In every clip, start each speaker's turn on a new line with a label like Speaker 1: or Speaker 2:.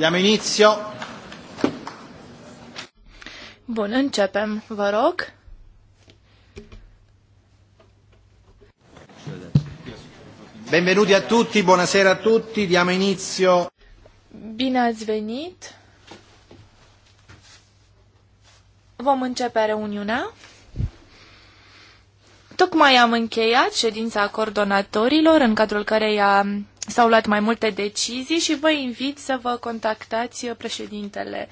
Speaker 1: Diamo inizio. Bun, începem, vă rog. Benvenuti a tutti, buonasera a tutti, diamo inizio. Bine ați venit. Vom începe reuniunea. Tocmai am încheiat ședința coordonatorilor, în cadrul căreia S-au luat mai multe decizii și vă invit să vă contactați președintele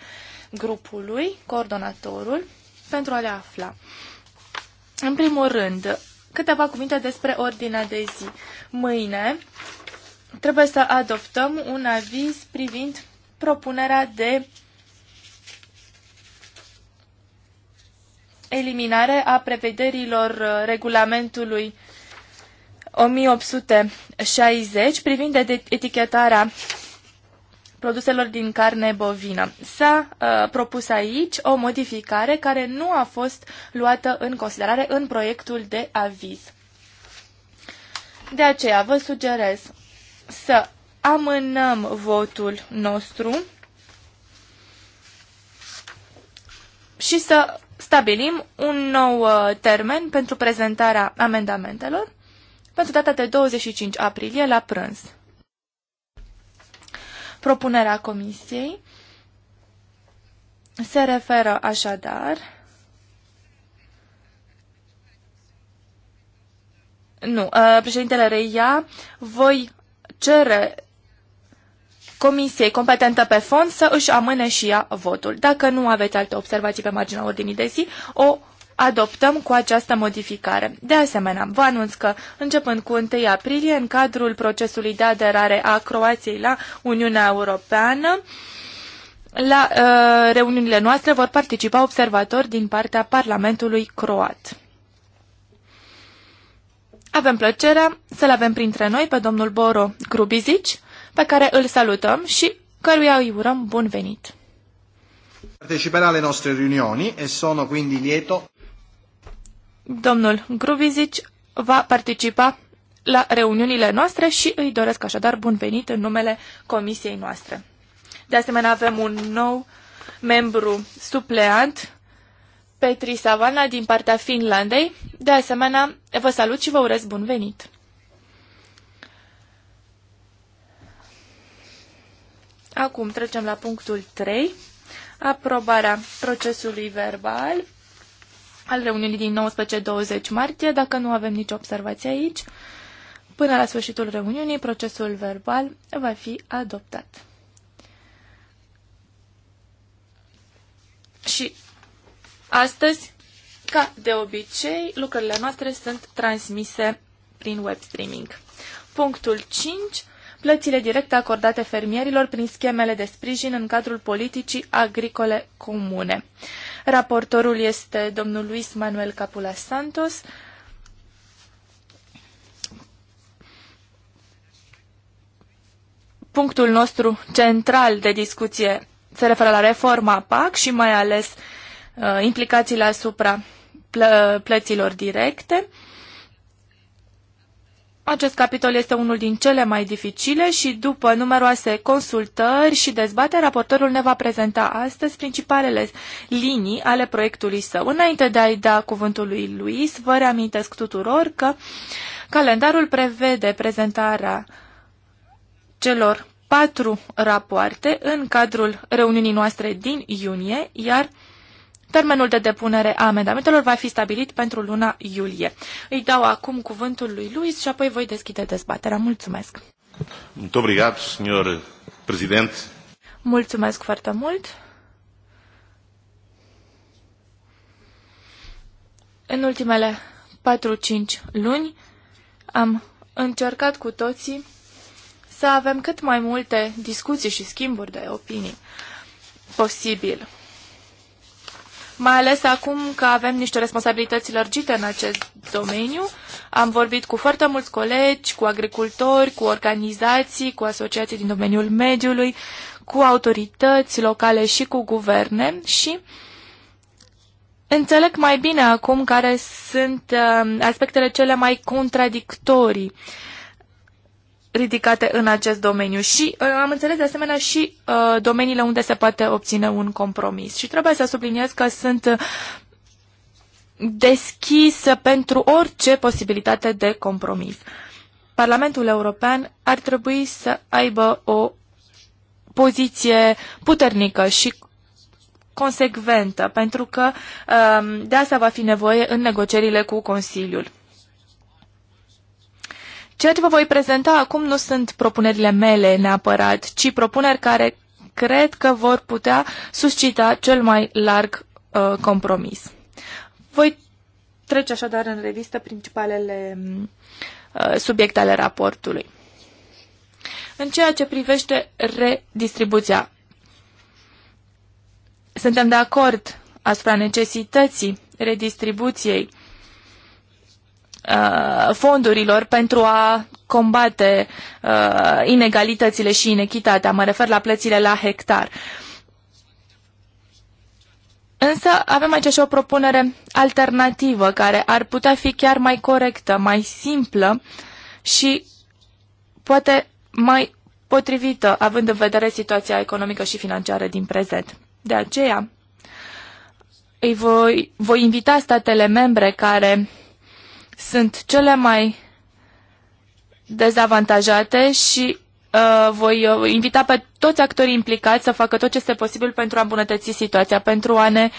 Speaker 1: grupului, coordonatorul, pentru a le afla. În primul rând, câteva cuvinte despre ordinea de zi. Mâine trebuie să adoptăm un aviz privind propunerea de eliminare a prevederilor uh, regulamentului 1860 privind etichetarea produselor din carne bovină. S-a uh, propus aici o modificare care nu a fost luată în considerare în proiectul de aviz. De aceea vă sugerez să amânăm votul nostru și să stabilim un nou uh, termen pentru prezentarea amendamentelor pentru data de 25 aprilie la prânz. Propunerea comisiei se referă așadar Nu, uh, președintele reia, voi cere comisiei competentă pe fond să își amâne și ea votul. Dacă nu aveți alte observații pe marginea ordinii de zi, o adoptăm cu această modificare. De asemenea, vă anunț că, începând cu 1 aprilie, în cadrul procesului de aderare a Croației la Uniunea Europeană, la uh, reuniunile noastre vor participa observatori din partea Parlamentului Croat. Avem plăcerea să-l avem printre noi pe domnul Boro Grubizici, pe care îl salutăm și căruia îi urăm bun venit. Parteciperà alle nostre riunioni e sono quindi lieto Domnul Gruvizic va participa la reuniunile noastre și îi doresc așadar bun venit în numele comisiei noastre. De asemenea, avem un nou membru supleant, Petri Savana, din partea Finlandei. De asemenea, vă salut și vă urez bun venit! Acum trecem la punctul 3, aprobarea procesului verbal al reuniunii din 19-20 martie. Dacă nu avem nicio observație aici, până la sfârșitul reuniunii, procesul verbal va fi adoptat. Și astăzi, ca de obicei, lucrurile noastre sunt transmise prin web streaming. Punctul 5. Plățile directe acordate fermierilor prin schemele de sprijin în cadrul politicii agricole comune. Raportorul este domnul Luis Manuel Capula Santos. Punctul nostru central de discuție se referă la reforma PAC și mai ales uh, implicațiile asupra plă- plăților directe. Acest capitol este unul din cele mai dificile și după numeroase consultări și dezbateri, raportorul ne va prezenta astăzi principalele linii ale proiectului său. Înainte de a-i da cuvântul lui Luis, vă reamintesc tuturor că calendarul prevede prezentarea celor patru rapoarte în cadrul reuniunii noastre din iunie, iar Termenul de depunere a amendamentelor va fi stabilit pentru luna iulie. Îi dau acum cuvântul lui Luis și apoi voi deschide dezbaterea. Mulțumesc!
Speaker 2: Obrigat, senior prezident!
Speaker 1: Mulțumesc foarte mult! În ultimele 4-5 luni am încercat cu toții să avem cât mai multe discuții și schimburi de opinii posibil mai ales acum că avem niște responsabilități lărgite în acest domeniu. Am vorbit cu foarte mulți colegi, cu agricultori, cu organizații, cu asociații din domeniul mediului, cu autorități locale și cu guverne și înțeleg mai bine acum care sunt uh, aspectele cele mai contradictorii ridicate în acest domeniu și uh, am înțeles de asemenea și uh, domeniile unde se poate obține un compromis. Și trebuie să subliniez că sunt deschisă pentru orice posibilitate de compromis. Parlamentul European ar trebui să aibă o poziție puternică și consecventă, pentru că um, de asta va fi nevoie în negocierile cu Consiliul. Ceea ce vă voi prezenta acum nu sunt propunerile mele neapărat, ci propuneri care cred că vor putea suscita cel mai larg uh, compromis. Voi trece așadar în revistă principalele mm, uh, subiecte ale raportului. În ceea ce privește redistribuția, suntem de acord asupra necesității redistribuției Uh, fondurilor pentru a combate uh, inegalitățile și inechitatea. Mă refer la plățile la hectar. Însă avem aici și o propunere alternativă care ar putea fi chiar mai corectă, mai simplă și poate mai potrivită, având în vedere situația economică și financiară din prezent. De aceea, îi voi, voi invita statele membre care sunt cele mai dezavantajate și uh, voi uh, invita pe toți actorii implicați să facă tot ce este posibil pentru a îmbunătăți situația, pentru a ne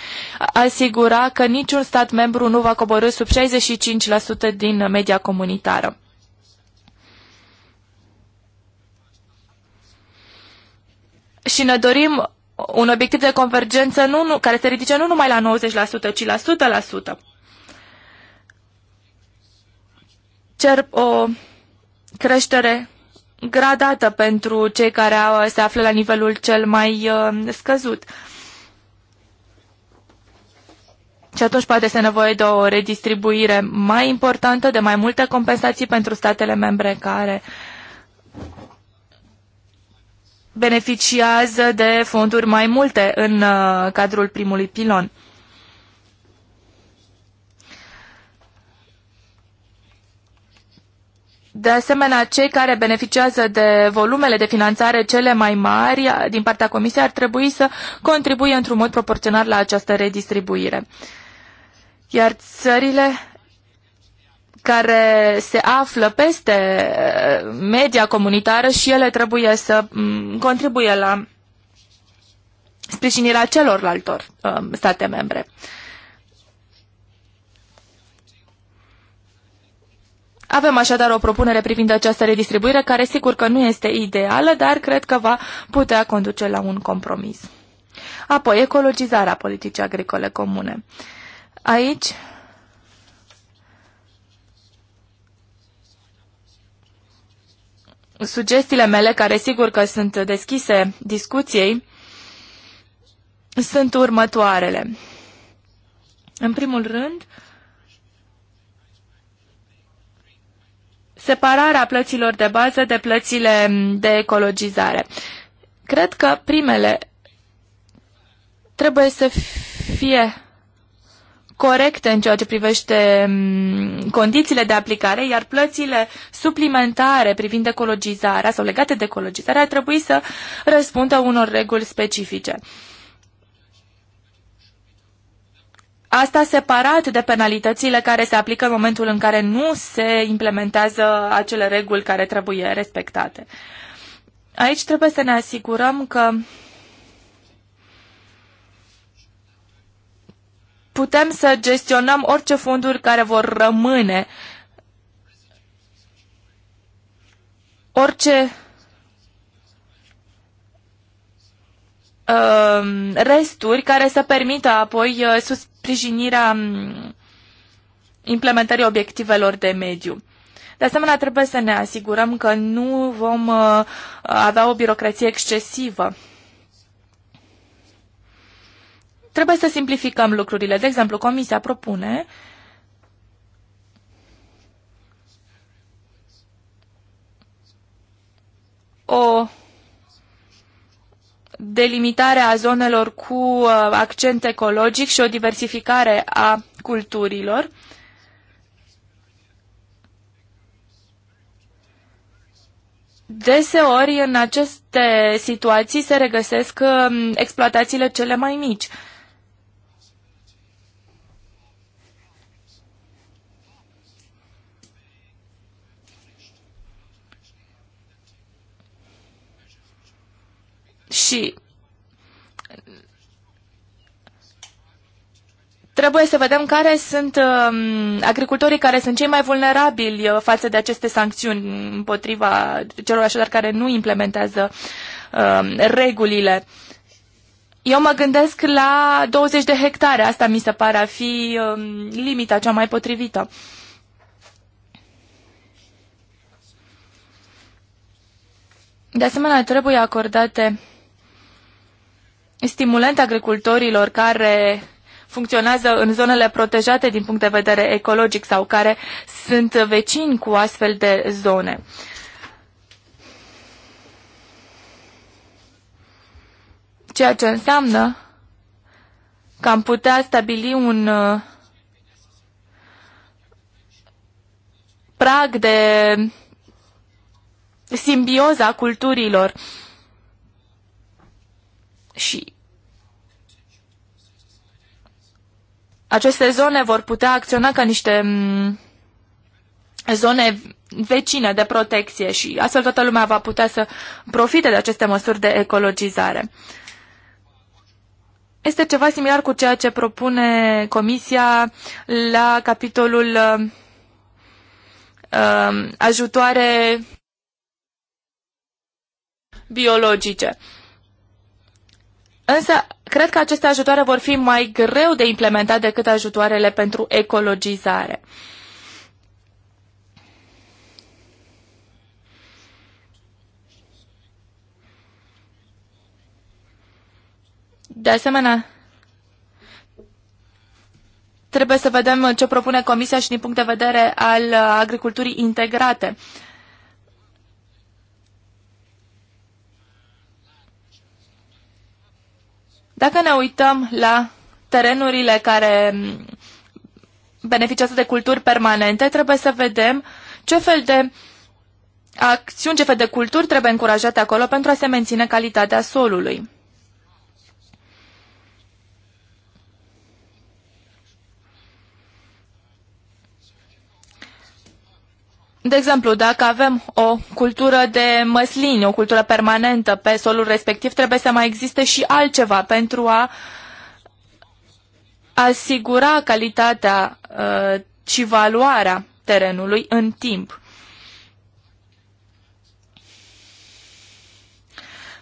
Speaker 1: asigura că niciun stat membru nu va coborâ sub 65% din media comunitară. Și ne dorim un obiectiv de convergență nu, nu, care se ridice nu numai la 90%, ci la 100%. cer o creștere gradată pentru cei care au, se află la nivelul cel mai uh, scăzut. Și atunci poate să nevoie de o redistribuire mai importantă, de mai multe compensații pentru statele membre care beneficiază de fonduri mai multe în uh, cadrul primului pilon. De asemenea, cei care beneficiază de volumele de finanțare cele mai mari din partea Comisiei ar trebui să contribuie într-un mod proporțional la această redistribuire. Iar țările care se află peste uh, media comunitară și ele trebuie să mm, contribuie la sprijinirea celorlalte uh, state membre. Avem așadar o propunere privind această redistribuire, care sigur că nu este ideală, dar cred că va putea conduce la un compromis. Apoi, ecologizarea politicii agricole comune. Aici sugestiile mele, care sigur că sunt deschise discuției, sunt următoarele. În primul rând, separarea plăților de bază de plățile de ecologizare. Cred că primele trebuie să fie corecte în ceea ce privește mm, condițiile de aplicare, iar plățile suplimentare privind ecologizarea sau legate de ecologizare ar trebui să răspundă unor reguli specifice. Asta separat de penalitățile care se aplică în momentul în care nu se implementează acele reguli care trebuie respectate. Aici trebuie să ne asigurăm că putem să gestionăm orice fonduri care vor rămâne, orice Um, resturi care să permită apoi uh, susprijinirea um, implementării obiectivelor de mediu. De asemenea, trebuie să ne asigurăm că nu vom uh, avea o birocrație excesivă. Trebuie să simplificăm lucrurile. De exemplu, Comisia propune o delimitarea zonelor cu uh, accent ecologic și o diversificare a culturilor. Deseori, în aceste situații se regăsesc um, exploatațiile cele mai mici. Și trebuie să vedem care sunt um, agricultorii care sunt cei mai vulnerabili uh, față de aceste sancțiuni împotriva celor așadar care nu implementează um, regulile. Eu mă gândesc la 20 de hectare, asta mi se pare a fi um, limita cea mai potrivită. De asemenea, trebuie acordate stimulente agricultorilor care funcționează în zonele protejate din punct de vedere ecologic sau care sunt vecini cu astfel de zone. Ceea ce înseamnă că am putea stabili un uh, prag de simbioza culturilor și aceste zone vor putea acționa ca niște mm, zone vecine de protecție și astfel toată lumea va putea să profite de aceste măsuri de ecologizare. Este ceva similar cu ceea ce propune Comisia la capitolul uh, ajutoare biologice. Uh, Însă, cred că aceste ajutoare vor fi mai greu de implementat decât ajutoarele pentru ecologizare. De asemenea, trebuie să vedem ce propune Comisia și din punct de vedere al agriculturii integrate. Uh, Dacă ne uităm la terenurile care beneficiază de culturi permanente, trebuie să vedem ce fel de acțiuni, ce fel de culturi trebuie încurajate acolo pentru a se menține calitatea solului. De exemplu, dacă avem o cultură de măslini, o cultură permanentă pe solul respectiv, trebuie să mai existe și altceva pentru a asigura calitatea uh, și valoarea terenului în timp.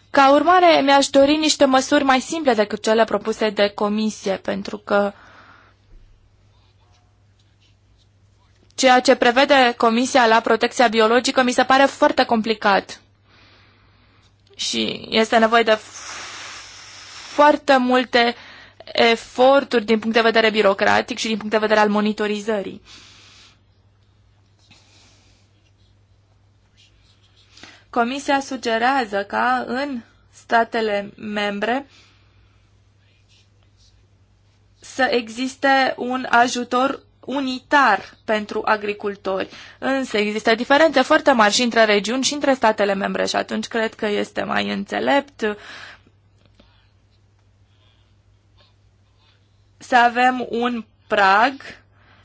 Speaker 1: Ca urmare, mi-aș dori niște măsuri mai simple decât cele propuse de comisie, pentru că uh, Ceea ce prevede Comisia la protecția biologică mi se pare foarte complicat și este nevoie de foarte multe eforturi din punct de vedere birocratic și din punct de vedere al monitorizării. Comisia sugerează ca în statele membre să existe un ajutor unitar pentru agricultori. Însă există diferențe foarte mari și între regiuni și între statele membre și atunci cred că este mai înțelept să avem un prag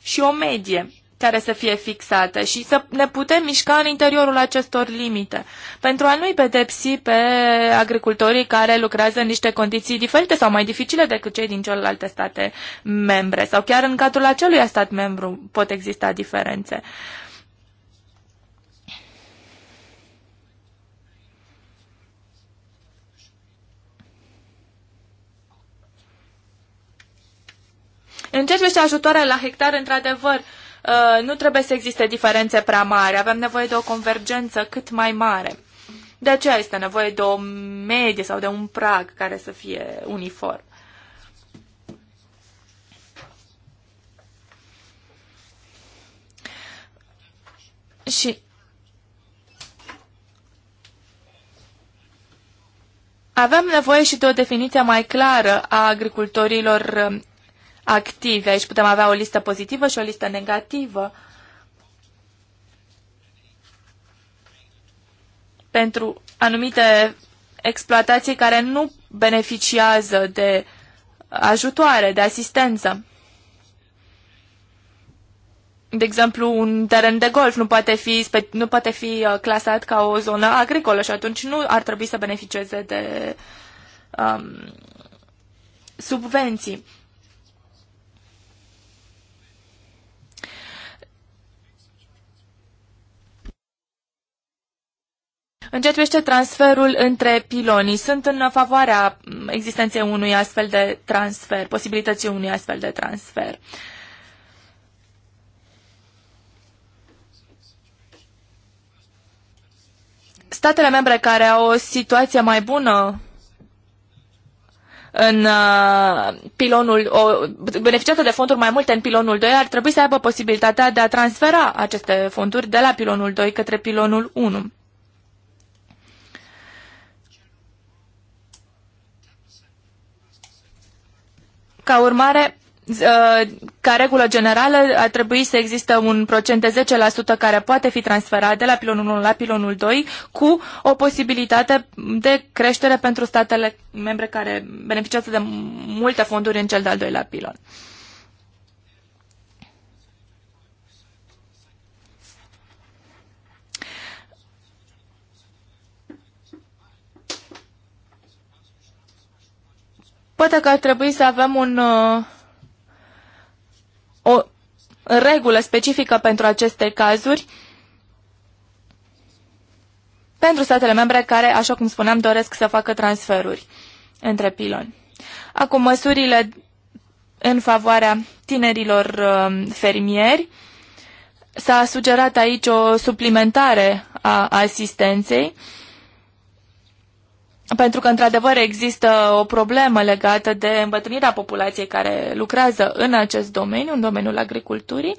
Speaker 1: și o medie care să fie fixate și să ne putem mișca în interiorul acestor limite, pentru a nu-i pedepsi pe agricultorii care lucrează în niște condiții diferite sau mai dificile decât cei din celelalte state membre, sau chiar în cadrul acelui stat membru pot exista diferențe. În ce privește ajutoarea la hectare într-adevăr, uh, Uh, nu trebuie să existe diferențe prea mari, avem nevoie de o convergență cât mai mare. De aceea este nevoie de o medie sau de un prag care să fie uniform. Și avem nevoie și de o definiție mai clară a agricultorilor um, active. Aici putem avea o listă pozitivă și o listă negativă. Pentru anumite exploatații care nu beneficiază de ajutoare, de asistență. De exemplu, un teren de golf nu poate fi, nu poate fi uh, clasat ca o zonă agricolă și atunci nu ar trebui să beneficieze de um, subvenții. În ce transferul între pilonii, sunt în favoarea existenței unui astfel de transfer, posibilității unui astfel de transfer. Statele membre care au o situație mai bună în uh, pilonul, o, beneficiată de fonduri mai multe în pilonul 2, ar trebui să aibă posibilitatea de a transfera aceste fonduri de la pilonul 2 către pilonul 1. Ca urmare, uh, ca regulă generală, ar trebui să existe un procent de 10% care poate fi transferat de la pilonul 1 la pilonul 2, cu o posibilitate de creștere pentru statele membre care beneficiază de multe fonduri în cel de-al doilea pilon. Poate că ar trebui să avem un, uh, o regulă specifică pentru aceste cazuri pentru statele membre care, așa cum spuneam, doresc să facă transferuri între piloni. Acum, măsurile în favoarea tinerilor um, fermieri. S-a sugerat aici o suplimentare a asistenței. Uh, pentru că, într-adevăr, există o problemă legată de îmbătrânirea populației care lucrează în acest domeniu, în domeniul agriculturii.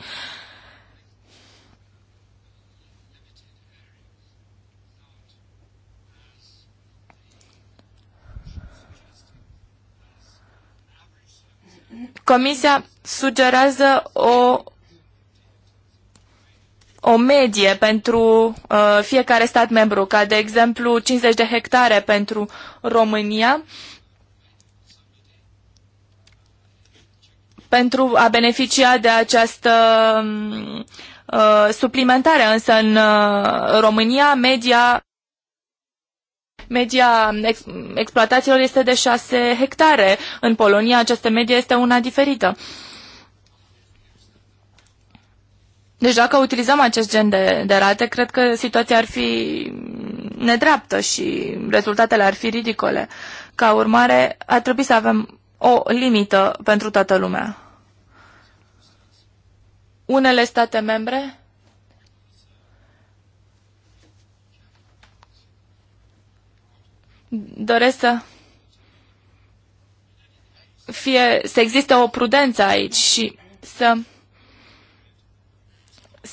Speaker 1: Comisia sugerează o o medie pentru uh, fiecare stat membru, ca de exemplu 50 de hectare pentru România, pentru a beneficia de această um, uh, suplimentare. Însă în uh, România media, media ex, exploatațiilor este de 6 hectare. În Polonia această medie este una diferită. Uh, Deci dacă utilizăm acest gen de, de rate, cred că situația ar fi nedreaptă și rezultatele ar fi ridicole. Ca urmare, ar trebui să avem o limită pentru toată lumea. Unele state membre doresc să fie, să existe o prudență aici și să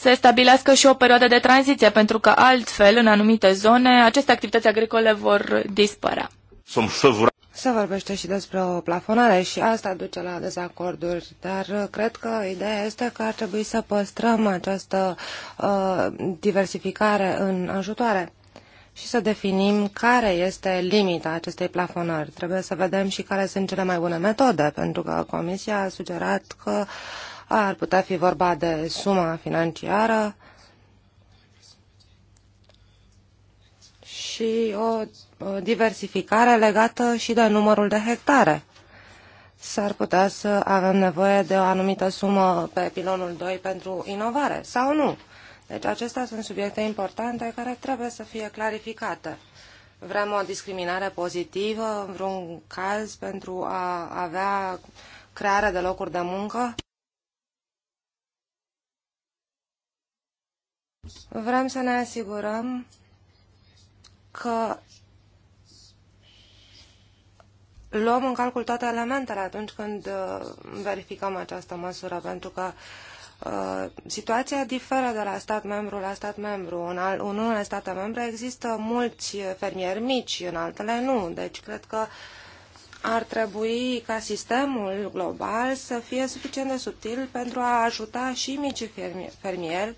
Speaker 1: se stabilească și o perioadă de tranziție, pentru că altfel, în anumite zone, aceste activități agricole vor dispărea.
Speaker 2: Se vorbește și despre o plafonare și asta duce la dezacorduri, dar cred că ideea este că ar trebui să păstrăm această uh, diversificare în ajutoare și să definim care este limita acestei plafonări. Trebuie să vedem și care sunt cele mai bune metode, pentru că Comisia a sugerat că ar putea fi vorba de suma financiară și o diversificare legată și de numărul de hectare. S-ar putea să avem nevoie de o anumită sumă pe pilonul 2 pentru inovare sau nu. Deci acestea sunt subiecte importante care trebuie să fie clarificate. Vrem o discriminare pozitivă, în vreun caz, pentru a avea crearea de locuri de muncă? Vrem să ne asigurăm că luăm în calcul toate elementele atunci când uh, verificăm această măsură, pentru că uh, situația diferă de la stat membru la stat membru. În, al, în unele state membre există mulți fermieri mici, în altele nu. Deci cred că ar trebui ca sistemul global să fie suficient de subtil pentru a ajuta și micii fermieri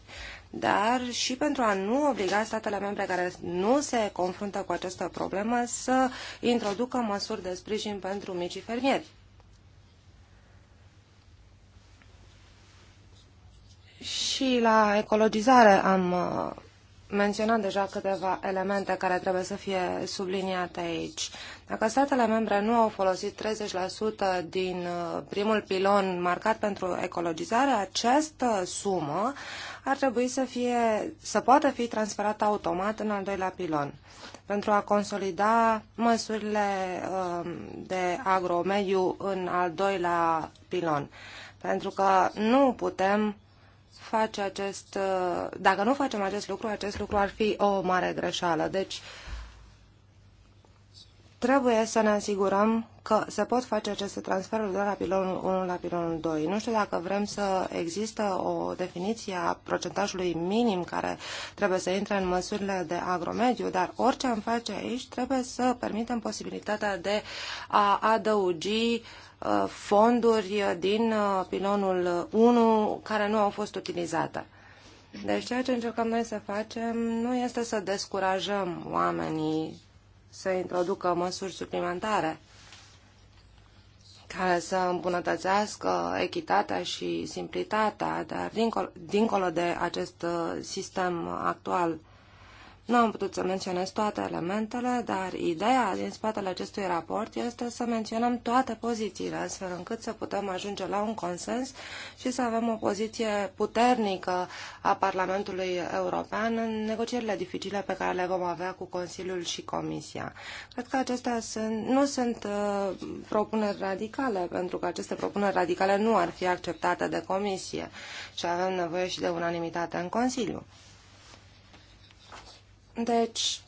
Speaker 2: dar și pentru a nu obliga statele membre care nu se confruntă cu această problemă să introducă măsuri de sprijin pentru micii fermieri. Și la ecologizare am uh, menționat deja câteva elemente care trebuie să fie subliniate aici. Dacă statele membre nu au folosit 30% din uh, primul pilon marcat pentru ecologizare, această sumă ar trebui să, fie, să poată fi transferată automat în al doilea pilon pentru a consolida măsurile um, de agromediu în al doilea pilon. Pentru că nu putem face acest, uh, dacă nu facem acest lucru, acest lucru ar fi o mare greșeală. Deci trebuie să ne asigurăm că se pot face aceste transferuri de la pilonul 1 la pilonul 2. Nu știu dacă vrem să există o definiție a procentajului minim care trebuie să intre în măsurile de agromediu, dar orice am face aici trebuie să permitem posibilitatea de a adăugi uh, Uh, fonduri din uh, pilonul 1 care nu au fost utilizate. Deci ceea ce încercăm noi să facem nu este să descurajăm oamenii să introducă măsuri suplimentare care să îmbunătățească echitatea și simplitatea, dar dincolo, dincolo de acest uh, sistem actual nu am putut să menționez toate elementele, dar ideea din spatele acestui raport este să menționăm toate pozițiile, astfel încât să putem ajunge la un consens și să avem o poziție puternică a Parlamentului European în negocierile dificile pe care le vom avea cu Consiliul și Comisia. Cred că acestea sunt, nu sunt uh, propuneri radicale, pentru că aceste propuneri radicale nu ar fi acceptate de Comisie și avem nevoie și de unanimitate în Consiliu. Deci,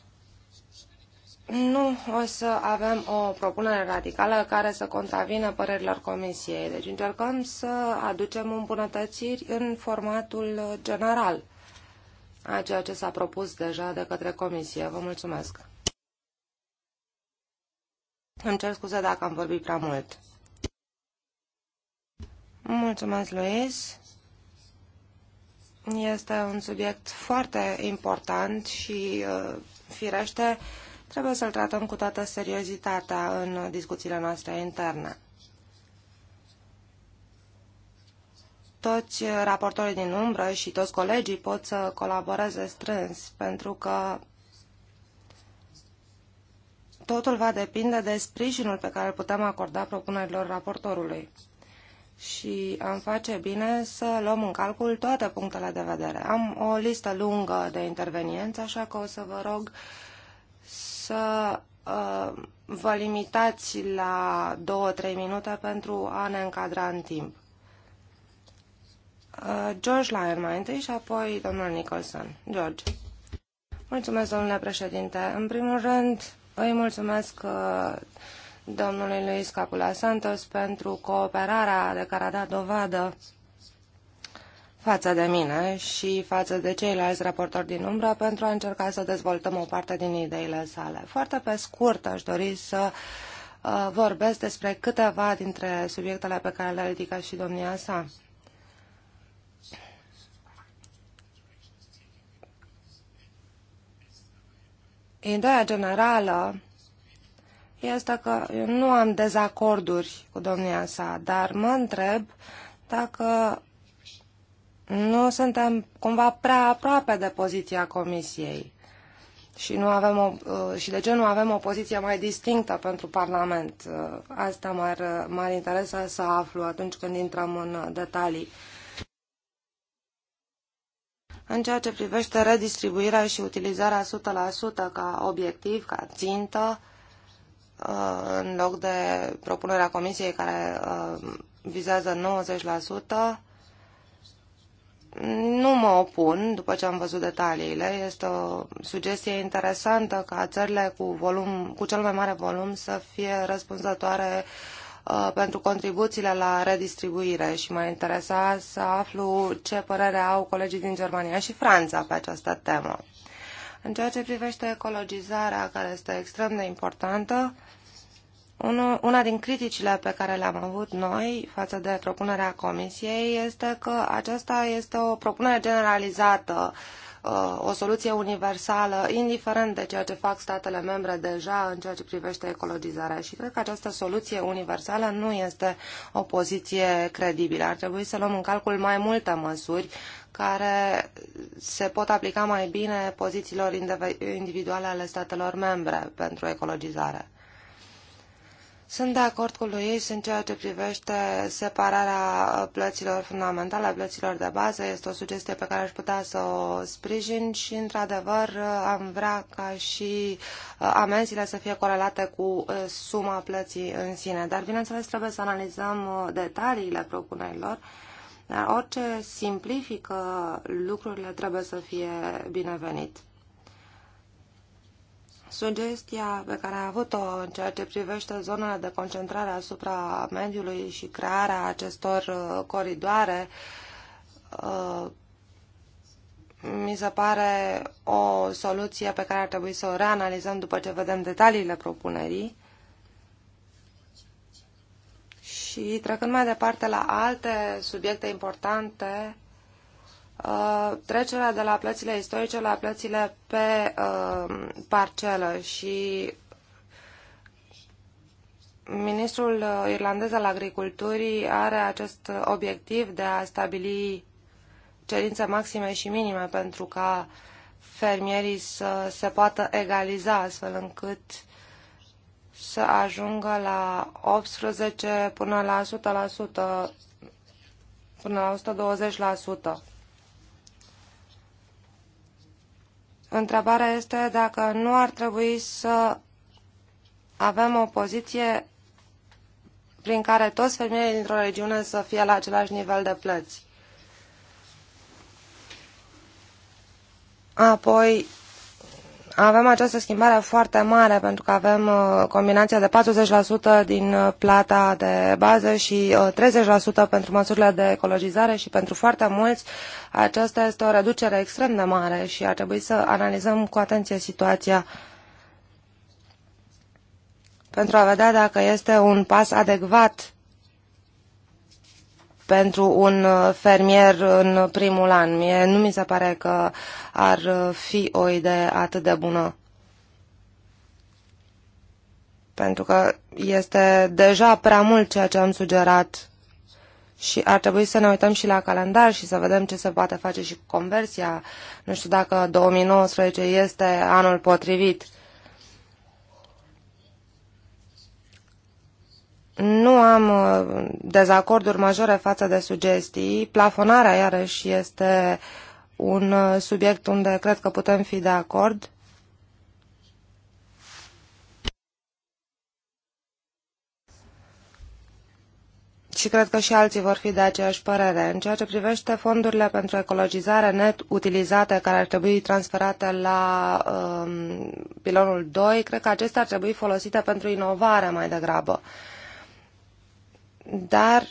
Speaker 2: nu o să avem o propunere radicală care să contravină părerilor Comisiei. Deci încercăm să aducem îmbunătățiri în formatul general a ceea ce s-a propus deja de către Comisie. Vă mulțumesc. Îmi cer scuze dacă am vorbit prea mult. Mulțumesc, Luis. Este un subiect foarte important și, uh, firește, trebuie să-l tratăm cu toată seriozitatea în discuțiile noastre interne. Toți raportorii din umbră și toți colegii pot să colaboreze strâns, pentru că totul va depinde de sprijinul pe care îl putem acorda propunerilor raportorului și am face bine să luăm în calcul toate punctele de vedere. Am o listă lungă de intervenienți, așa că o să vă rog să uh, vă limitați la 2-3 minute pentru a ne încadra în timp. Uh, George Lyon mai întâi și apoi domnul Nicholson. George. Mulțumesc, domnule președinte. În primul rând, îi mulțumesc uh, domnului Luis Capula Santos pentru cooperarea de care a dat dovadă față de mine și față de ceilalți raportori din umbră pentru a încerca să dezvoltăm o parte din ideile sale. Foarte pe scurt aș dori să uh, vorbesc despre câteva dintre subiectele pe care le ridica și domnia sa. Ideea generală este că eu nu am dezacorduri cu domnia sa, dar mă întreb dacă nu suntem cumva prea aproape de poziția comisiei și, nu avem o, uh, și de ce nu avem o poziție mai distinctă pentru Parlament. Uh, asta m-ar, uh, m-ar interesa să aflu atunci când intrăm în detalii. În ceea ce privește redistribuirea și utilizarea 100% ca obiectiv, ca țintă, Uh, în loc de propunerea comisiei care uh, vizează 90%, nu mă opun după ce am văzut detaliile. Este o sugestie interesantă ca țările cu, volum, cu cel mai mare volum să fie răspunzătoare uh, pentru contribuțiile la redistribuire și mă interesa să aflu ce părere au colegii din Germania și Franța pe această temă. În ceea ce privește ecologizarea, care este extrem de importantă, una din criticile pe care le-am avut noi față de propunerea Comisiei este că aceasta este o propunere generalizată, uh, o soluție universală, indiferent de ceea ce fac statele membre deja în ceea ce privește ecologizarea. Și cred că această soluție universală nu este o poziție credibilă. Ar trebui să luăm în calcul mai multe măsuri care se pot aplica mai bine pozițiilor individuale ale statelor membre pentru ecologizare. Sunt de acord cu lui în ceea ce privește separarea uh, plăților fundamentale, plăților de bază. Este o sugestie pe care aș putea să o sprijin și, într-adevăr, uh, am vrea ca și uh, amenziile să fie corelate cu suma plății în sine. Dar, bineînțeles, trebuie să analizăm detaliile propunerilor. Dar orice simplifică lucrurile trebuie să fie binevenit. Sugestia pe care a avut-o în ceea ce privește zonele de concentrare asupra mediului și crearea acestor uh, coridoare uh, mi se pare o soluție pe care ar trebui să o reanalizăm după ce vedem detaliile propunerii. Și trecând mai departe la alte subiecte importante, Uh, trecerea de la plățile istorice la plățile pe uh, parcelă și ministrul uh, irlandez al agriculturii are acest obiectiv de a stabili cerințe maxime și minime pentru ca fermierii să se poată egaliza astfel încât să ajungă la 18 până la 100%, până la 120%. Întrebarea este dacă nu ar trebui să avem o poziție prin care toți femeile dintr-o regiune să fie la același nivel de plăți. Apoi, avem această schimbare foarte mare pentru că avem uh, combinația de 40% din uh, plata de bază și 30% uh, pentru măsurile de ecologizare și pentru foarte mulți aceasta este o reducere extrem de mare și ar trebui să analizăm cu atenție situația pentru a vedea dacă este un pas adecvat pentru un uh, fermier în primul an. Mie nu mi se pare că ar uh, fi o idee atât de bună. Pentru că este deja prea mult ceea ce am sugerat și ar trebui să ne uităm și la calendar și să vedem ce se poate face și cu conversia. Nu știu dacă 2019 este anul potrivit. Nu am uh, dezacorduri majore față de sugestii. Plafonarea, iarăși, este un uh, subiect unde cred că putem fi de acord. și cred că și alții vor fi de aceeași părere. În ceea ce privește fondurile pentru ecologizare net utilizate care ar trebui transferate la um, pilonul 2, cred că acestea ar trebui folosite pentru inovare mai degrabă. Uh, dar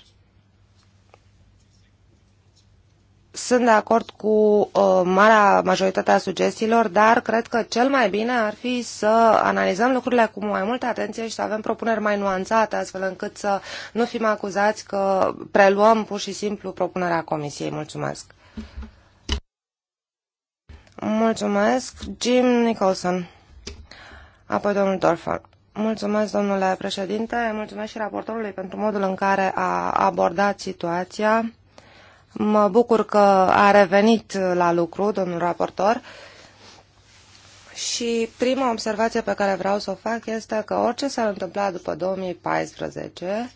Speaker 2: sunt de acord cu uh, marea majoritate a sugestiilor, dar cred că cel mai bine ar fi să analizăm lucrurile cu mai multă atenție și să avem propuneri mai nuanțate, astfel încât să nu fim acuzați că preluăm pur și simplu propunerea Comisiei. Mulțumesc! Mulțumesc, Jim Nicholson. Apoi domnul Dorfan. Mulțumesc, domnule președinte, mulțumesc și raportorului pentru modul în care a abordat situația. Mă bucur că a revenit la lucru, domnul raportor. Și prima observație pe care vreau să o fac este că orice s-ar întâmpla după 2014,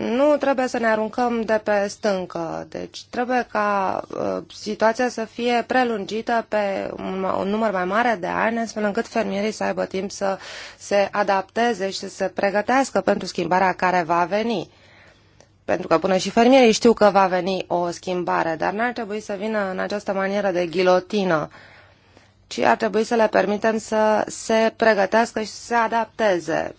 Speaker 2: nu trebuie să ne aruncăm de pe stâncă, deci trebuie ca uh, situația să fie prelungită pe un, un număr mai mare de ani, astfel încât fermierii să aibă timp să se adapteze și să se pregătească pentru schimbarea care va veni. Pentru că până și fermierii știu că va veni o schimbare, dar n-ar trebui să vină în această manieră de ghilotină, ci ar trebui să le permitem să se pregătească și să se adapteze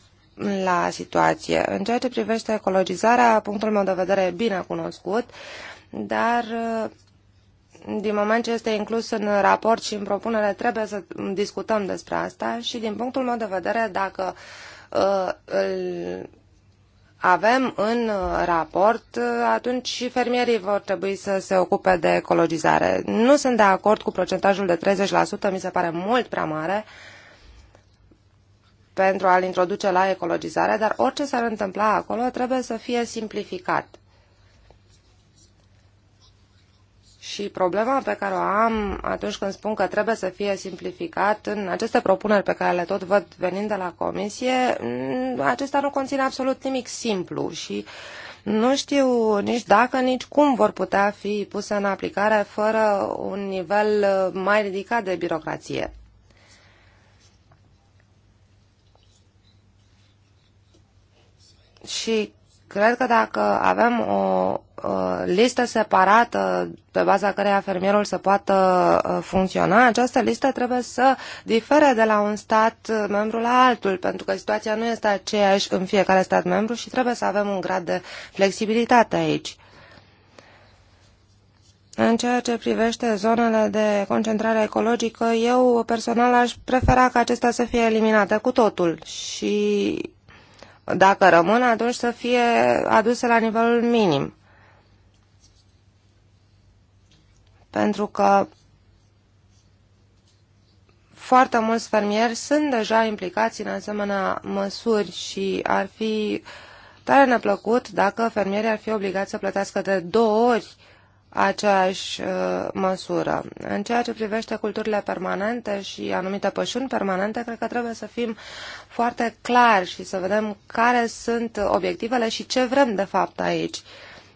Speaker 2: la situație. În ceea ce privește ecologizarea, punctul meu de vedere e bine cunoscut, dar uh, din moment ce este inclus în raport și în propunere, trebuie să discutăm despre asta și din punctul meu de vedere, dacă uh, îl avem în uh, raport, uh, atunci și fermierii vor trebui să se ocupe de ecologizare. Nu sunt de acord cu procentajul de 30%, mi se pare mult prea mare. Uh, pentru a-l introduce la ecologizare, dar orice s-ar întâmpla acolo trebuie să fie simplificat. Și problema pe care o am atunci când spun că trebuie să fie simplificat în aceste propuneri pe care le tot văd venind de la comisie, mm, acesta nu conține absolut nimic simplu și nu știu nici dacă, nici cum vor putea fi puse în aplicare fără un nivel mai ridicat de birocrație. Și cred că dacă avem o listă separată pe baza căreia fermierul să poată uh, funcționa, această listă trebuie să difere de la un stat membru la altul, pentru că situația nu este aceeași în fiecare stat membru și trebuie să avem un grad de flexibilitate aici. În ceea ce privește zonele de concentrare ecologică, eu personal aș prefera ca acestea să fie eliminate cu totul și dacă rămân, atunci să fie aduse la nivelul minim. Pentru că foarte mulți fermieri sunt deja implicați în asemenea măsuri și ar fi tare neplăcut dacă fermierii ar fi obligați să plătească de două ori aceeași uh, măsură. În ceea ce privește culturile permanente și anumite pășuni permanente, cred că trebuie să fim foarte clari și să vedem care sunt obiectivele și ce vrem de fapt aici.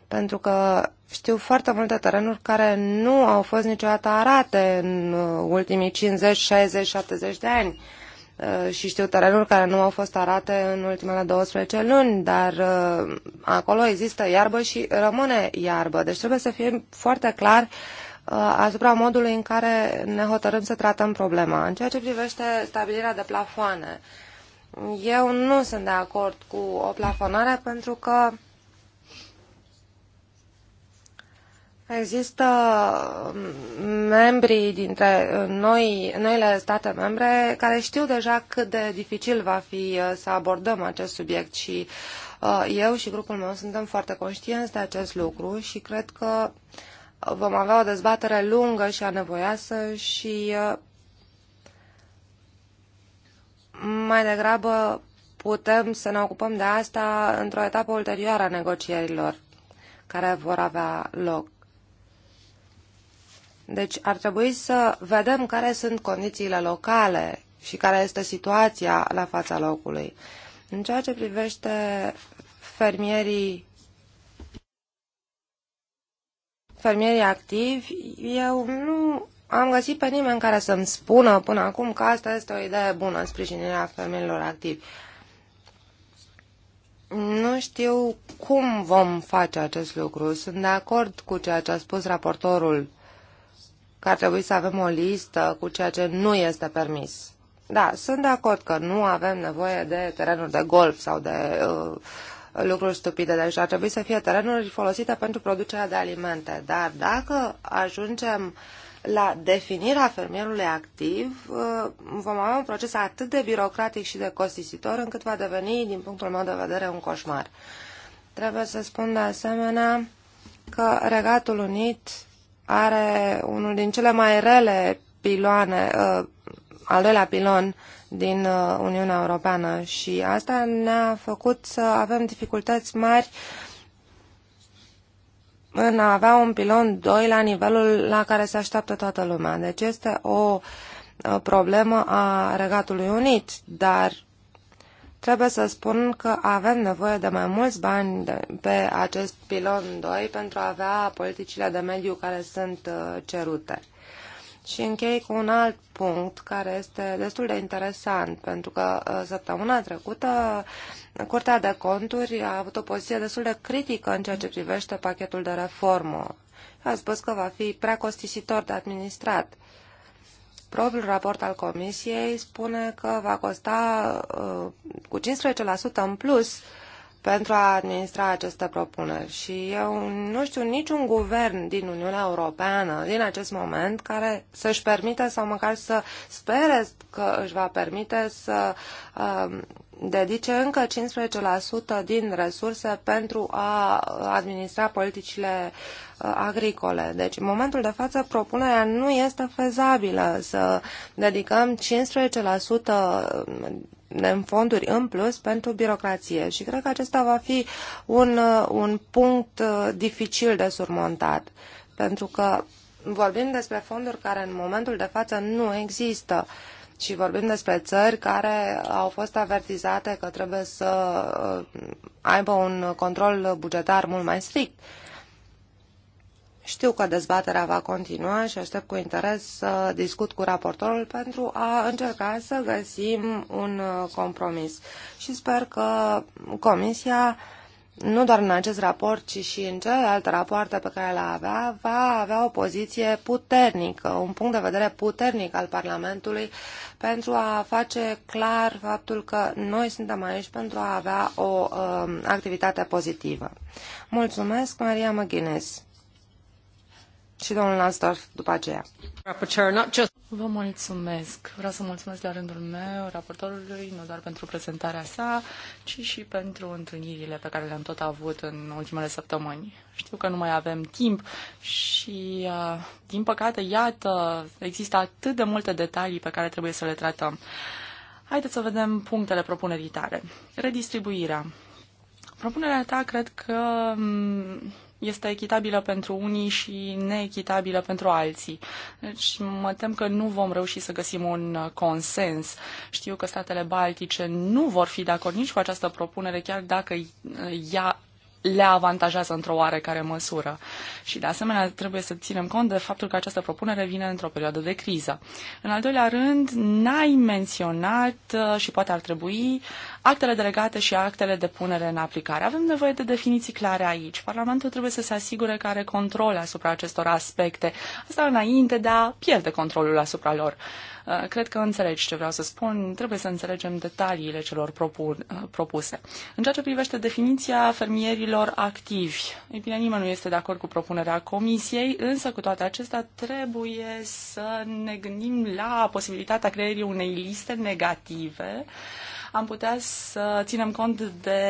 Speaker 2: Pentru că știu foarte multe terenuri care nu au fost niciodată arate în uh, ultimii 50, 60, 70 de ani. Uh, Uh, și știu terenuri care nu au fost arate în ultimele 12 luni, dar uh, acolo există iarbă și rămâne iarbă. Deci trebuie să fim foarte clar uh, asupra modului în care ne hotărâm să tratăm problema. În ceea ce privește stabilirea de plafoane, eu nu sunt de acord cu o plafonare pentru că uh, Există um, membrii dintre noi, noile state membre care știu deja cât de dificil va fi uh, să abordăm acest subiect și uh, eu și grupul meu suntem foarte conștienți de acest lucru și cred că vom avea o dezbatere lungă și anevoiasă și uh, mai degrabă putem să ne ocupăm de asta într-o etapă ulterioară a negocierilor care vor avea loc. Deci ar trebui să vedem care sunt condițiile locale și care este situația la fața locului. În ceea ce privește fermierii fermierii activi, eu nu am găsit pe nimeni care să-mi spună până acum că asta este o idee bună în sprijinirea fermierilor activi. Nu știu cum vom face acest lucru. Sunt de acord cu ceea ce a spus raportorul uh, că ar trebui să avem o listă cu ceea ce nu este permis. Da, sunt de acord că nu avem nevoie de terenuri de golf sau de uh, lucruri stupide, deci ar trebui să fie terenuri folosite pentru producerea de alimente. Dar dacă ajungem la definirea fermierului activ, uh, vom avea un proces atât de birocratic și de costisitor încât va deveni, din punctul meu de vedere, un coșmar. Trebuie să spun de asemenea că Regatul Unit are unul din cele mai rele piloane, uh, al doilea pilon din uh, Uniunea Europeană și asta ne-a făcut să avem dificultăți mari în a avea un pilon 2 la nivelul la care se așteaptă toată lumea. Deci este o problemă a Regatului Unit, dar Trebuie să spun că avem nevoie de mai mulți bani pe acest pilon 2 pentru a avea politicile de mediu care sunt uh, cerute. Și închei cu un alt punct care este destul de interesant, pentru că uh, săptămâna trecută uh, Curtea de Conturi a avut o poziție destul de critică în ceea ce privește pachetul de reformă. A spus că va fi prea costisitor de administrat Propriul raport al Comisiei spune că va costa uh, cu 15% în plus pentru a administra această propunere. Și eu nu știu niciun guvern din Uniunea Europeană din acest moment care să-și permite sau măcar să spere că își va permite să uh, dedice încă 15% din resurse pentru a administra politicile uh, agricole. Deci, în momentul de față, propunerea nu este fezabilă să dedicăm 15% uh, în fonduri în plus pentru birocrație și cred că acesta va fi un, uh, un punct dificil de surmontat, pentru că vorbim despre fonduri care în momentul de față nu există. Uh, și vorbim despre țări care au fost avertizate că trebuie să uh, aibă un control bugetar mult mai strict. Știu că dezbaterea va continua și aștept cu interes să discut cu raportorul pentru a încerca să găsim un uh, compromis. Și sper că Comisia nu doar în acest raport, ci și în celelalte rapoarte pe care le avea, va avea o poziție puternică, un punct de vedere puternic al Parlamentului pentru a face clar faptul că noi suntem aici pentru a avea o uh, activitate pozitivă. Mulțumesc, Maria Măghines și domnul Lansdorf după aceea.
Speaker 3: Vă mulțumesc. Vreau să mulțumesc la rândul meu raportorului, nu doar pentru prezentarea sa, ci și pentru întâlnirile pe care le-am tot avut în ultimele săptămâni. Știu că nu mai avem timp și, uh, din păcate, iată, există atât de multe detalii pe care trebuie să le tratăm. Haideți să vedem punctele propunerii tale. Redistribuirea. Propunerea ta cred că mm, este echitabilă pentru unii și neechitabilă pentru alții. Deci mă tem că nu vom reuși să găsim un consens. Știu că statele baltice nu vor fi de acord nici cu această propunere, chiar dacă ea le avantajează într-o oarecare măsură. Și de asemenea trebuie să ținem cont de faptul că această propunere vine într-o perioadă de criză. În al doilea rând, n-ai menționat uh, și poate ar trebui actele delegate și actele de punere în aplicare. Avem nevoie de definiții clare aici. Parlamentul trebuie să se asigure că are control asupra acestor aspecte. Asta înainte de a pierde controlul asupra lor. Uh, cred că înțelegi ce vreau să spun. Trebuie să înțelegem detaliile celor propun, uh, propuse. În ceea ce privește definiția fermierilor activi, ei bine, nimeni nu este de acord cu propunerea comisiei, însă cu toate acestea trebuie să ne gândim la posibilitatea creierii unei liste negative uh, am putea să ținem cont de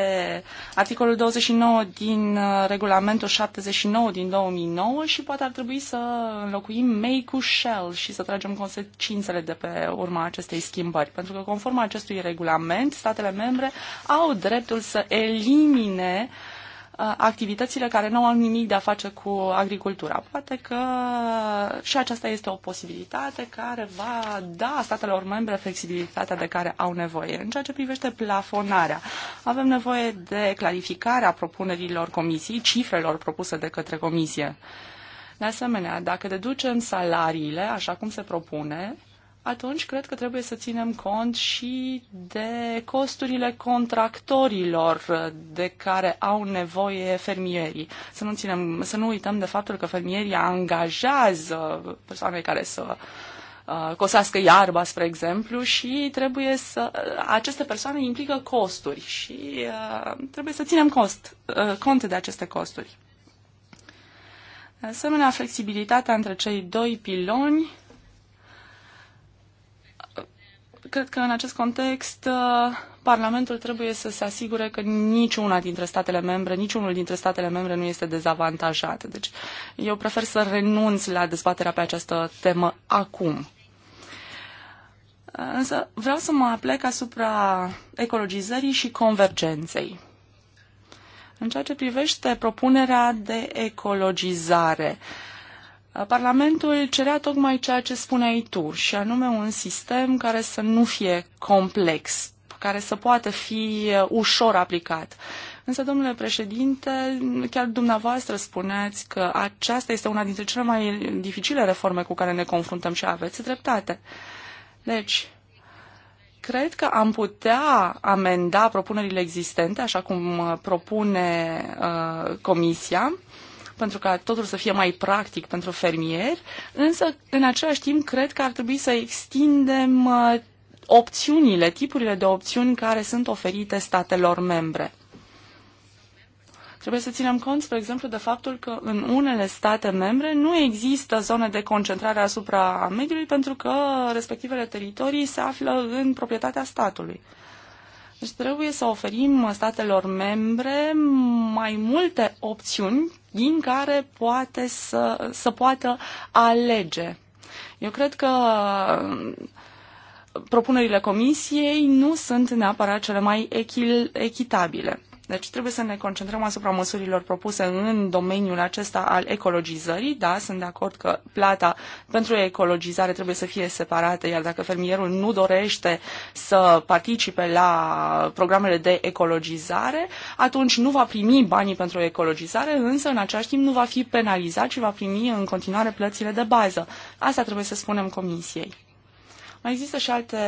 Speaker 3: articolul 29 din uh, regulamentul 79 din 2009 și poate ar trebui să înlocuim May cu Shell și să tragem consecințele de pe urma acestei schimbări. Pentru că conform acestui regulament, statele membre au dreptul să elimine uh, Uh, activitățile care nu au nimic de a face cu agricultura. Poate că și aceasta este o posibilitate care va da statelor membre flexibilitatea de care au nevoie. În ceea ce privește plafonarea, avem nevoie de clarificarea propunerilor comisiei, cifrelor propuse de către comisie. De asemenea, dacă deducem salariile, așa cum se propune, atunci cred că trebuie să ținem cont și de costurile contractorilor de care au nevoie fermierii. Să nu, ținem, să nu uităm de faptul că fermierii angajează persoane care să uh, cosească iarba, spre exemplu, și trebuie să... Aceste persoane implică costuri și uh, trebuie să ținem cost, uh, cont de aceste costuri. De asemenea, flexibilitatea între cei doi piloni cred că în acest context uh, Parlamentul trebuie să se asigure că niciuna dintre statele membre, niciunul dintre statele membre nu este dezavantajat. Deci eu prefer să renunț la dezbaterea pe această temă acum. Uh, însă vreau să mă aplec asupra ecologizării și convergenței. În ceea ce privește propunerea de ecologizare, uh, Parlamentul cerea tocmai ceea ce spuneai tu, și anume un sistem care să nu fie complex, care să poată fi uh, ușor aplicat. Însă, domnule președinte, chiar dumneavoastră spuneați că aceasta este una dintre cele mai dificile reforme cu care ne confruntăm și aveți dreptate. Deci, cred că am putea amenda propunerile existente, așa cum uh, propune uh, Comisia, pentru ca totul să fie mai practic pentru fermieri, însă în același timp cred că ar trebui să extindem uh, opțiunile, tipurile de opțiuni care sunt oferite statelor membre. Trebuie să ținem cont, spre exemplu, de faptul că în unele state membre nu există zone de concentrare asupra mediului pentru că respectivele teritorii se află în proprietatea statului. Deci trebuie să oferim statelor membre mai multe opțiuni din care poate să, să poată alege. Eu cred că um, propunerile comisiei nu sunt neapărat cele mai echil, echitabile. Deci trebuie să ne concentrăm asupra măsurilor propuse în domeniul acesta al ecologizării. Da, sunt de acord că plata pentru ecologizare trebuie să fie separată, iar dacă fermierul nu dorește să participe la programele de ecologizare, atunci nu va primi banii pentru ecologizare, însă în același timp nu va fi penalizat și va primi în continuare plățile de bază. Asta trebuie să spunem comisiei. Mai există și alte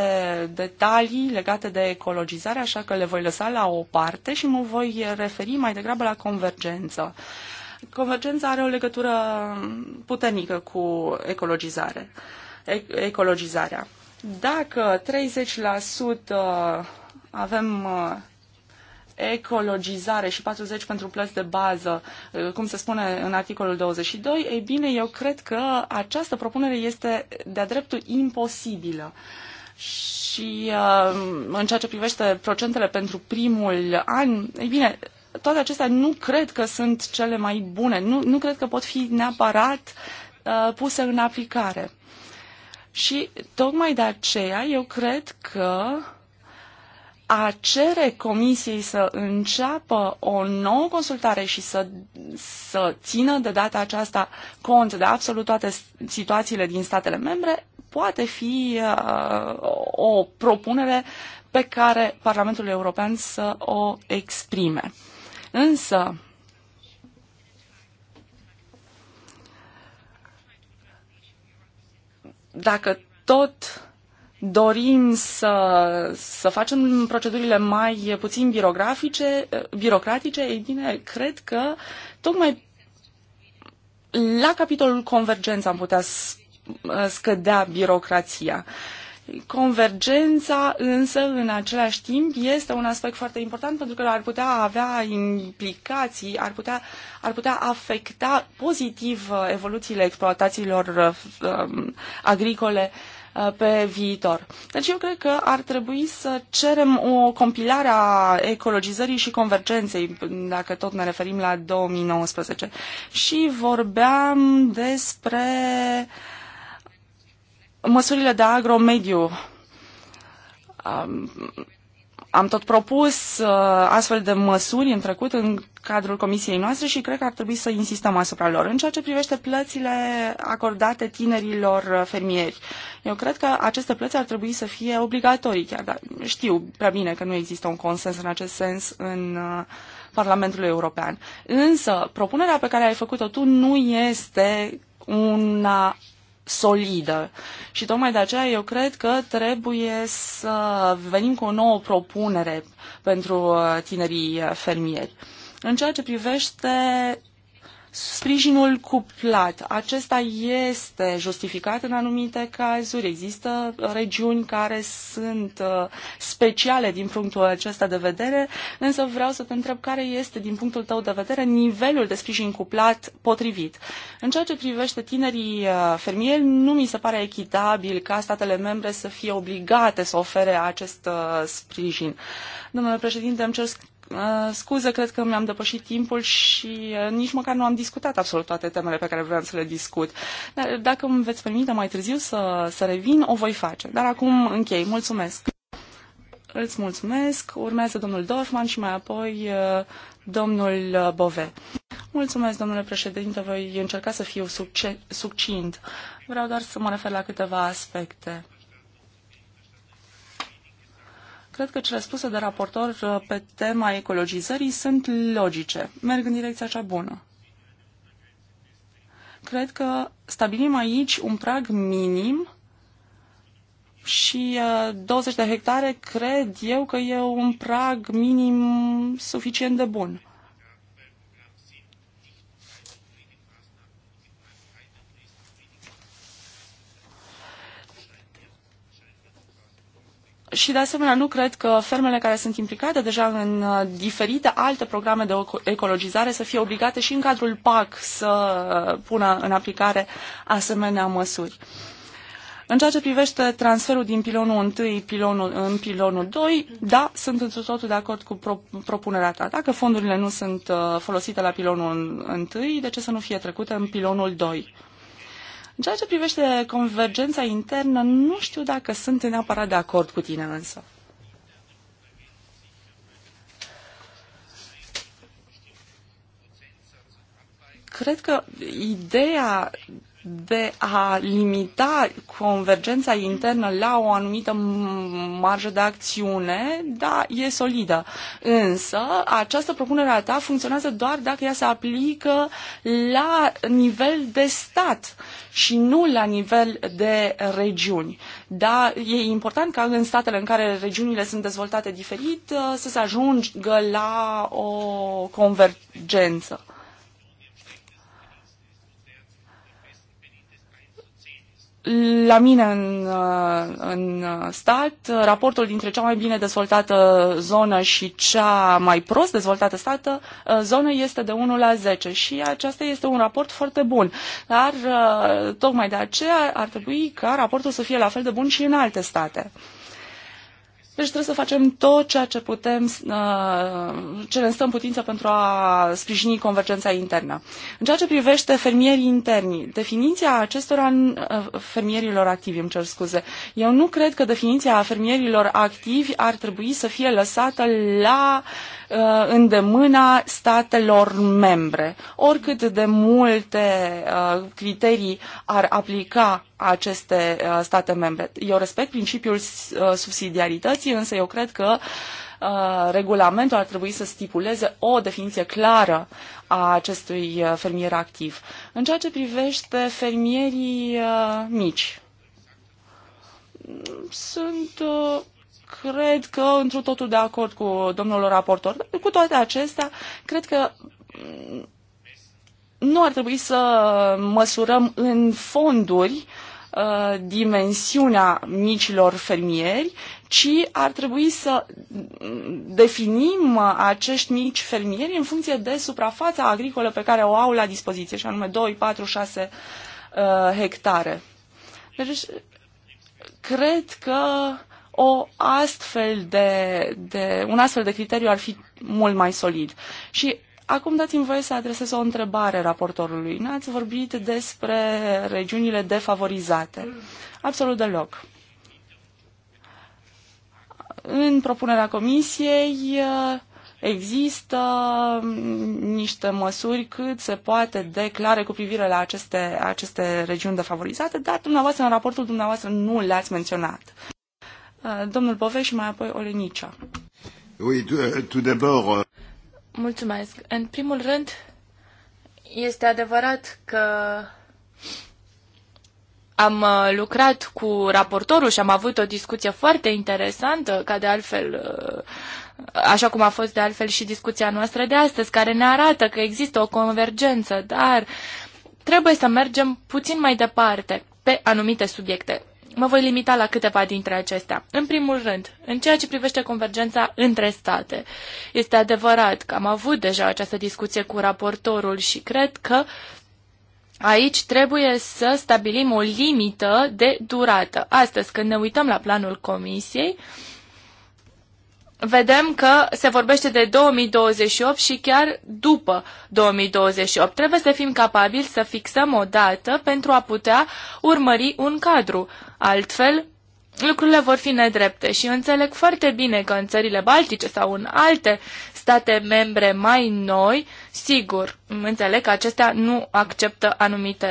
Speaker 3: detalii legate de ecologizare, așa că le voi lăsa la o parte și mă voi referi mai degrabă la convergență. Convergența are o legătură puternică cu ecologizare, ecologizarea. Dacă 30% avem uh, ecologizare și 40 pentru plăți de bază, uh, cum se spune în articolul 22, ei bine, eu cred că această propunere este de-a dreptul imposibilă. Și uh, în ceea ce privește procentele pentru primul an, ei bine, toate acestea nu cred că sunt cele mai bune, nu, nu cred că pot fi neapărat uh, puse în aplicare. Și tocmai de aceea eu cred că uh, a cere comisiei să înceapă o nouă consultare și să, să țină de data aceasta cont de absolut toate situațiile din statele membre, poate fi uh, o propunere pe care Parlamentul European să o exprime. Însă, dacă tot dorim să, să facem procedurile mai puțin birografice, birocratice, ei bine, cred că tocmai la capitolul convergență am putea scădea birocrația. Convergența însă în același timp este un aspect foarte important pentru că ar putea avea implicații, ar putea, ar putea afecta pozitiv uh, evoluțiile exploatațiilor uh, um, agricole uh, Uh, pe viitor. Deci eu cred că ar trebui să cerem o compilare a ecologizării și convergenței, dacă tot ne referim la 2019. Și vorbeam despre măsurile de agromediu um, am tot propus uh, astfel de măsuri în trecut în cadrul comisiei noastre și cred că ar trebui să insistăm asupra lor. În ceea ce privește plățile acordate tinerilor uh, fermieri, eu cred că aceste plăți ar trebui să fie obligatorii, chiar dar știu prea bine că nu există un consens în acest sens în uh, Parlamentul European. Însă, propunerea pe care ai făcut-o tu nu este una solidă. Și tocmai de aceea eu cred că trebuie să venim cu o nouă propunere pentru uh, tinerii uh, fermieri. În ceea ce privește Sprijinul cuplat, acesta este justificat în anumite cazuri. Există regiuni care sunt uh, speciale din punctul acesta de vedere, însă vreau să te întreb care este, din punctul tău de vedere, nivelul de sprijin cuplat potrivit. În ceea ce privește tinerii uh, fermieri, nu mi se pare echitabil ca statele membre să fie obligate să ofere acest uh, sprijin. Domnule președinte, îmi cer Uh, scuze, cred că mi-am depășit timpul și uh, nici măcar nu am discutat absolut toate temele pe care vreau să le discut. Dar dacă îmi veți permite mai târziu să, să revin, o voi face. Dar acum închei. Mulțumesc! Îți mulțumesc. Urmează domnul Dorfman și mai apoi uh, domnul uh, Bove. Mulțumesc, domnule președinte. Voi încerca să fiu succint. Vreau doar să mă refer la câteva aspecte. Cred că cele spuse de raportor uh, pe tema ecologizării sunt logice, merg în direcția cea bună. Cred că stabilim aici un prag minim și 20 uh, de hectare cred eu că e un prag minim suficient de bun. și de asemenea nu cred că fermele care sunt implicate deja în uh, diferite alte programe de ecologizare să fie obligate și în cadrul PAC să uh, pună în aplicare asemenea măsuri. În ceea ce privește transferul din pilonul 1 pilonul, în pilonul 2, da, sunt într totul de acord cu pro, propunerea ta. Dacă fondurile nu sunt uh, folosite la pilonul 1, de ce să nu fie trecute în pilonul 2? În ceea ce privește convergența internă, nu știu dacă sunt neapărat de acord cu tine însă. Cred că ideea de a limita convergența internă la o anumită marjă de acțiune, da, e solidă. Însă, această propunere a ta funcționează doar dacă ea se aplică la nivel de stat și nu la nivel de regiuni. Da, e important ca în statele în care regiunile sunt dezvoltate diferit uh, să se ajungă la o convergență. la mine în, uh, în uh, stat, raportul dintre cea mai bine dezvoltată zonă și cea mai prost dezvoltată stată, uh, zonă este de 1 la 10 și acesta este un raport foarte bun. Dar tocmai de aceea ar trebui ca raportul să fie la fel de bun și în alte state. Deci trebuie să facem tot ceea ce putem, uh, ce ne stăm putință pentru a sprijini convergența internă. În ceea ce privește fermierii interni, definiția acestora, uh, fermierilor activi, îmi cer scuze, eu nu cred că definiția fermierilor activi ar trebui să fie lăsată la uh, Uh, îndemâna statelor membre. Oricât de multe uh, criterii ar aplica aceste uh, state membre. Eu respect principiul subsidiarității, însă eu cred că regulamentul ar trebui să stipuleze o definiție clară a acestui fermier activ. În ceea ce privește fermierii mici, sunt cred că într-un totul de acord cu domnul raportor. cu toate acestea, cred că mm, nu ar trebui să măsurăm în fonduri uh, dimensiunea micilor fermieri, ci ar trebui să mm, definim acești mici fermieri în funcție de suprafața agricolă pe care o au la dispoziție, și anume 2, 4, 6 uh, hectare. Deci, cred că uh, o astfel de, de, un astfel de criteriu ar fi mult mai solid. Și Acum dați-mi voie să adresez o întrebare raportorului. N-ați vorbit despre regiunile defavorizate. Absolut deloc. În propunerea comisiei uh, există um, niște măsuri cât se poate de clare cu privire la aceste, aceste regiuni defavorizate, dar dumneavoastră în raportul dumneavoastră nu le-ați menționat. Uh, domnul Bove și mai apoi Olenicea.
Speaker 1: Oui, tout euh, d'abord. Euh, Mulțumesc. În primul rând, este adevărat că am uh, lucrat cu raportorul și am avut o discuție foarte interesantă, ca de altfel, uh, așa cum a fost de altfel și discuția noastră de astăzi, care ne arată că există o convergență, dar trebuie să mergem puțin mai departe pe anumite subiecte. Mă voi limita la câteva dintre acestea. În primul rând, în ceea ce privește convergența între state, este adevărat că am avut deja această discuție cu raportorul și cred că Aici trebuie să stabilim o limită de durată. Astăzi, când ne uităm la planul comisiei, uh, vedem că se vorbește de 2028 și chiar după 2028. Trebuie să fim capabili să fixăm o dată pentru a putea urmări un cadru. Altfel, lucrurile vor fi nedrepte și înțeleg foarte bine că în țările baltice sau în alte state membre mai noi, sigur, înțeleg că acestea nu acceptă anumite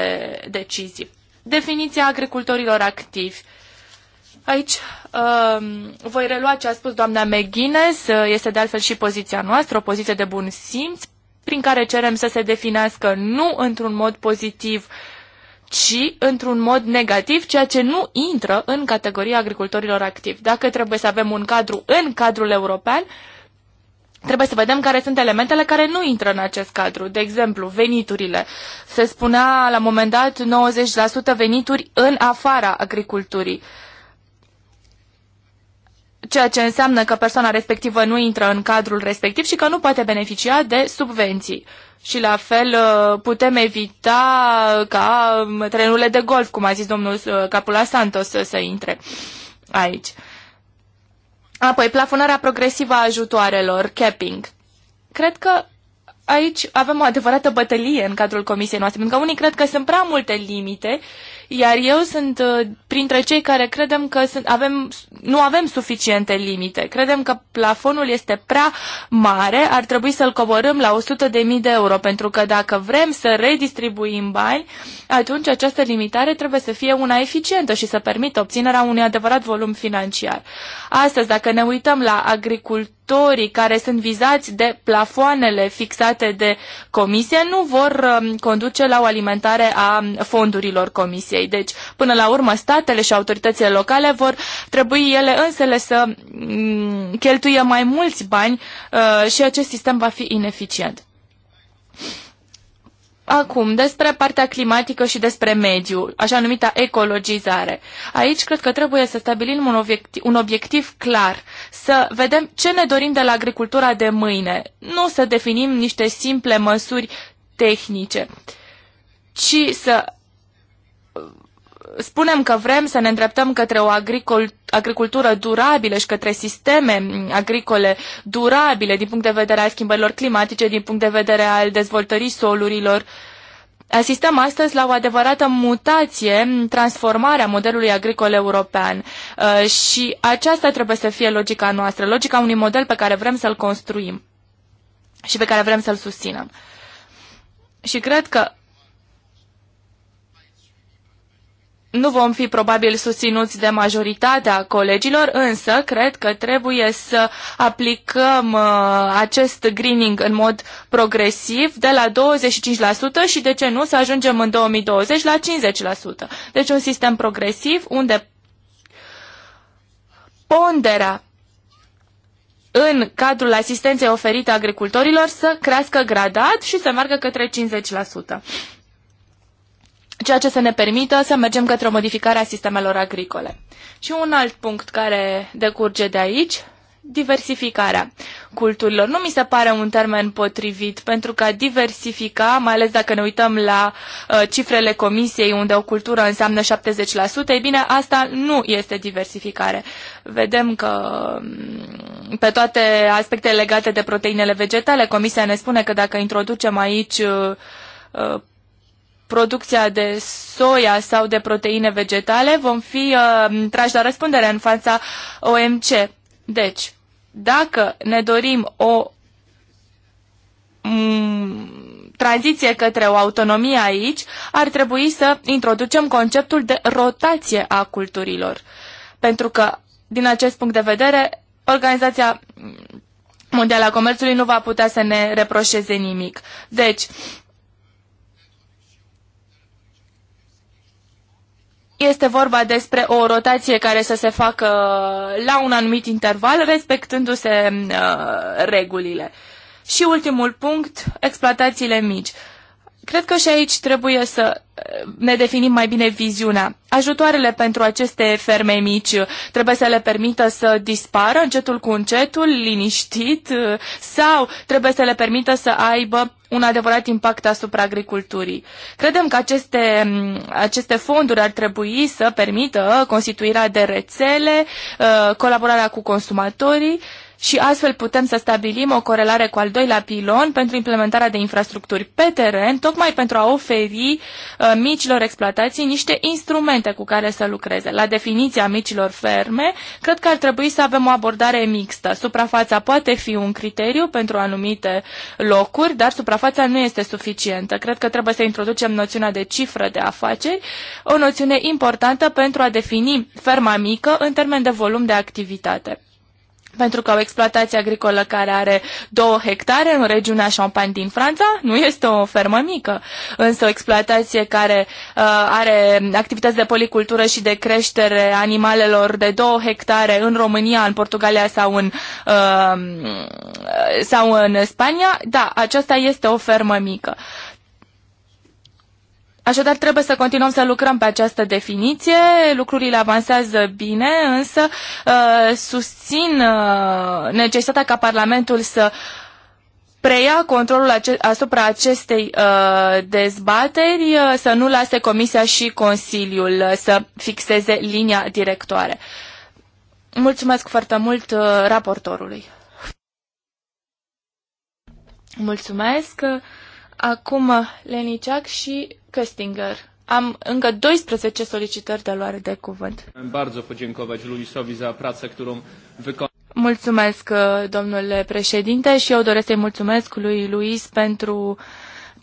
Speaker 1: decizii. Definiția agricultorilor activi Aici uh, voi relua ce a spus doamna McGuinness, uh, este de altfel și poziția noastră, o poziție de bun simț, prin care cerem să se definească nu într-un mod pozitiv, ci într-un mod negativ, ceea ce nu intră în categoria agricultorilor activi. Dacă trebuie să avem un cadru în cadrul european, trebuie să vedem care sunt elementele care nu intră în acest cadru. De exemplu, veniturile. Se spunea la un moment dat 90% venituri în afara agriculturii. Uh, ceea ce înseamnă că persoana respectivă nu intră în cadrul respectiv și că nu poate beneficia de subvenții. Și la fel uh, putem evita ca um, trenurile de golf, cum a zis domnul uh, Capula Santos, să, să intre aici. Apoi, plafonarea progresivă a ajutoarelor, capping. Cred că aici avem o adevărată bătălie în cadrul comisiei noastre, pentru că unii cred că sunt prea multe limite iar eu sunt uh, printre cei care credem că sunt, avem, nu avem suficiente limite. Credem că plafonul este prea mare, ar trebui să-l coborâm la 100.000 de euro, pentru că dacă vrem să redistribuim bani, atunci această limitare trebuie să fie una eficientă și să permită obținerea unui adevărat volum financiar. Astăzi, dacă ne uităm la agricultură, care sunt vizați de plafoanele fixate de comisie, nu vor um, conduce la o alimentare a um, fondurilor comisiei Comisiei. Deci, până la urmă, statele și autoritățile locale vor trebui ele însele să mm, cheltuie mai mulți bani uh, și acest sistem va fi ineficient. Acum, despre partea climatică și despre mediu, așa numita ecologizare. Aici cred că trebuie să stabilim un obiectiv, un obiectiv clar, să vedem ce ne dorim de la agricultura de mâine, nu să definim niște simple măsuri tehnice, ci să spunem că vrem să ne îndreptăm către o agricol, agricultură durabilă și către sisteme agricole durabile din punct de vedere al schimbărilor climatice, din punct de vedere al dezvoltării solurilor, Asistăm astăzi la o adevărată mutație, transformarea modelului agricol european uh, și aceasta trebuie să fie logica noastră, logica unui model pe care vrem să-l construim și pe care vrem să-l susținem. Și cred că nu vom fi probabil susținuți de majoritatea colegilor, însă cred că trebuie să aplicăm uh, acest greening în mod progresiv de la 25% și de ce nu să ajungem în 2020 la 50%. Deci un sistem progresiv unde ponderea în cadrul asistenței oferite agricultorilor să crească gradat și să meargă către 50% ceea ce să ne permită să mergem către o modificare a sistemelor agricole. Și un alt punct care decurge de aici, diversificarea culturilor. Nu mi se pare un termen potrivit, pentru că diversifica, mai ales dacă ne uităm la uh, cifrele comisiei, unde o cultură înseamnă 70%, ei bine, asta nu este diversificare. Vedem că mm, pe toate aspectele legate de proteinele vegetale, comisia ne spune că dacă introducem aici uh, uh producția de soia sau de proteine vegetale, vom fi uh, trași la răspundere în fața OMC. Deci, dacă ne dorim o um, tranziție către o autonomie aici, ar trebui să introducem conceptul de rotație a culturilor. Pentru că, din acest punct de vedere, Organizația Mondială a Comerțului nu va putea să ne reproșeze nimic. Deci, Este vorba despre o rotație care să se facă la un anumit interval, respectându-se uh, regulile. Și ultimul punct, exploatațiile mici. Uh, Cred că și aici trebuie să eh, ne definim mai bine viziunea. Ajutoarele pentru aceste ferme mici eh, trebuie să le permită să dispară încetul cu încetul, liniștit, eh, sau trebuie să le permită să aibă un adevărat impact asupra agriculturii. Credem că aceste, mm, aceste fonduri ar trebui să permită constituirea de rețele, colaborarea cu consumatorii, și astfel putem să stabilim o corelare cu al doilea pilon pentru implementarea de infrastructuri pe teren, tocmai pentru a oferi uh, micilor exploatații niște instrumente cu care să lucreze. La definiția micilor ferme, cred că ar trebui să avem o abordare mixtă. Suprafața poate fi un criteriu pentru anumite locuri, dar suprafața nu este suficientă. Cred că trebuie să introducem noțiunea de cifră de afaceri, o noțiune importantă pentru a defini ferma mică în termen de volum de activitate pentru că o exploatație agricolă care are două hectare în regiunea Champagne din Franța nu este o fermă mică. Însă o exploatație care uh, are activități de policultură și de creștere animalelor de două hectare în România, în Portugalia sau în, uh, sau în Spania, da, aceasta este o fermă mică. Așadar, trebuie să continuăm să lucrăm pe această definiție. Lucrurile avansează bine, însă uh, susțin uh, necesitatea ca Parlamentul să preia controlul ace- asupra acestei uh, dezbateri, uh, să nu lase Comisia și Consiliul uh, să fixeze linia directoare. Mulțumesc foarte mult uh, raportorului. Mulțumesc. Acum Leniciac și Köstinger. Am încă 12 solicitări de luare de cuvânt. Mulțumesc, domnule președinte, și eu doresc să-i mulțumesc lui Luis pentru uh,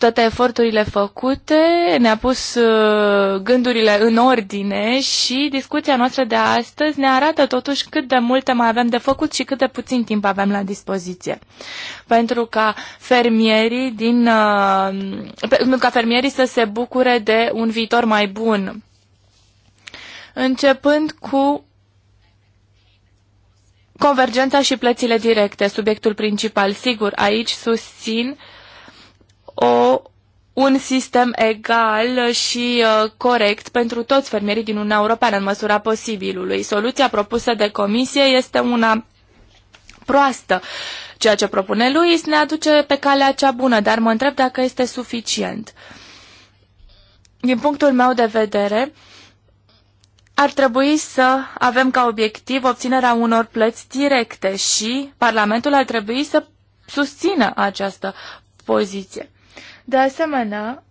Speaker 1: toate eforturile făcute, ne-a pus uh, gândurile în ordine și discuția noastră de astăzi ne arată totuși cât de multe mai avem de făcut și cât de puțin timp avem la dispoziție. Pentru ca fermierii din uh, pentru ca fermierii să se bucure de un viitor mai bun. Începând cu convergența și plățile directe, subiectul principal. Sigur, aici susțin uh, o, un sistem egal și uh, corect pentru toți fermierii din Uniunea Europeană în măsura posibilului. Soluția propusă de comisie este una proastă. Ceea ce propune lui ne aduce pe calea cea bună, dar mă întreb dacă este suficient. Din punctul meu de vedere, ar trebui să avem ca obiectiv obținerea unor plăți directe și Parlamentul ar trebui să susțină această poziție. De asemenea,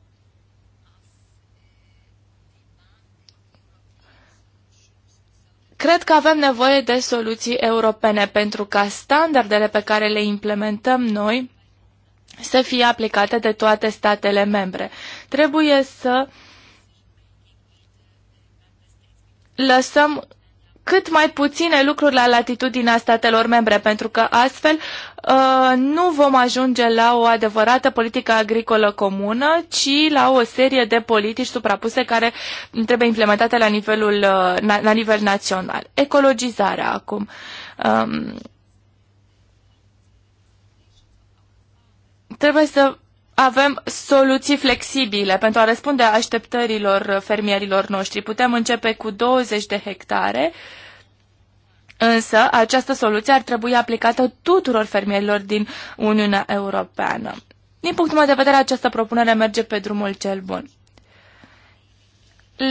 Speaker 1: Cred că avem nevoie de soluții europene pentru ca standardele pe care le implementăm noi să fie aplicate de toate statele membre. Trebuie să lăsăm cât mai puține lucruri la latitudinea statelor membre, pentru că astfel uh, nu vom ajunge la o adevărată politică agricolă comună, ci la o serie de politici suprapuse care trebuie implementate la, nivelul, uh, la nivel național. Ecologizarea acum. Um, trebuie să avem soluții flexibile pentru a răspunde așteptărilor fermierilor noștri. Putem începe cu 20 de hectare, însă această soluție ar trebui aplicată tuturor fermierilor din Uniunea Europeană. Din punctul meu de vedere, această propunere merge pe drumul cel bun.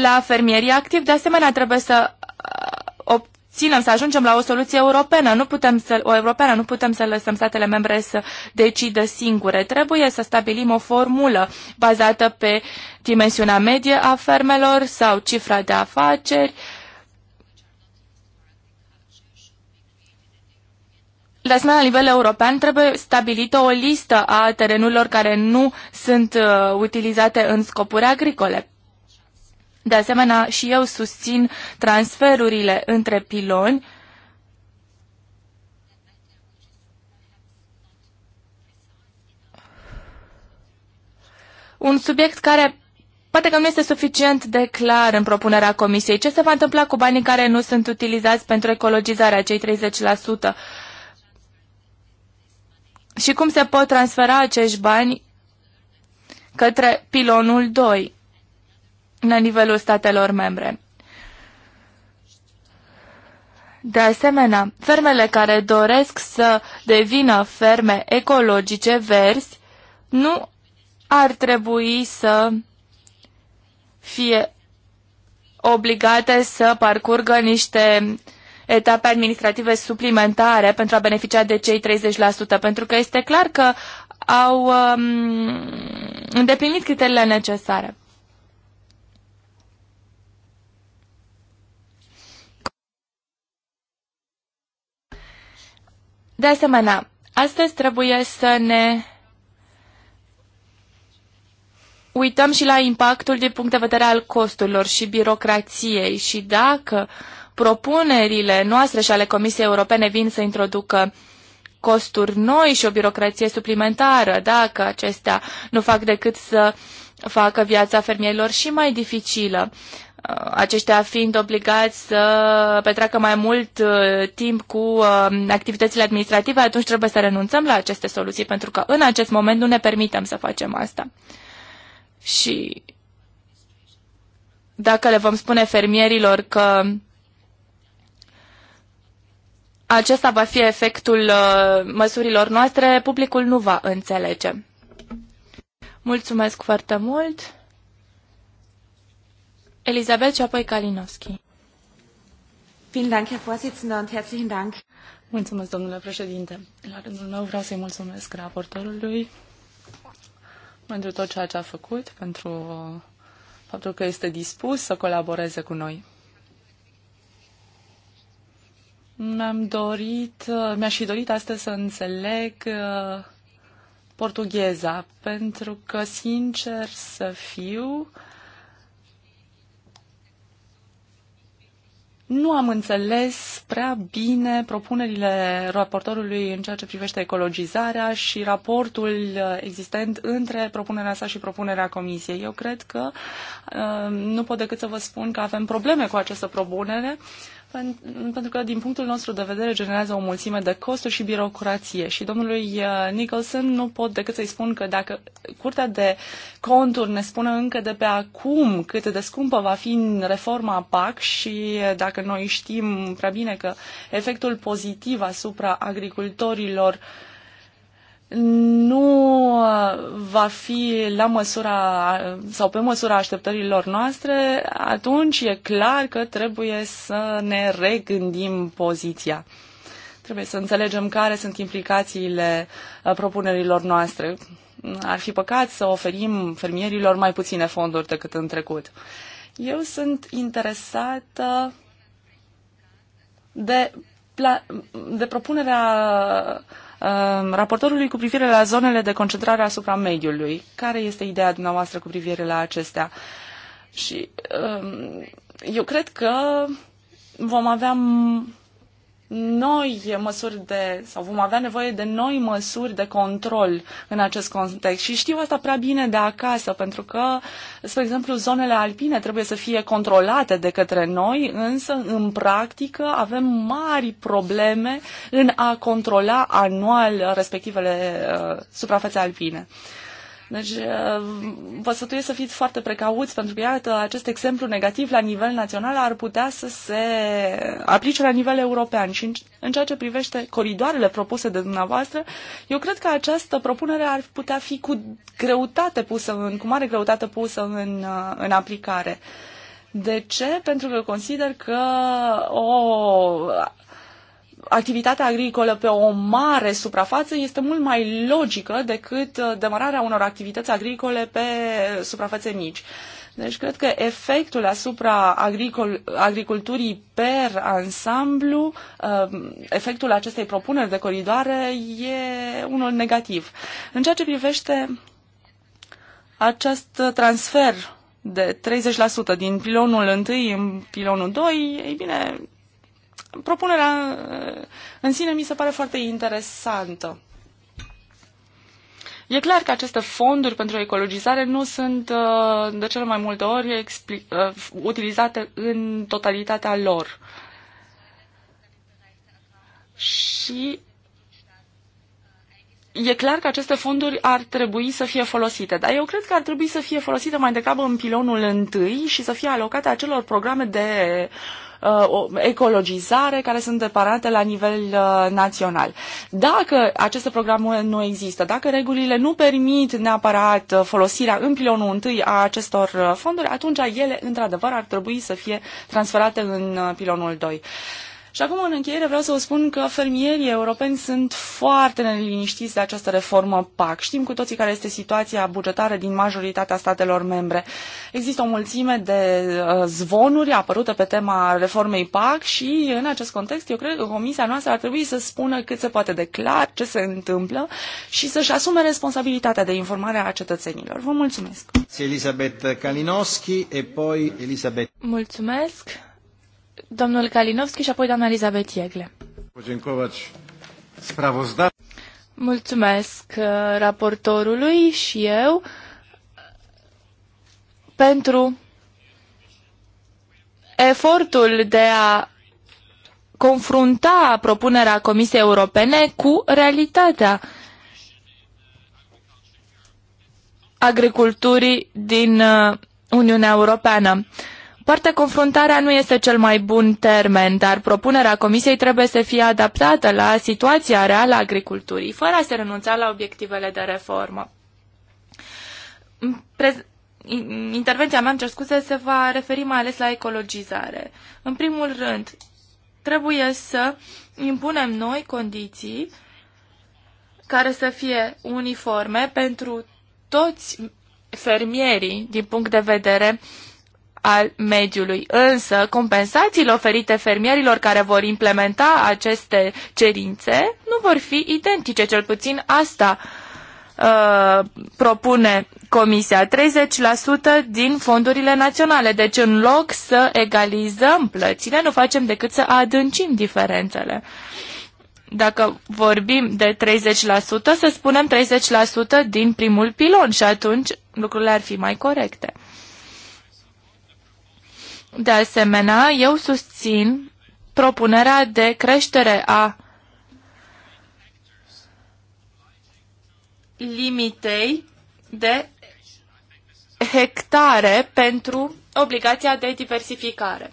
Speaker 1: La fermierii activi, de asemenea, trebuie să ținem să ajungem la o soluție europeană. Nu putem să, o europeană, nu putem să lăsăm statele membre să decidă singure. Trebuie să stabilim o formulă bazată pe dimensiunea medie a fermelor sau cifra de afaceri. De asemenea, la nivel european trebuie stabilită o listă a terenurilor care nu sunt uh, utilizate în scopuri agricole. De asemenea, și eu susțin transferurile între piloni, un subiect care poate că nu este suficient de clar în propunerea comisiei. Ce se va întâmpla cu banii care nu sunt utilizați pentru ecologizarea, cei 30%? Și cum se pot transfera acești bani către pilonul 2? la nivelul statelor membre. De asemenea, fermele care doresc să devină ferme ecologice verzi nu ar trebui să fie obligate să parcurgă niște etape administrative suplimentare pentru a beneficia de cei 30%, pentru că este clar că au um, îndeplinit criteriile necesare. De asemenea, astăzi trebuie să ne uităm și la impactul din punct de vedere al costurilor și birocrației și dacă propunerile noastre și ale Comisiei Europene vin să introducă costuri noi și o birocrație suplimentară, dacă acestea nu fac decât să facă viața fermierilor și mai dificilă. Uh, aceștia fiind obligați să petreacă mai mult uh, timp cu uh, activitățile administrative, atunci trebuie să renunțăm la aceste soluții, pentru că în acest moment nu ne permitem să facem asta. Și dacă le vom spune fermierilor că acesta va fi efectul măsurilor noastre, publicul nu va înțelege. Mulțumesc foarte mult! Elisabeth și apoi Kalinowski.
Speaker 3: Mulțumesc, domnule președinte. La rândul meu vreau să-i mulțumesc raportorului pentru tot ceea ce a făcut, pentru faptul că este dispus să colaboreze cu noi. Mi-am dorit, mi-aș fi dorit astăzi să înțeleg uh, portugheza, pentru că, sincer să fiu, Nu am înțeles prea bine propunerile raportorului în ceea ce privește ecologizarea și raportul existent între propunerea sa și propunerea comisiei. Eu cred că uh, nu pot decât să vă spun că avem probleme cu această propunere pentru că, din punctul nostru de vedere, generează o mulțime de costuri și birocrație. Și domnului uh, Nicholson nu pot decât să-i spun că dacă Curtea de Conturi ne spune încă de pe acum cât de scumpă va fi reforma PAC și uh, dacă noi știm prea bine că efectul pozitiv asupra agricultorilor uh, nu uh, va fi la măsura uh, sau pe măsura așteptărilor noastre, atunci e clar că trebuie să ne regândim poziția. Trebuie să înțelegem care sunt implicațiile uh, propunerilor noastre. Ar fi păcat să oferim fermierilor mai puține fonduri decât în trecut. Eu sunt interesată de, de propunerea Um, raportorului cu privire la zonele de concentrare asupra mediului. Care este ideea dumneavoastră cu privire la acestea? Și um, eu cred că vom avea noi măsuri de, sau vom avea nevoie de noi măsuri de control în acest context. Și știu asta prea bine de acasă, pentru că, spre exemplu, zonele alpine trebuie să fie controlate de către noi, însă, în practică, avem mari probleme în a controla anual respectivele uh, suprafețe alpine. Uh, deci uh, vă sfătuiesc să fiți foarte precauți pentru că, iată, acest exemplu negativ la nivel național ar putea să se aplice la nivel european. Și în, ceea ce privește coridoarele propuse de dumneavoastră, eu cred că această propunere ar putea fi cu greutate pusă, în, cu mare greutate pusă în, uh, în aplicare. De ce? Pentru că consider că o activitatea agricolă pe o mare suprafață este mult mai logică decât uh, demararea unor activități agricole pe uh, suprafețe mici. Deci cred că efectul asupra agricol, agriculturii per ansamblu, uh, efectul acestei propuneri de coridoare e unul negativ. În ceea ce privește acest transfer de 30% din pilonul 1 în pilonul 2, ei bine, propunerea eh, în sine mi se pare foarte interesantă. E clar că aceste fonduri pentru ecologizare nu sunt eh, de cele mai multe ori eh, utilizate în totalitatea lor. Și e clar că aceste fonduri ar trebui să fie folosite, dar eu cred că ar trebui să fie folosite mai degrabă în pilonul întâi și să fie alocate acelor programe de uh, Uh, ecologizare care sunt deparate la nivel uh, național. Dacă aceste programe nu există, dacă regulile nu permit neapărat uh, folosirea în pilonul întâi a acestor fonduri, atunci ele, într-adevăr, ar trebui să fie transferate în pilonul 2. Și acum, în încheiere, vreau să vă spun că fermierii europeni sunt foarte neliniștiți de această reformă PAC. Știm cu toții care este situația bugetară din majoritatea statelor membre. Există o mulțime de uh, zvonuri apărute pe tema reformei PAC și, în acest context, eu cred că Comisia noastră ar trebui să spună cât se poate de clar ce se întâmplă și să-și asume responsabilitatea de informare a cetățenilor. Vă mulțumesc!
Speaker 1: Elisabeth Kalinowski e poi Elisabeth. Mulțumesc! domnul Kalinowski și apoi doamna Elizabeth Iegle. Mulțumesc uh, raportorului și eu pentru efortul de a confrunta propunerea Comisiei Europene cu realitatea agriculturii din uh, Uniunea Europeană. Poate confruntarea nu este cel mai bun termen, dar propunerea Comisiei trebuie să fie adaptată la situația reală a agriculturii, fără a se renunța la obiectivele de reformă. Prez- intervenția mea, îmi cer scuze, se va referi mai ales la ecologizare. În primul rând, trebuie să impunem noi condiții care să fie uniforme pentru toți fermierii din punct de vedere uh, al mediului. Însă, compensațiile oferite fermierilor care vor implementa aceste cerințe nu vor fi identice, cel puțin asta uh, propune Comisia 30% din fondurile naționale. Deci în loc să egalizăm plățile, nu facem decât să adâncim diferențele. Dacă vorbim de 30%, să spunem 30% din primul pilon și atunci lucrurile ar fi mai corecte. De asemenea, eu susțin propunerea de creștere a limitei de hectare pentru obligația de diversificare.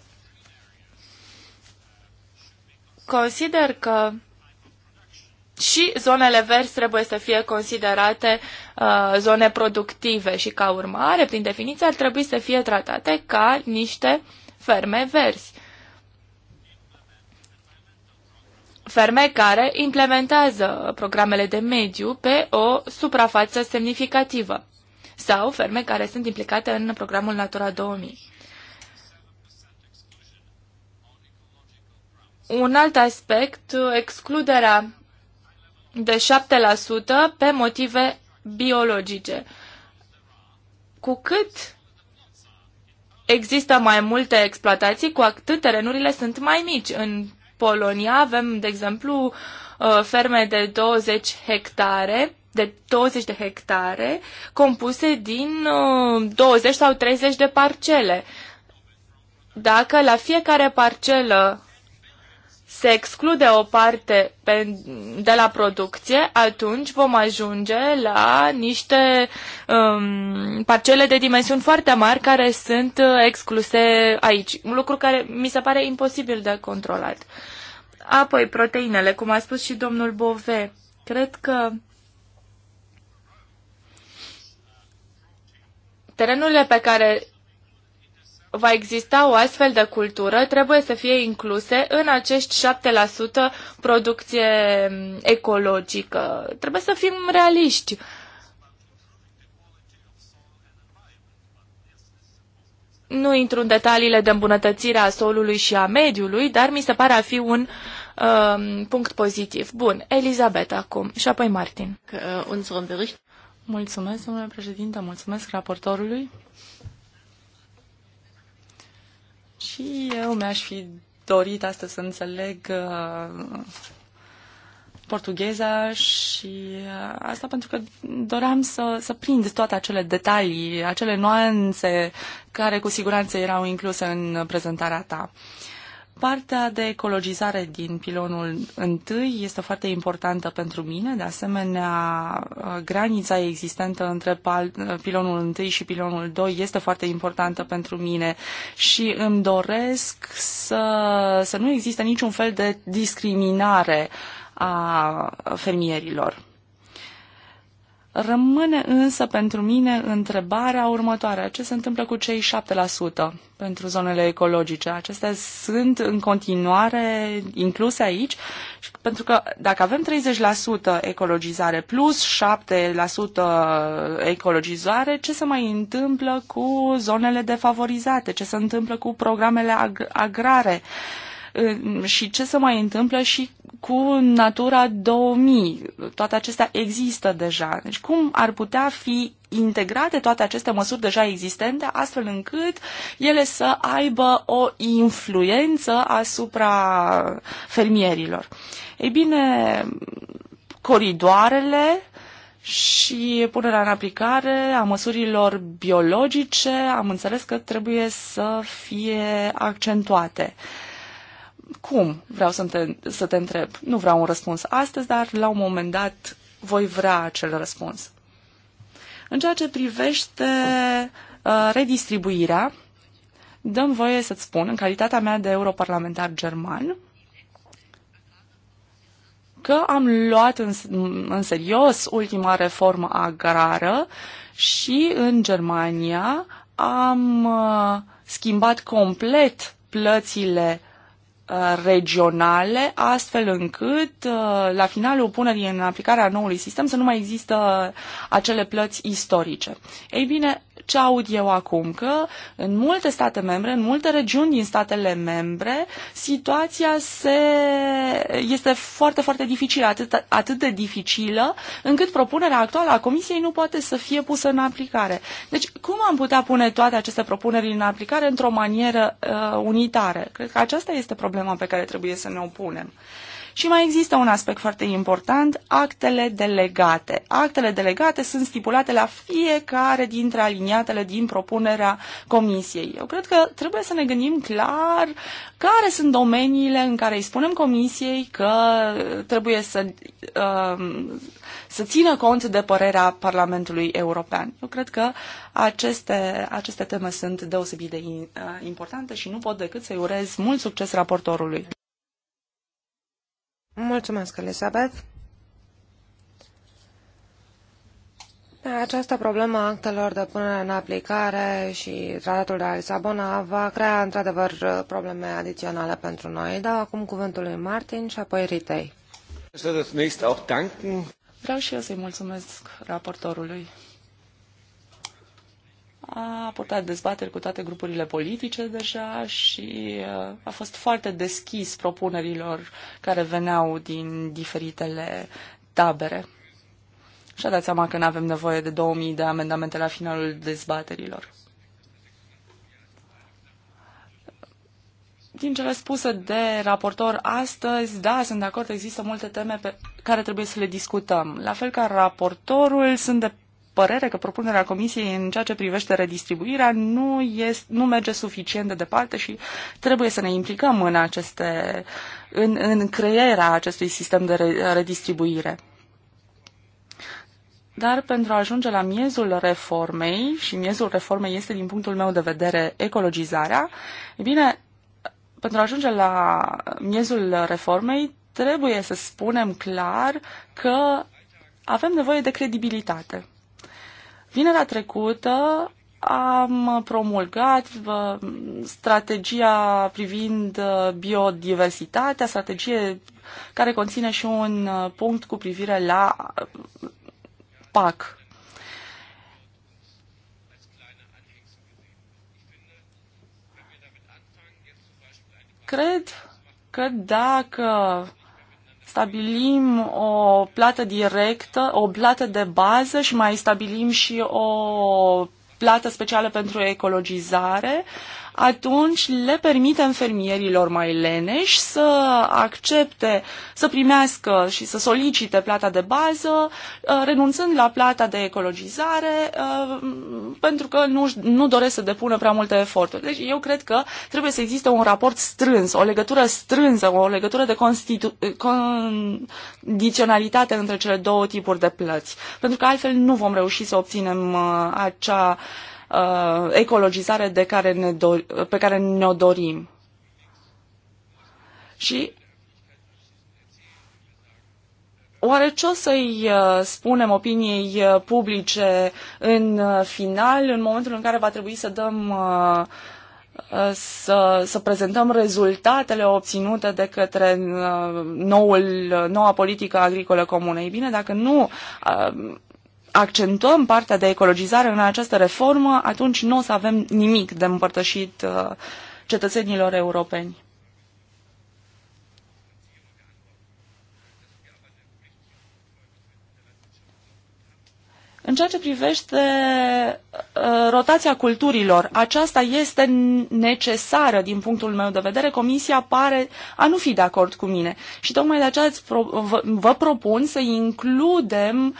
Speaker 1: Consider că și zonele verzi trebuie să fie considerate uh, zone productive și ca urmare, prin definiție, ar trebui să fie tratate ca niște ferme verzi. Ferme care implementează programele de mediu pe o suprafață semnificativă sau ferme care sunt implicate în programul Natura 2000. Un alt aspect, excluderea de 7% pe motive biologice. Cu cât există mai multe exploatații, cu atât terenurile sunt mai mici. În Polonia avem, de exemplu, uh, ferme de 20 hectare, de 20 de hectare, compuse din 20 uh, sau 30 de parcele. Dacă la fiecare parcelă se exclude o parte pe, de la producție, atunci vom ajunge la niște um, parcele de dimensiuni foarte mari care sunt uh, excluse aici. Un lucru care mi se pare imposibil de controlat. Apoi, proteinele, cum a spus și domnul Bove, cred că terenurile pe care va exista o astfel de cultură, trebuie să fie incluse în acești 7% producție mm, ecologică. Trebuie să fim realiști. Nu intru în detaliile de îmbunătățire a solului și a mediului, dar mi se pare a fi un um, punct pozitiv. Bun, Elizabeth acum și apoi Martin.
Speaker 3: Uh, mulțumesc, domnule președinte, mulțumesc raportorului și eu mi-aș fi dorit astăzi să înțeleg uh, portugheza și uh, asta pentru că doream să, să prind toate acele detalii, acele nuanțe care cu siguranță erau incluse în prezentarea ta. Uh, Partea de ecologizare din pilonul întâi este foarte importantă pentru mine, de asemenea uh, granița existentă între uh, pilonul întâi și pilonul 2 este foarte importantă pentru mine și îmi doresc să, să nu existe niciun fel de discriminare a fermierilor. Rămâne însă pentru mine întrebarea următoare. Ce se întâmplă cu cei 7% pentru zonele ecologice? Acestea sunt în continuare incluse aici? Pentru că dacă avem 30% ecologizare plus 7% ecologizare, ce se mai întâmplă cu zonele defavorizate? Ce se întâmplă cu programele ag- agrare? Uh, și ce se mai întâmplă și cu Natura 2000. Toate acestea există deja. Deci cum ar putea fi integrate toate aceste măsuri deja existente, astfel încât ele să aibă o influență asupra fermierilor? Ei bine, coridoarele și punerea în aplicare a măsurilor biologice, am înțeles că trebuie să fie accentuate. Uh, cum? Vreau să te, să te întreb. Nu vreau un răspuns astăzi, dar la un moment dat voi vrea acel răspuns. În ceea ce privește uh, redistribuirea, dăm voie să-ți spun, în calitatea mea de europarlamentar german, că am luat în, în serios ultima reformă agrară și în Germania am uh, schimbat complet plățile regionale, astfel încât uh, la finalul punerii în aplicare a noului sistem să nu mai există acele plăți istorice. Ei bine, ce aud eu acum? Că în multe state membre, în multe regiuni din statele membre, situația se, este foarte, foarte dificilă, atât, atât de dificilă, încât propunerea actuală a Comisiei nu poate să fie pusă în aplicare. Deci, cum am putea pune toate aceste propuneri în aplicare într-o manieră uh, unitară? Cred că aceasta este problema pe care trebuie să ne opunem. Uh, și mai există un aspect foarte important, actele delegate. Actele delegate sunt stipulate la fiecare dintre aliniatele din propunerea comisiei. Eu cred că trebuie să ne gândim clar care sunt domeniile în care îi spunem comisiei că trebuie să, um, să țină cont de părerea Parlamentului European. Eu cred că aceste, aceste teme sunt deosebit de uh, importante și nu pot decât să-i urez mult succes raportorului.
Speaker 2: Mulțumesc, Elisabeth. Această problemă a actelor de punere în aplicare și tratatul de la Lisabona va crea într-adevăr probleme adiționale pentru noi. Dau acum cuvântul lui Martin și apoi Ritei. Vreau și eu să-i mulțumesc raportorului
Speaker 3: a purtat dezbateri cu toate grupurile politice deja și uh, a fost foarte deschis propunerilor care veneau din diferitele tabere. Și-a dat seama că nu avem nevoie de 2000 de amendamente la finalul dezbaterilor. din cele spuse de raportor astăzi, da, sunt de acord, există multe teme pe care trebuie să le discutăm. La fel ca raportorul, sunt de părere că propunerea Comisiei în ceea ce privește redistribuirea nu, este, nu merge suficient de departe și trebuie să ne implicăm în, aceste, în, în creierea acestui sistem de redistribuire. Dar pentru a ajunge la miezul reformei, și miezul reformei este din punctul meu de vedere ecologizarea, e bine, pentru a ajunge la miezul reformei, trebuie să spunem clar că avem nevoie de credibilitate. Vinerea trecută am promulgat strategia privind uh, biodiversitatea, strategie care conține și un uh, punct cu privire la uh, PAC. Cred că dacă stabilim o plată directă, o plată de bază și mai stabilim și o plată specială pentru ecologizare. Uh, atunci le permitem fermierilor mai leneși să accepte, să primească și să solicite plata de bază, uh, renunțând la plata de ecologizare, uh, pentru că nu, nu doresc să depună prea multe eforturi. Deci eu cred că trebuie să existe un raport strâns, o legătură strânsă, o legătură de uh, condiționalitate între cele două tipuri de plăți, pentru că altfel nu vom reuși să obținem acea uh, uh, ecologizare de care ne do- pe care ne-o dorim. Și Oare ce o să-i uh, spunem opiniei uh, publice în uh, final, în momentul în care va trebui să dăm să, să prezentăm rezultatele obținute de către noul, noua politică agricolă comună. Ei bine, dacă nu accentuăm partea de ecologizare în această reformă, atunci nu o să avem nimic de împărtășit uh, cetățenilor europeni. În ceea ce privește uh, rotația culturilor, aceasta este necesară din punctul meu de vedere. Comisia pare a nu fi de acord cu mine și tocmai de aceea vă propun să includem uh,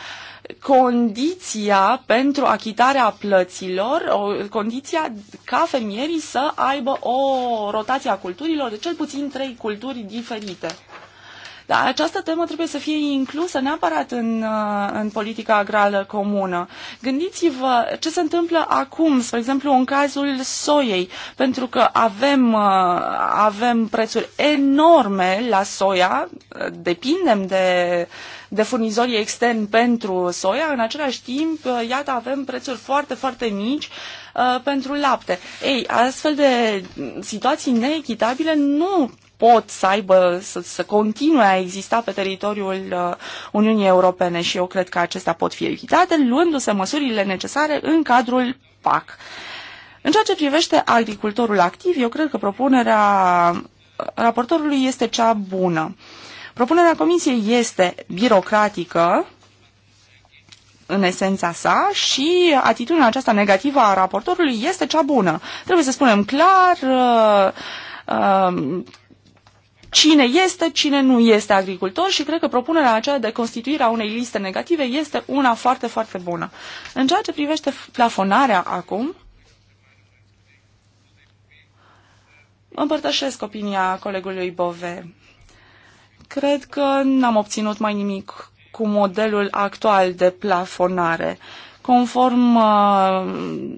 Speaker 3: condiția pentru achitarea plăților, o, condiția ca fermierii să aibă o rotație a culturilor de cel puțin trei culturi diferite. Dar această temă trebuie să fie inclusă neapărat în, uh, în politica agrală comună. Gândiți-vă ce se întâmplă acum, spre exemplu, în cazul soiei, pentru că avem, uh, avem prețuri enorme la soia, uh, depindem de uh, de furnizorii externi pentru soia, în același timp, uh, iată, avem prețuri foarte, foarte mici uh, pentru lapte. Ei, astfel de situații neechitabile nu pot să aibă, să, să continue a exista pe teritoriul uh, Uniunii Europene și eu cred că acestea pot fi evitate, luându-se măsurile necesare în cadrul PAC. În ceea ce privește agricultorul activ, eu cred că propunerea raportorului este cea bună. Propunerea comisiei este birocratică, în esența sa și atitudinea aceasta negativă a raportorului este cea bună. Trebuie să spunem clar uh, uh, cine este, cine nu este agricultor și cred că propunerea aceea de constituire a unei liste negative este una foarte, foarte bună. În ceea ce privește plafonarea acum, împărtășesc opinia colegului Bove cred că n-am obținut mai nimic cu modelul actual de plafonare. Conform uh,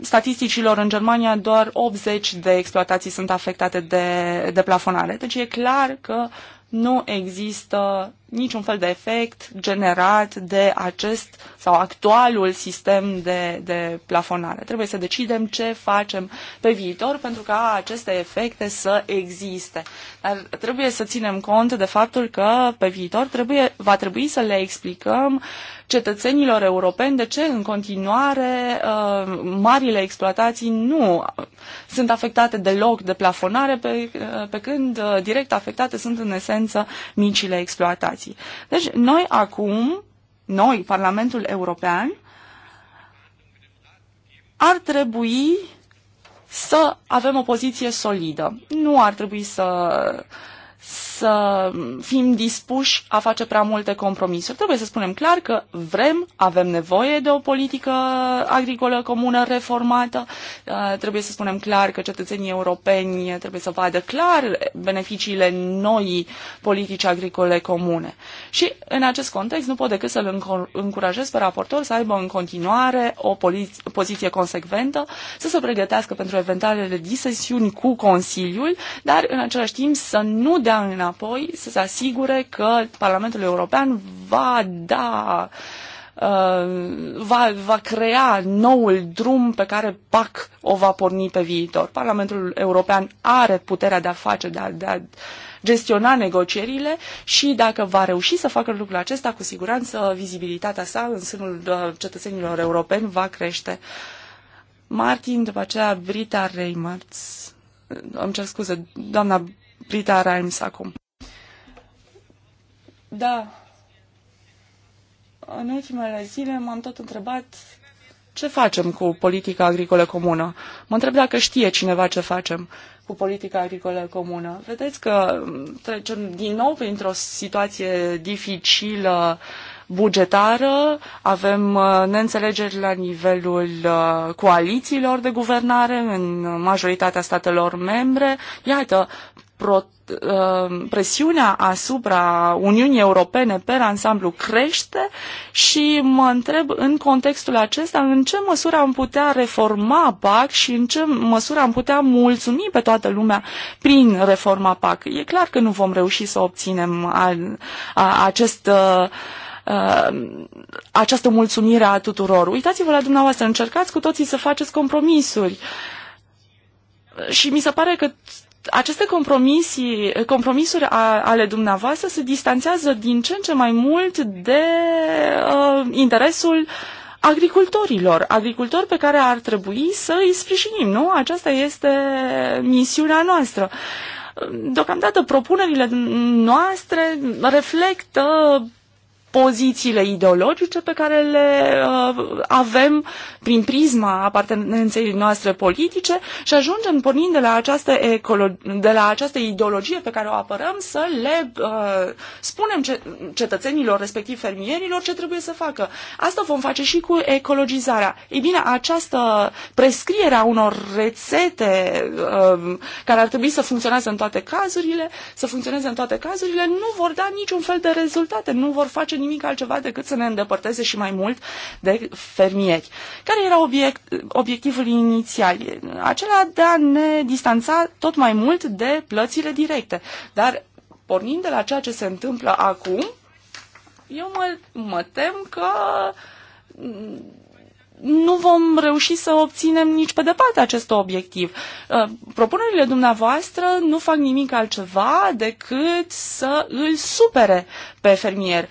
Speaker 3: statisticilor în Germania, doar 80 de exploatații sunt afectate de, de plafonare. Deci e clar că nu există niciun fel de efect generat de acest sau actualul sistem de, de plafonare. Trebuie să decidem ce facem pe viitor pentru ca aceste efecte să existe. Dar trebuie să ținem cont de faptul că pe viitor trebuie, va trebui să le explicăm cetățenilor europeni de ce în continuare uh, marile exploatații nu sunt afectate deloc de plafonare, pe, uh, pe când uh, direct afectate sunt în esență micile exploatații situații. Deci noi acum, noi, Parlamentul European, ar trebui să avem o poziție solidă. Nu ar trebui să să fim dispuși a face prea multe compromisuri. Trebuie să spunem clar că vrem, avem nevoie de o politică agricolă comună reformată, uh, trebuie să spunem clar că cetățenii europeni trebuie să vadă clar beneficiile noii politici agricole comune. Și în acest context nu pot decât să-l încurajez pe raportor să aibă în continuare o poziție consecventă, să se pregătească pentru eventualele disesiuni cu Consiliul, dar în același timp să nu dea în înapoi să se asigure că Parlamentul European va da uh, va, va crea noul drum pe care PAC o va porni pe viitor. Parlamentul European are puterea de a face, de a, de a gestiona negocierile și dacă va reuși să facă lucrul acesta, cu siguranță vizibilitatea sa în sânul uh, cetățenilor europeni va crește. Martin, după aceea Brita Reimers, îmi cer scuze, doamna Brita Reims acum. Da. În ultimele zile m-am tot întrebat ce facem cu politica agricolă comună. Mă întreb dacă știe cineva ce facem cu politica agricolă comună. Vedeți că trecem din nou printr-o situație dificilă bugetară, avem uh, neînțelegeri la nivelul uh, coalițiilor de guvernare în majoritatea statelor membre. Iată, pro, uh, presiunea asupra Uniunii Europene pe ansamblu crește și mă întreb în contextul acesta în ce măsură am putea reforma PAC și în ce măsură am putea mulțumi pe toată lumea prin reforma PAC. E clar că nu vom reuși să obținem a, a, acest uh, uh, această mulțumire a tuturor. Uitați-vă la dumneavoastră, încercați cu toții să faceți compromisuri. Și mi se pare că aceste compromisuri ale dumneavoastră se distanțează din ce în ce mai mult de uh, interesul agricultorilor, agricultori pe care ar trebui să îi sprijinim, nu? Aceasta este misiunea noastră. Deocamdată propunerile noastre reflectă pozițiile ideologice pe care le uh, avem prin prisma apartenenței noastre politice și ajungem pornind de la această, ecolo- de la această ideologie pe care o apărăm să le uh, spunem ce- cetățenilor, respectiv fermierilor, ce trebuie să facă. Asta vom face și cu ecologizarea. Ei bine, această prescriere a unor rețete uh, care ar trebui să funcționeze în toate cazurile, să funcționeze în toate cazurile, nu vor da niciun fel de rezultate, nu vor face nimic altceva decât să ne îndepărteze și mai mult de fermieri. Care era obiect, obiectivul inițial? Acela de a ne distanța tot mai mult de plățile directe. Dar pornind de la ceea ce se întâmplă acum, eu mă, mă tem că nu vom reuși să obținem nici pe departe acest obiectiv. Uh, propunerile dumneavoastră nu fac nimic altceva decât să îl supere pe fermier.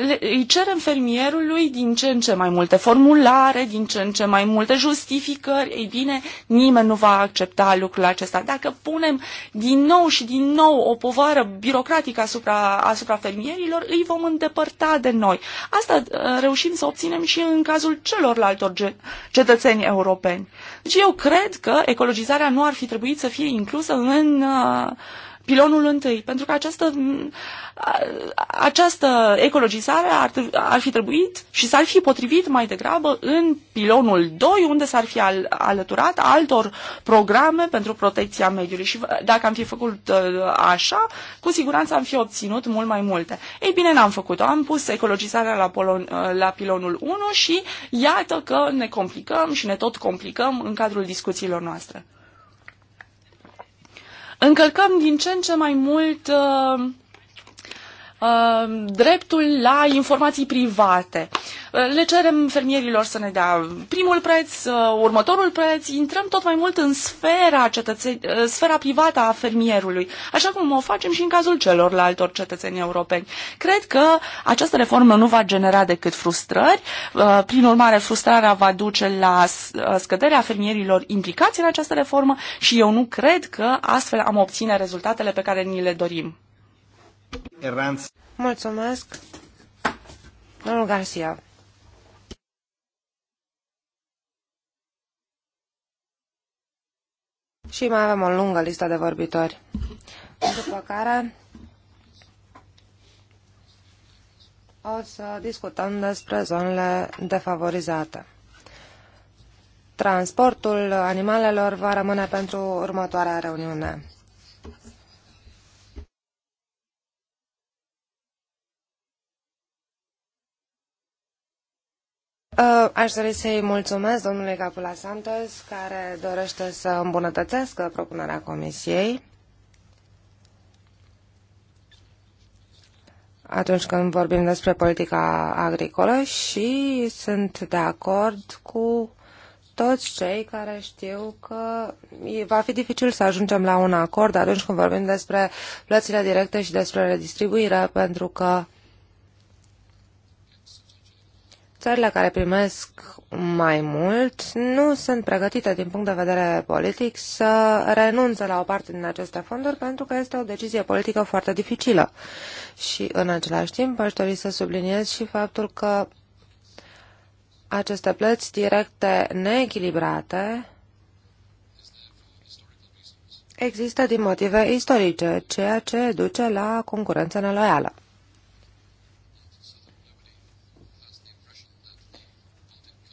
Speaker 3: Uh, îi cerem fermierului din ce în ce mai multe formulare, din ce în ce mai multe justificări. Ei bine, nimeni nu va accepta lucrul acesta. Dacă punem din nou și din nou o povară birocratică asupra, asupra fermierilor, îi vom îndepărta de noi. Asta uh, reușim să obținem și în cazul celorlalte altor cetățeni europeni. Deci eu cred că ecologizarea nu ar fi trebuit să fie inclusă în uh, pilonul întâi, pentru că această, această ecologizare ar, ar fi trebuit și s-ar fi potrivit mai degrabă în pilonul 2, unde s-ar fi al, alăturat altor programe pentru protecția mediului. Și dacă am fi făcut uh, așa, cu siguranță am fi obținut mult mai multe. Ei bine, n-am făcut-o. Am pus ecologizarea la, polon, uh, la pilonul 1 și iată că ne complicăm și ne tot complicăm în cadrul discuțiilor noastre încălcăm din ce în ce mai mult uh, Uh, dreptul la informații private. Uh, le cerem fermierilor să ne dea primul preț, uh, următorul preț, intrăm tot mai mult în sfera, cetățe- sfera privată a fermierului, așa cum o facem și în cazul celorlaltor cetățeni europeni. Cred că această reformă nu va genera decât frustrări, prin urmare frustrarea va duce la scăderea fermierilor implicați în această reformă și eu nu cred că astfel am obține rezultatele pe care ni le dorim.
Speaker 1: Eranț.
Speaker 2: Mulțumesc. Domnul Garcia. Și mai avem o lungă listă de vorbitori. După care o să discutăm despre zonele defavorizate. Transportul animalelor va rămâne pentru următoarea reuniune. Uh, aș dori să-i mulțumesc domnului Capula Santos, care dorește să îmbunătățească propunerea Comisiei. atunci când vorbim despre politica agricolă și sunt de acord cu toți cei care știu că va fi dificil să ajungem la un acord atunci când vorbim despre plățile directe și despre redistribuire, pentru că țările care primesc mai mult nu sunt pregătite din punct de vedere politic să renunțe la o parte din aceste fonduri pentru că este o decizie politică foarte dificilă. Și în același timp aș dori să subliniez și faptul că aceste plăți directe neechilibrate există din motive istorice, ceea ce duce la concurență neloială.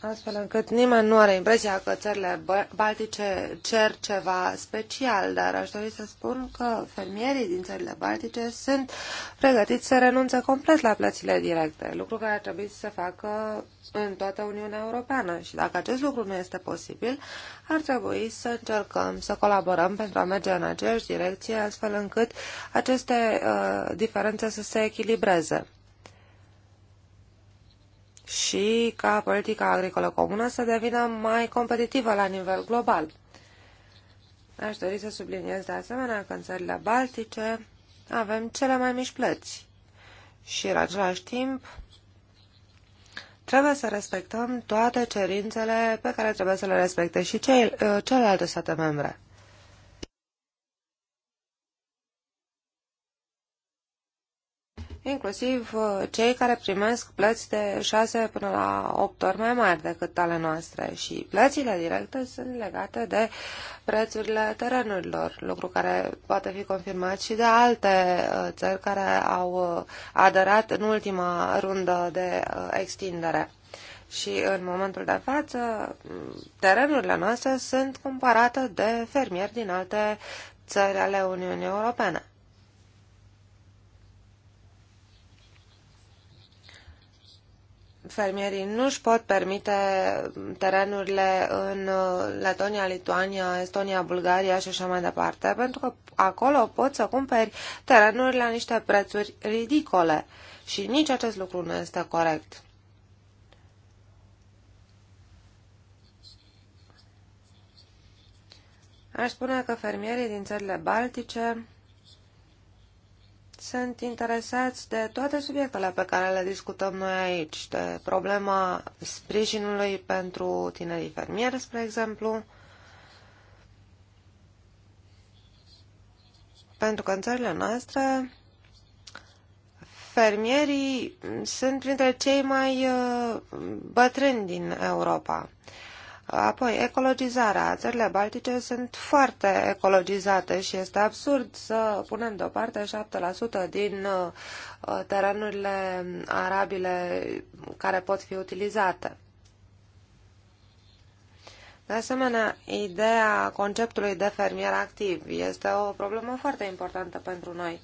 Speaker 2: astfel încât nimeni nu are impresia că țările baltice cer ceva special, dar aș dori să spun că fermierii din țările baltice sunt pregătiți să renunțe complet la plățile directe, lucru care ar trebui să se facă în toată Uniunea Europeană și dacă acest lucru nu este posibil, ar trebui să încercăm să colaborăm pentru a merge în aceeași direcție, astfel încât aceste uh, diferențe să se echilibreze și ca politica agricolă comună să devină mai competitivă la nivel global. Aș dori să subliniez de asemenea că în țările baltice avem cele mai mici plăți și, în același timp, trebuie să respectăm toate cerințele pe care trebuie să le respecte și cei, celelalte state membre. inclusiv uh, cei care primesc plăți de 6 până la 8 ori mai mari decât ale noastre și plățile directe sunt legate de prețurile terenurilor, lucru care poate fi confirmat și de alte uh, țări care au uh, aderat în ultima rundă de extindere. Și în momentul de față, terenurile noastre sunt cumpărate de fermieri din alte țări ale Uniunii Europene. fermierii nu își pot permite terenurile în uh, Letonia, Lituania, Estonia, Bulgaria și așa mai departe, pentru că acolo poți să cumperi terenuri la niște prețuri ridicole și nici acest lucru nu este corect. Aș spune că fermierii din țările baltice sunt interesați de toate subiectele pe care le discutăm noi aici, de problema sprijinului pentru tinerii fermieri, spre exemplu, pentru că în țările noastre fermierii sunt printre cei mai uh, bătrâni din Europa. Apoi, ecologizarea. Țările baltice sunt foarte ecologizate și este absurd să punem deoparte 7% din uh, terenurile arabile care pot fi utilizate. De asemenea, ideea conceptului de fermier activ este o problemă foarte importantă pentru noi.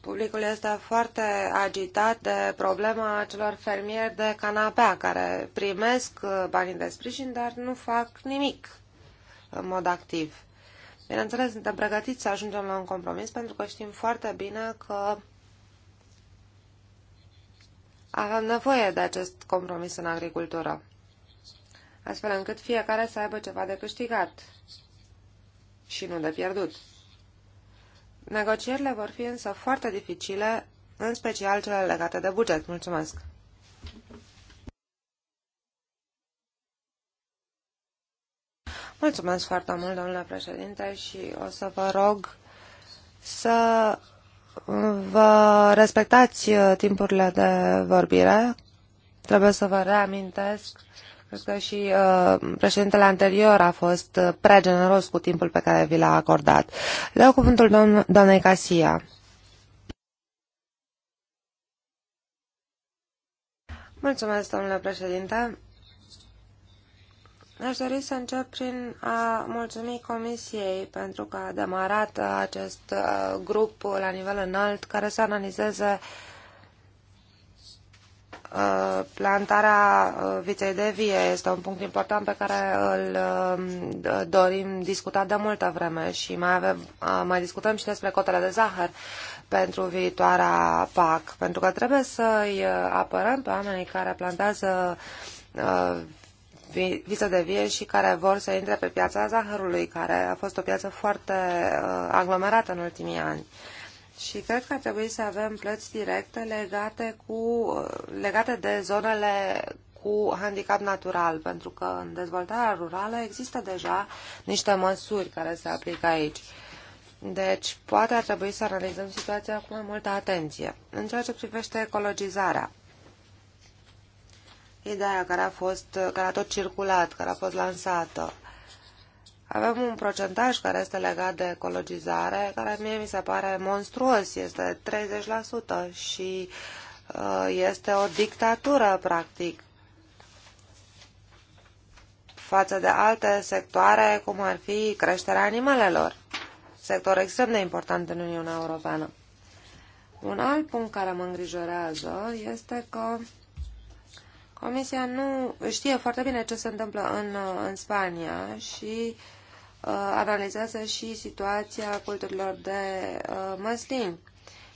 Speaker 2: Publicul este foarte agitat de problema celor fermieri de canapea care primesc uh, banii de sprijin, dar nu fac nimic în mod activ. Bineînțeles, suntem pregătiți să ajungem la un compromis pentru că știm foarte bine că avem nevoie de acest compromis în agricultură, astfel încât fiecare să aibă ceva de câștigat și nu de pierdut. Negocierile vor fi însă foarte dificile, în special cele legate de buget. Mulțumesc! Mulțumesc foarte mult, domnule președinte, și o să vă rog să vă respectați uh, timpurile de vorbire. Trebuie să vă reamintesc Cred că și uh, președintele anterior a fost uh, prea generos cu timpul pe care vi l-a acordat. Dau cuvântul doamn doamnei Casia. Mulțumesc, domnule președinte. Aș dori să încep prin a mulțumi Comisiei pentru că a demarat acest uh, grup la nivel înalt care să analizeze uh, Uh, plantarea uh, viței de vie este un punct important pe care îl uh, dorim discutat de multă vreme și mai, avem, mai discutăm și despre cotele de zahăr pentru viitoarea PAC, pentru că trebuie să-i apărăm pe oamenii care plantează viță de vie și care vor să intre pe piața zahărului, care a fost o piață foarte aglomerată în ultimii ani. Și cred că ar trebui să avem plăți directe legate, cu, legate de zonele cu handicap natural, pentru că în dezvoltarea rurală există deja niște măsuri care se aplică aici. Deci, poate ar trebui să analizăm situația cu mai multă atenție. În ceea ce privește ecologizarea, ideea care a, fost, care a tot circulat, care a fost lansată, avem un procentaj care este legat de ecologizare, care mie mi se pare monstruos, este 30% și uh, este o dictatură, practic, față de alte sectoare, cum ar fi creșterea animalelor, sector extrem de important în Uniunea Europeană. Un alt punct care mă îngrijorează este că Comisia nu știe foarte bine ce se întâmplă în, uh, în Spania și uh, Uh, analizează și situația culturilor de uh, măslin.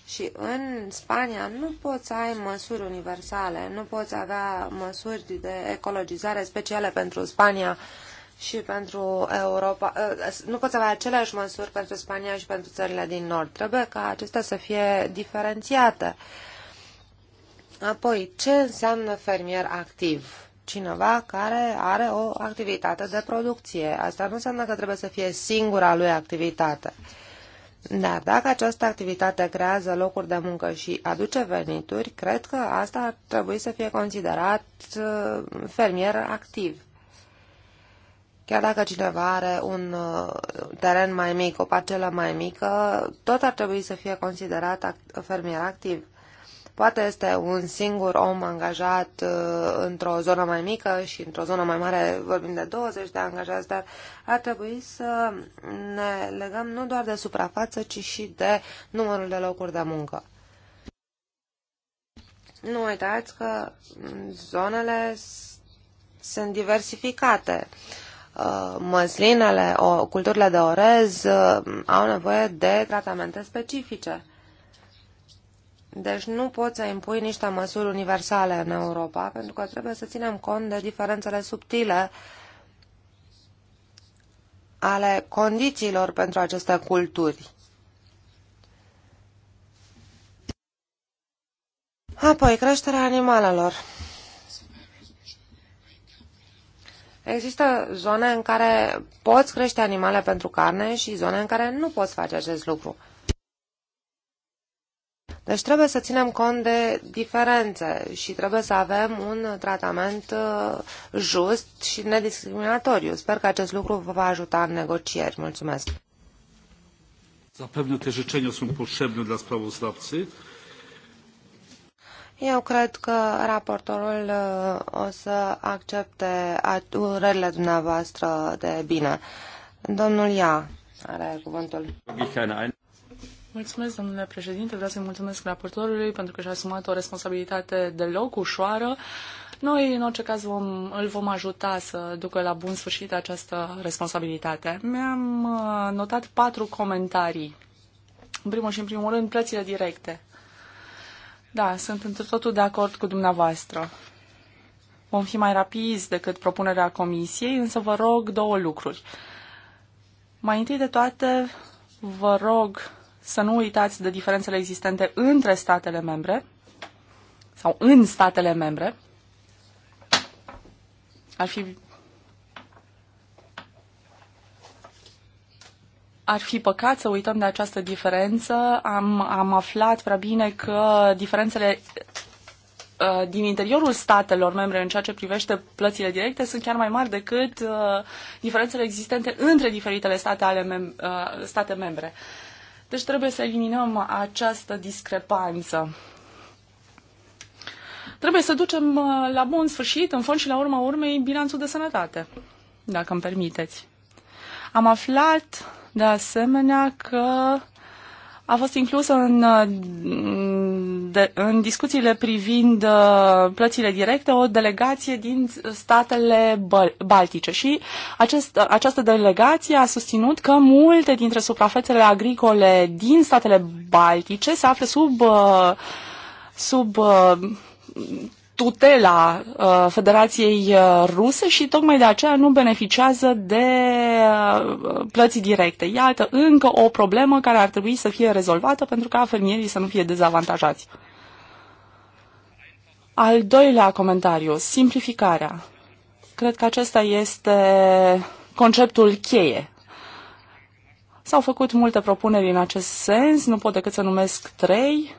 Speaker 2: Și în Spania nu poți să ai măsuri universale, nu poți avea măsuri de ecologizare speciale pentru Spania și pentru Europa. Uh, nu poți avea aceleași măsuri pentru Spania și pentru țările din Nord. Trebuie ca acestea să fie diferențiate. Apoi, ce înseamnă fermier activ? cineva care are o activitate de producție. Asta nu înseamnă că trebuie să fie singura lui activitate. Dar dacă această activitate creează locuri de muncă și aduce venituri, cred că asta ar trebui să fie considerat uh, fermier activ. Chiar dacă cineva are un uh, teren mai mic, o parcelă mai mică, tot ar trebui să fie considerat fermier activ. Poate este un singur om angajat uh, într-o zonă mai mică și într-o zonă mai mare vorbim de 20 de angajați, dar ar trebui să ne legăm nu doar de suprafață, ci și de numărul de locuri de muncă. Nu uitați că zonele sunt diversificate. Uh, măslinele, culturile de orez uh, au nevoie de tratamente specifice. Deci nu poți să impui niște măsuri universale în Europa, pentru că trebuie să ținem cont de diferențele subtile ale condițiilor pentru aceste culturi. Apoi, creșterea animalelor. Există zone în care poți crește animale pentru carne și zone în care nu poți face acest lucru. Deci trebuie să ținem cont de diferențe și trebuie să avem un tratament uh, just și nediscriminatoriu. Sper că acest lucru vă va ajuta în negocieri. Mulțumesc.
Speaker 3: Zapewne te życzenia są potrzebne dla sprawozdawcy.
Speaker 2: Eu cred că raportorul uh, o să accepte urările dumneavoastră de bine. Domnul Ia are cuvântul.
Speaker 3: Mulțumesc, domnule președinte. Vreau să-i mulțumesc raportorului pentru că și-a asumat o responsabilitate deloc ușoară. Noi, în orice caz, vom, îl vom ajuta să ducă la bun sfârșit această responsabilitate. Mi-am uh, notat patru comentarii. În primul și în primul rând, plățile directe. Da, sunt într totul de acord cu dumneavoastră. Vom fi mai rapizi decât propunerea comisiei, însă vă rog două lucruri. Mai întâi de toate, vă rog să nu uitați de diferențele existente între statele membre sau în statele membre. Ar fi ar fi păcat să uităm de această diferență. Am, am aflat prea bine că diferențele uh, din interiorul statelor membre în ceea ce privește plățile directe sunt chiar mai mari decât uh, diferențele existente între diferitele state, ale mem- uh, state membre. Uh, deci trebuie să eliminăm această discrepanță. Trebuie să ducem uh, la bun sfârșit, în fond și la urma urmei, bilanțul de sănătate, dacă îmi permiteți. Am aflat de asemenea că a fost inclusă în, uh, de, în discuțiile privind uh, plățile directe o delegație din statele baltice și acest, această delegație a susținut că multe dintre suprafețele agricole din statele baltice se află sub, uh, sub tutela uh, Federației uh, Ruse și tocmai de aceea nu beneficiază de uh, plății directe. Iată, încă o problemă care ar trebui să fie rezolvată pentru ca fermierii să nu fie dezavantajați. Al doilea comentariu, simplificarea. Cred că acesta este conceptul cheie. S-au făcut multe propuneri în acest sens, nu pot decât să numesc trei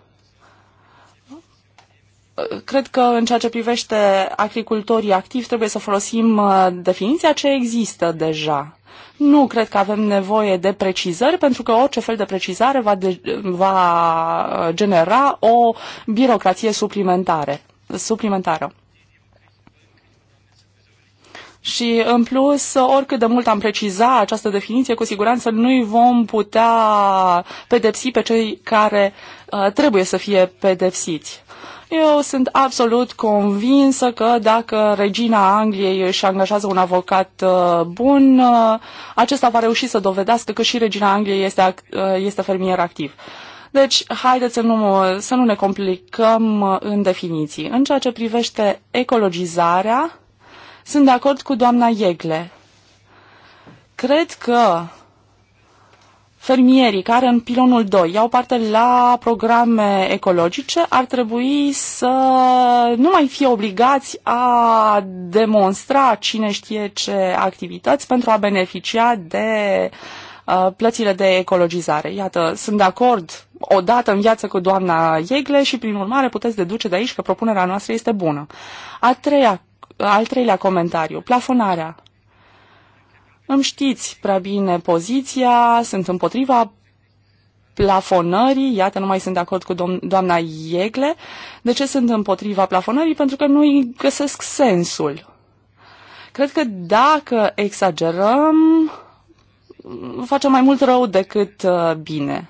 Speaker 3: cred că în ceea ce privește agricultorii activi trebuie să folosim uh, definiția ce există deja. Nu cred că avem nevoie de precizări, pentru că orice fel de precizare va, de, va uh, genera o birocrație suplimentare, suplimentară. Și, în plus, oricât de mult am preciza această definiție, cu siguranță nu îi vom putea pedepsi pe cei care uh, trebuie să fie pedepsiți. Uh, eu sunt absolut convinsă că dacă regina Angliei își angajează un avocat uh, bun, uh, acesta va reuși să dovedească că și regina Angliei este, uh, este fermier activ. Deci, haideți să nu, să nu ne complicăm în definiții. În ceea ce privește ecologizarea, sunt de acord cu doamna Iegle. Cred că fermierii care în pilonul 2 iau parte la programe ecologice ar trebui să nu mai fie obligați a demonstra cine știe ce activități pentru a beneficia de uh, plățile de ecologizare. Iată, sunt de acord o dată în viață cu doamna Iegle și prin urmare puteți deduce de aici că propunerea noastră este bună. A treia, al treilea comentariu, plafonarea îmi știți prea bine poziția, sunt împotriva plafonării, iată, nu mai sunt de acord cu doamna Iegle. De ce sunt împotriva plafonării? Pentru că nu-i găsesc sensul. Cred că dacă exagerăm, facem mai mult rău decât uh, bine.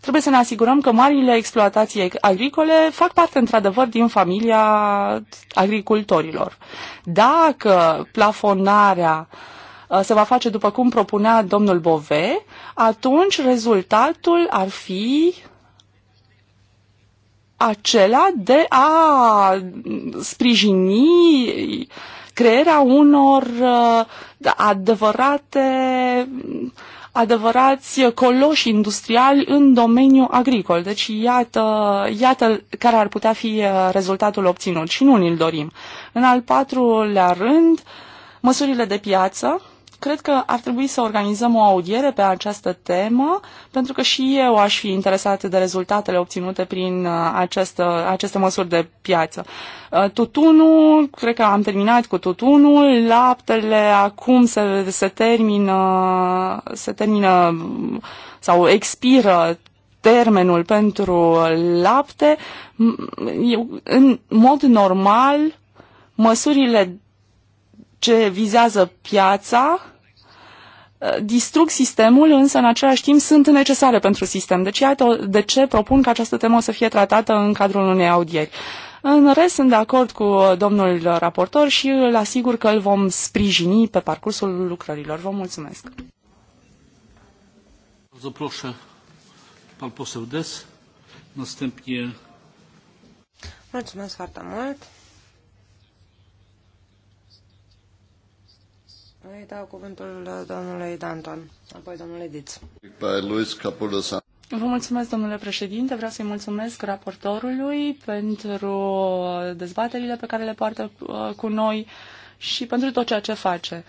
Speaker 3: Trebuie să ne asigurăm că marile exploatații agricole fac parte într-adevăr din familia agricultorilor. Dacă plafonarea uh, Uh, se va face după cum propunea domnul Bove, atunci rezultatul ar fi acela de a sprijini crearea unor uh, adevărate adevărați coloși industriali în domeniul agricol. Deci iată, iată care ar putea fi uh, rezultatul obținut și nu ni-l dorim. În al patrulea rând, măsurile de piață, cred că ar trebui să organizăm o audiere pe această temă, pentru că și eu aș fi interesat de rezultatele obținute prin uh, această, aceste măsuri de piață. Uh, tutunul, cred că am terminat cu tutunul, laptele acum se, se termină, se termină sau expiră termenul pentru lapte. Eu, în mod normal, măsurile ce vizează piața uh, distrug sistemul, însă în același timp sunt necesare pentru sistem. Deci iată de ce propun ca această temă să fie tratată în cadrul unei audieri. În rest, sunt de acord cu domnul raportor și îl asigur că îl vom sprijini pe parcursul lucrărilor. Vă mulțumesc.
Speaker 2: Mulțumesc foarte mult. îi dau cuvântul domnului Danton, apoi domnului Diț.
Speaker 3: Vă mulțumesc, domnule președinte. Vreau să-i mulțumesc raportorului pentru dezbaterile pe care le poartă uh, cu noi și pentru tot ceea ce face.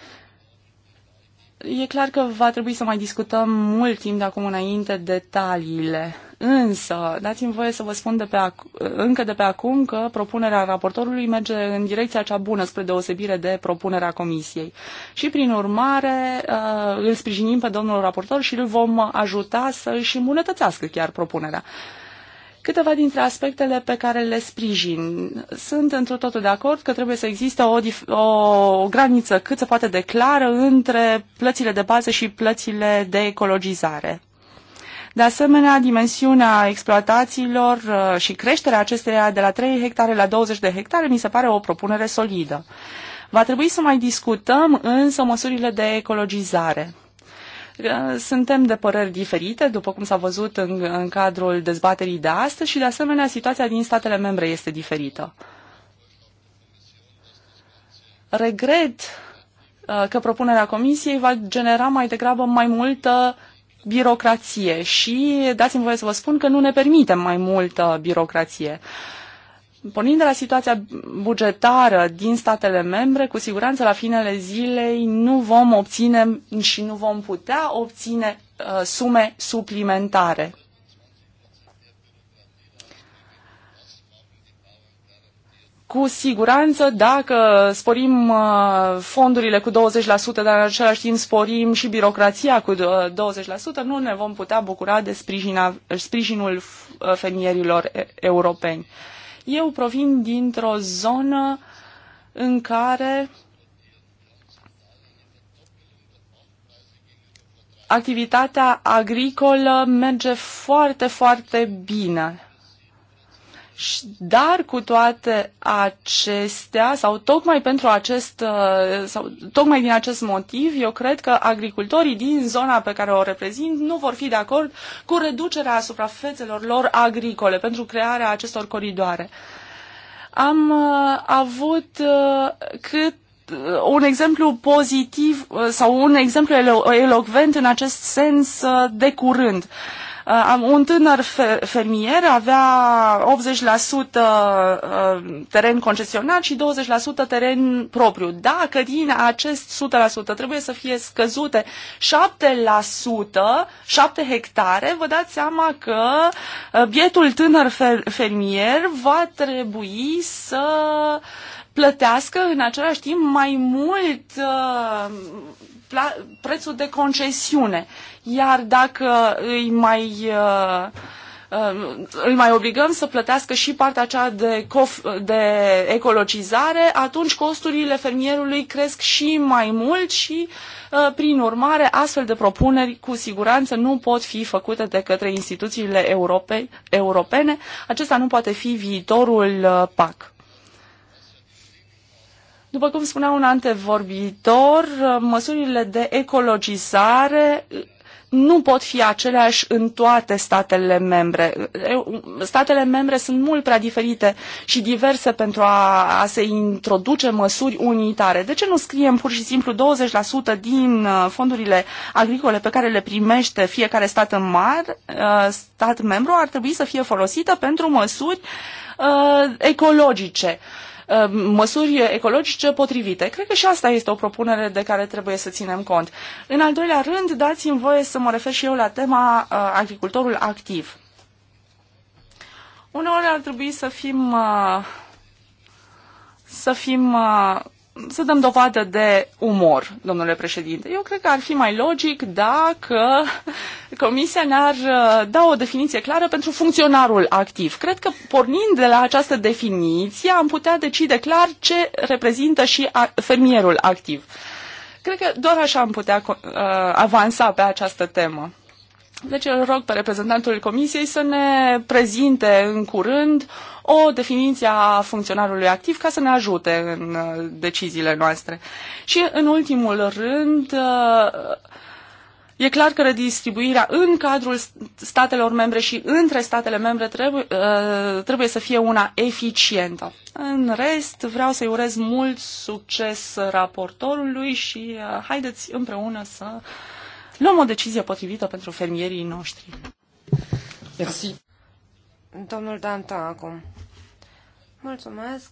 Speaker 3: E clar că va trebui să mai discutăm mult timp de acum înainte detaliile. Însă, dați-mi voie să vă spun de pe încă de pe acum că propunerea raportorului merge în direcția cea bună, spre deosebire de propunerea comisiei. Și, prin urmare, uh, îl sprijinim pe domnul raportor și îl vom ajuta să își îmbunătățească chiar propunerea. Câteva dintre aspectele pe care le sprijin. Sunt într totul de acord că trebuie să existe o, o graniță cât se poate de clară între plățile de bază și plățile de ecologizare. De asemenea, dimensiunea exploatațiilor uh, și creșterea acesteia de la 3 hectare la 20 de hectare mi se pare o propunere solidă. Va trebui să mai discutăm însă măsurile de ecologizare. Eh, suntem de păreri diferite, după cum s-a văzut în, în cadrul dezbaterii de astăzi și, de asemenea, situația din statele membre este diferită. Regret eh, că propunerea Comisiei va genera mai degrabă mai multă birocrație și dați-mi voie să vă spun că nu ne permitem mai multă birocrație. Uh, Pornind de la situația bugetară din statele membre, cu siguranță la finele zilei nu vom obține și nu vom putea obține uh, sume suplimentare. Cu siguranță, dacă sporim uh, fondurile cu 20%, dar în același timp sporim și birocrația cu 20%, uh, nu ne vom putea bucura de sprijinul uh, fermierilor europeni. Eu provin dintr-o zonă în care activitatea agricolă merge foarte, foarte bine. Dar cu toate acestea, sau tocmai pentru acest, uh, sau tocmai din acest motiv, eu cred că agricultorii din zona pe care o reprezint nu vor fi de acord cu reducerea suprafețelor lor agricole pentru crearea acestor coridoare. Am uh, avut uh, cât un exemplu pozitiv sau un exemplu elo- elocvent în acest sens de curând. Uh, Uh, am un tânăr fermier avea 80% uh, teren concesionat și 20% teren propriu. Dacă din acest 100% trebuie să fie scăzute 7%, 7 hectare, vă dați seama că uh, bietul tânăr fermier va trebui să plătească în același timp mai mult prețul de concesiune iar dacă îi mai uh, uh, îi mai obligăm să plătească și partea aceea de, cof- de ecologizare, atunci costurile fermierului cresc și mai mult și, uh, prin urmare, astfel de propuneri cu siguranță nu pot fi făcute de către instituțiile europe- europene. Acesta nu poate fi viitorul PAC. După cum spunea un antevorbitor, măsurile de ecologizare nu pot fi aceleași în toate statele membre. Statele membre sunt mult prea diferite și diverse pentru a, a se introduce măsuri unitare. De ce nu scriem pur și simplu 20% din uh, fondurile agricole pe care le primește fiecare stat în mar, uh, stat membru, ar trebui să fie folosită pentru măsuri uh, ecologice. Uh, măsuri ecologice potrivite. Cred că și asta este o propunere de care trebuie să ținem cont. În al doilea rând, dați-mi voie să mă refer și eu la tema uh, agricultorul activ. Uneori ar trebui să fim uh, să fim să dăm dovadă de umor, domnule președinte. Eu cred că ar fi mai logic dacă Comisia ne-ar uh, da o definiție clară pentru funcționarul activ. Cred că pornind de la această definiție am putea decide clar ce reprezintă și fermierul activ. Cred că doar așa am putea uh, avansa pe această temă. Deci îl rog pe reprezentantul Comisiei să ne prezinte în curând o definiție a funcționarului activ ca să ne ajute în uh, deciziile noastre. Și în ultimul rând, uh, E clar că redistribuirea în cadrul statelor membre și între statele membre trebuie, uh, trebuie să fie una eficientă. În rest, vreau să-i urez mult succes raportorului și haideți împreună să luăm o decizie potrivită pentru fermierii noștri. Merci.
Speaker 2: Domnul Danta acum. Mulțumesc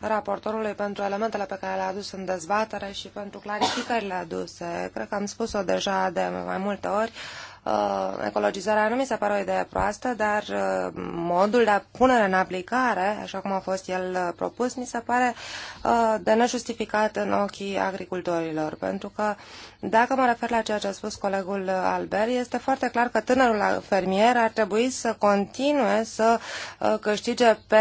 Speaker 2: raportorului pentru elementele pe care le-a adus în dezbatere și pentru clarificările aduse. Cred că am spus-o deja de mai multe ori. Uh, ecologizarea nu mi se pare o idee proastă, dar uh, modul de punere în aplicare, așa cum a fost el uh, propus, mi se pare de nejustificat în ochii agricultorilor. Pentru că, dacă mă refer la ceea ce a spus colegul Albert, este foarte clar că tânărul fermier ar trebui să continue să câștige pe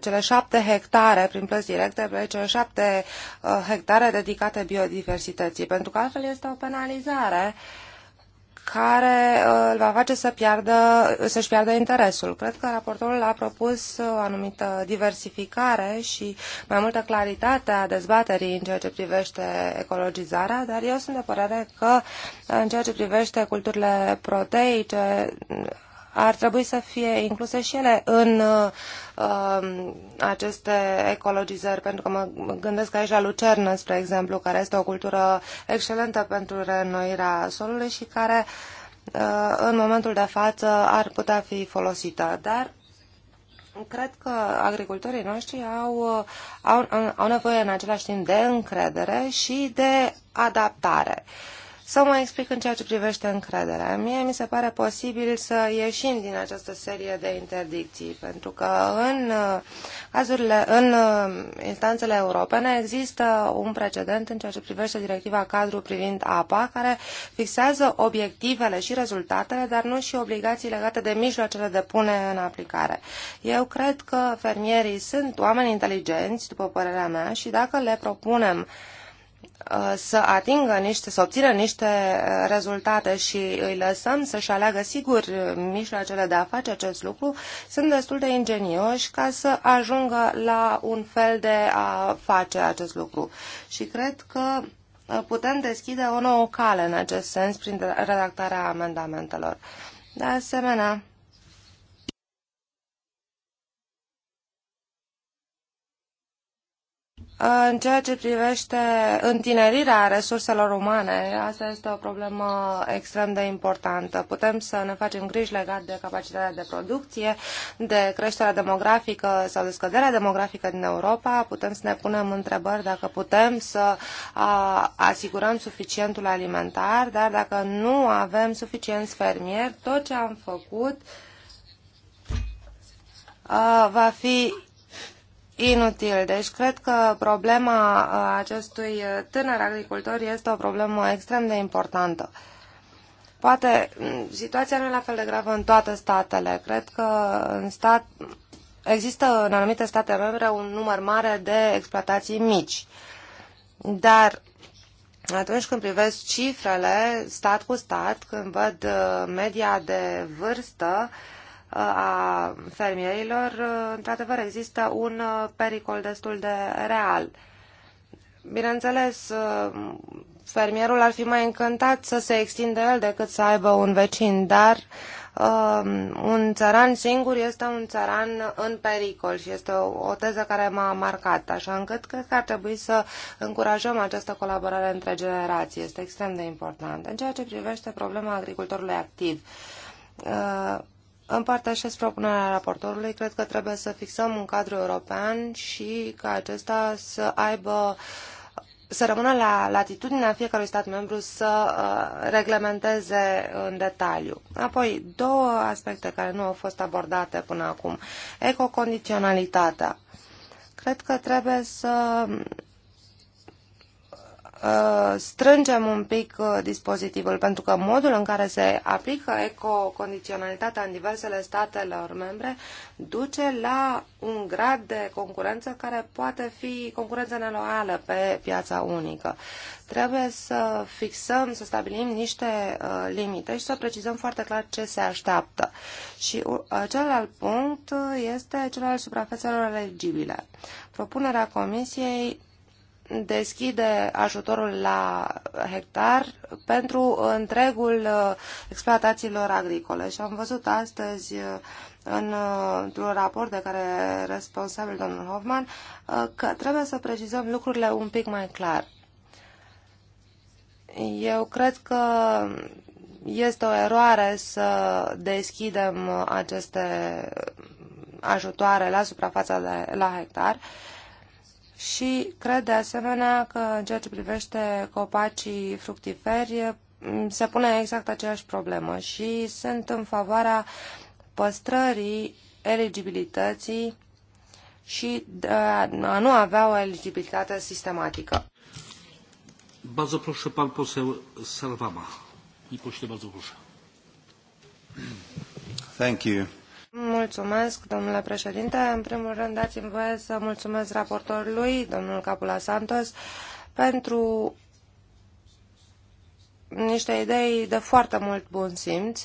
Speaker 2: cele șapte hectare, prin plăți directe, pe cele șapte hectare dedicate biodiversității, pentru că altfel este o penalizare uh, care uh, îl va face să piardă, să-și piardă interesul. Cred că raportorul a propus uh, o anumită diversificare și mai multă claritate a dezbaterii în ceea ce privește ecologizarea, dar eu sunt de părere că uh, în ceea ce privește culturile proteice, ar trebui să fie incluse și ele în uh, um, aceste ecologizări, pentru că mă gândesc aici la lucernă, spre exemplu, care este o cultură excelentă pentru reînnoirea solului și care uh, în momentul de față ar putea fi folosită. Dar cred că agricultorii noștri au, uh, au, au nevoie în același timp de încredere și de adaptare. Uh, să mă explic în ceea ce privește încrederea. Mie mi se pare posibil să ieșim din această serie de interdicții, pentru că în, uh, cazurile, în uh, instanțele europene există un precedent în ceea ce privește directiva cadru privind apa, care fixează obiectivele și rezultatele, dar nu și obligații legate de mijloacele de pune în aplicare. Eu cred că fermierii sunt oameni inteligenți, după părerea mea, și dacă le propunem uh, Uh, să atingă niște, să obțină niște uh, rezultate și îi lăsăm să-și aleagă sigur uh, mijloacele de a face acest lucru, sunt destul de ingenioși ca să ajungă la un fel de a face acest lucru. Și cred că putem deschide o nouă cale în acest sens prin redactarea amendamentelor. De asemenea, În ceea ce privește întinerirea resurselor umane, asta este o problemă extrem de importantă. Putem să ne facem griji legat de capacitatea de producție, de creșterea demografică sau de scăderea demografică din Europa. Putem să ne punem întrebări dacă putem să asigurăm suficientul alimentar, dar dacă nu avem suficienți fermieri, tot ce am făcut va fi inutil. Deci cred că problema uh, acestui uh, tânăr agricultor este o problemă extrem de importantă. Poate situația nu e la fel de gravă în toate statele. Cred că în stat, există în anumite state membre un număr mare de exploatații mici. Dar atunci când privesc cifrele, stat cu stat, când văd uh, media de vârstă, uh, a fermierilor, într-adevăr există un uh, pericol destul de real. Bineînțeles, uh, fermierul ar fi mai încântat să se extindă el decât să aibă un vecin, dar um, un țăran singur este un țăran în pericol și este o, teză care m-a marcat, așa încât cred că ar trebui să încurajăm această colaborare între generații. Este extrem de important. În ceea ce privește problema agricultorului activ, uh, Împărtășesc propunerea raportorului. Cred că trebuie să fixăm un cadru european și ca acesta să aibă să rămână la latitudinea fiecărui stat membru să uh, reglementeze în detaliu. Apoi, două aspecte care nu au fost abordate până acum. Ecocondiționalitatea. Cred că trebuie să Uh, strângem un pic uh, dispozitivul, pentru că modul în care se aplică ecocondiționalitatea în diversele statelor membre duce la un grad de concurență care poate fi concurență neloială pe piața unică. Trebuie să fixăm, să stabilim niște uh, limite și să precizăm foarte clar ce se așteaptă. Și celălalt punct este cel al suprafețelor elegibile. Propunerea Comisiei deschide ajutorul la hectar pentru întregul uh, exploatațiilor agricole. Și am văzut astăzi uh, în, uh, într-un raport de care e responsabil domnul Hoffman că trebuie să precizăm lucrurile un pic mai clar. Eu cred că este o eroare să deschidem aceste ajutoare la suprafața de, la hectar. Uh, și cred de asemenea că în ceea ce privește copacii fructiferi se pune exact aceeași problemă și sunt în favoarea păstrării eligibilității și a nu avea o eligibilitate sistematică. Bardzo proszę
Speaker 3: pan poseł Salvama. I proszę bardzo proszę. Thank you.
Speaker 2: Mulțumesc, domnule președinte. În primul rând, dați-mi voie să mulțumesc raportorului, domnul Capula Santos, pentru niște idei de foarte mult bun simț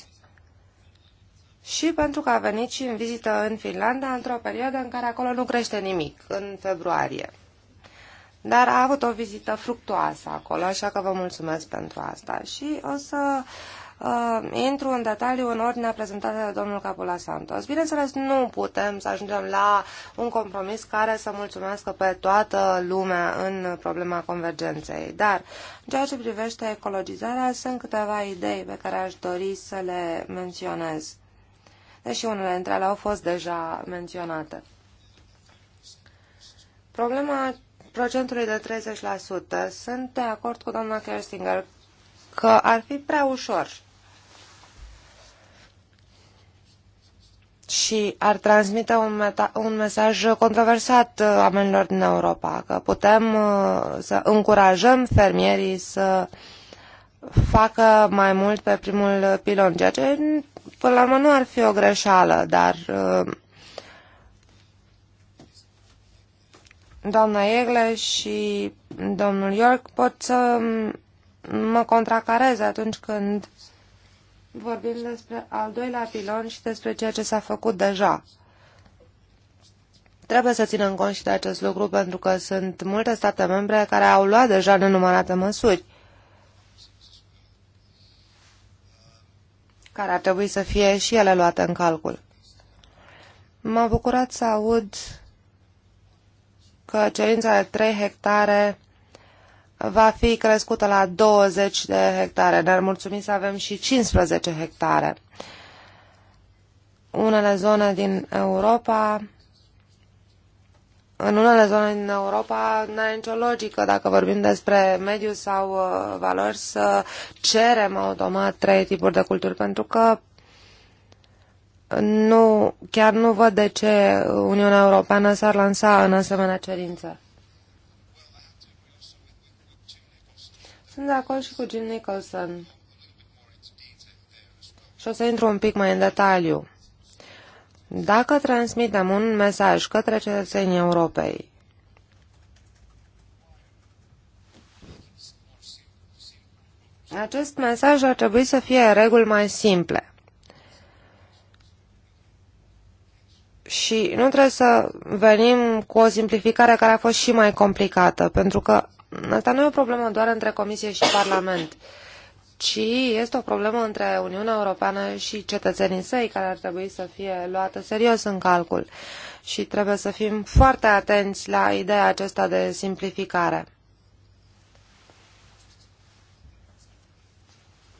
Speaker 2: și pentru că a venit și în vizită în Finlanda într-o perioadă în care acolo nu crește nimic, în februarie. Dar a avut o vizită fructuoasă acolo, așa că vă mulțumesc pentru asta și o să uh, intru în detaliu în ordinea prezentată de domnul Capula Santos. Bineînțeles, nu putem să ajungem la un compromis care să mulțumească pe toată lumea în problema convergenței, dar în ceea ce privește ecologizarea, sunt câteva idei pe care aș dori să le menționez, deși unele dintre ele au fost deja menționate. Problema procentului de 30%. Sunt de acord cu doamna Kerstinger că ar fi prea ușor și ar transmite un, meta- un mesaj controversat uh, oamenilor din Europa, că putem uh, să încurajăm fermierii să facă mai mult pe primul pilon, ceea ce mm, până la urmă nu ar fi o greșeală, dar uh, doamna Egle și domnul York pot să mm, mă contracareze atunci când vorbim despre al doilea pilon și despre ceea ce s-a făcut deja. Trebuie să ținem cont și de acest lucru pentru că sunt multe state membre care au luat deja nenumărate măsuri care ar trebui să fie și ele luate în calcul. M-a bucurat să aud că cerința de 3 hectare va fi crescută la 20 de hectare. Ne-ar mulțumi să avem și 15 hectare. Unele zone din Europa în unele zone din Europa nu are nicio logică dacă vorbim despre mediu sau uh, valori să cerem automat trei tipuri de culturi pentru că nu, chiar nu văd de ce Uniunea Europeană s-ar lansa în asemenea cerință. Sunt de acord și cu Jim Nicholson. Și o să intru un pic mai în detaliu. Dacă transmitem un mesaj către cetățenii Europei Acest mesaj ar trebui să fie reguli mai simple. Și nu trebuie să venim cu o simplificare care a fost și mai complicată, pentru că asta nu e o problemă doar între Comisie și Parlament, ci este o problemă între Uniunea Europeană și cetățenii săi, care ar trebui să fie luată serios în calcul. Și trebuie să fim foarte atenți la ideea aceasta de simplificare.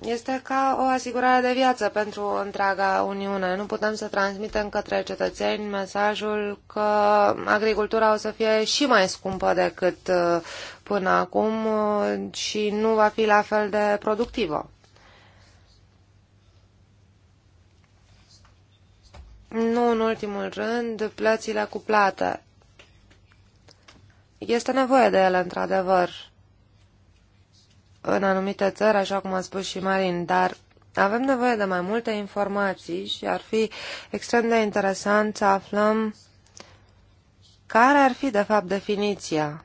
Speaker 2: Este ca o asigurare de viață pentru întreaga Uniune. Nu putem să transmitem către cetățeni mesajul că agricultura o să fie și mai scumpă decât uh, până acum uh, și nu va fi la fel de productivă. Nu în ultimul rând, plățile cu plată. Este nevoie de ele, într-adevăr în anumite țări, așa cum a spus și Marin, dar avem nevoie de mai multe informații și ar fi extrem de interesant să aflăm care ar fi, de fapt, definiția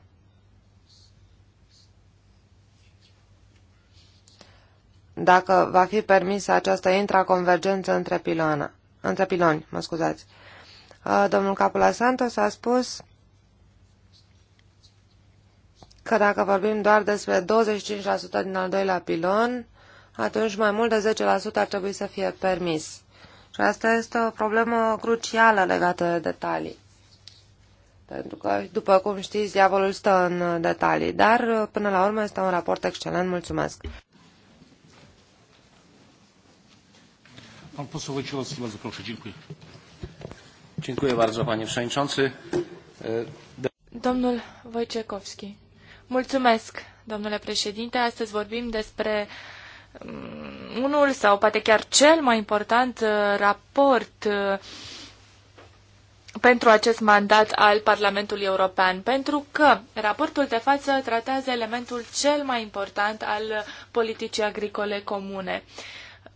Speaker 2: dacă va fi permisă această intraconvergență între, pilona, între piloni. Mă scuzați. Uh, domnul Capula Santos a spus că dacă vorbim doar despre 25% din al doilea pilon, atunci mai mult de 10% ar trebui să fie permis. Și asta este o problemă crucială legată de detalii. Pentru că, după cum știți, diavolul stă în detalii. Dar, până la urmă, este un raport excelent. Mulțumesc!
Speaker 3: Pan poseł Wojciechowski, bardzo proszę, dziękuję. Dziękuję bardzo, panie przewodniczący.
Speaker 1: Domnul Wojciechowski. Mulțumesc, domnule președinte. Astăzi vorbim despre mm, unul sau poate chiar cel mai important uh, raport uh, pentru acest mandat al Parlamentului European, pentru că raportul de față tratează elementul cel mai important al politicii agricole comune.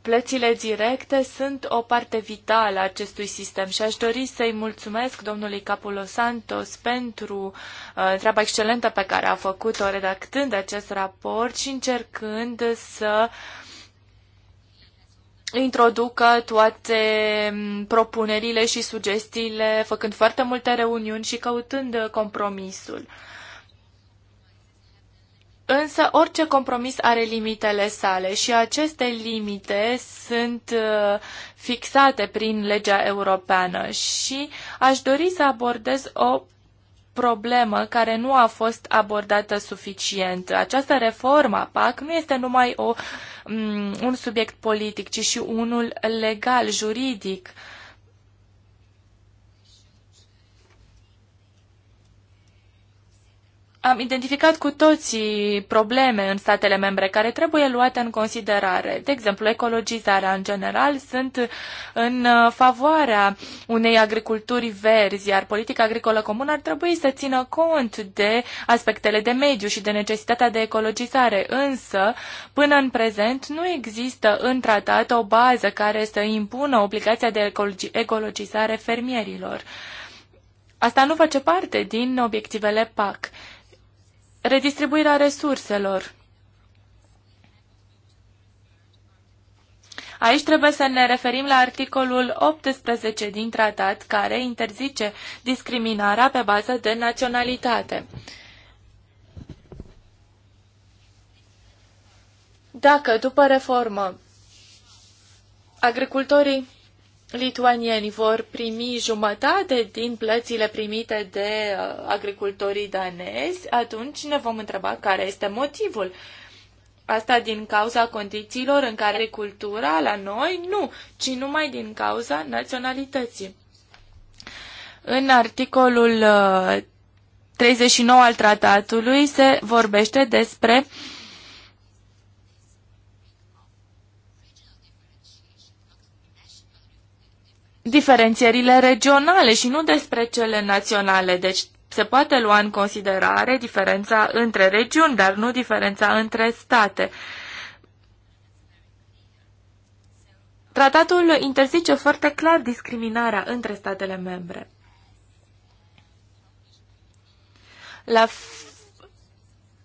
Speaker 1: Plățile directe sunt o parte vitală a acestui sistem și aș dori să-i mulțumesc domnului Capulo Santos pentru uh, treaba excelentă pe care a făcut-o redactând acest raport și încercând să introducă toate mm, propunerile și sugestiile, făcând foarte multe reuniuni și căutând uh, compromisul. Însă orice compromis are limitele sale și aceste limite sunt uh, fixate prin legea europeană și aș dori să abordez o problemă care nu a fost abordată suficient. Această reformă a PAC nu este numai o, mm, un subiect politic, ci și unul legal, juridic. Uh, am identificat cu toții probleme în statele membre care trebuie luate în considerare. De exemplu, ecologizarea în general sunt în uh, favoarea unei agriculturi verzi, iar politica agricolă comună ar trebui să țină cont de aspectele de mediu și de necesitatea de ecologizare. Însă, până în prezent, nu există în tratat o bază care să impună obligația de ecologizare fermierilor. Asta nu face parte din obiectivele PAC. Redistribuirea resurselor. Aici trebuie să ne referim la articolul 18 din tratat, care interzice discriminarea pe bază de naționalitate. Dacă, după reformă, agricultorii lituanieni vor primi jumătate din plățile primite de uh, agricultorii danezi, atunci ne vom întreba care este motivul. Asta din cauza condițiilor în care agricultura la noi nu, ci numai din cauza naționalității. În articolul 39 uh, al tratatului se vorbește despre uh, diferențierile regionale și nu despre cele naționale. Deci se poate lua în considerare diferența între regiuni, dar nu diferența între state. Tratatul interzice foarte clar discriminarea între statele membre. La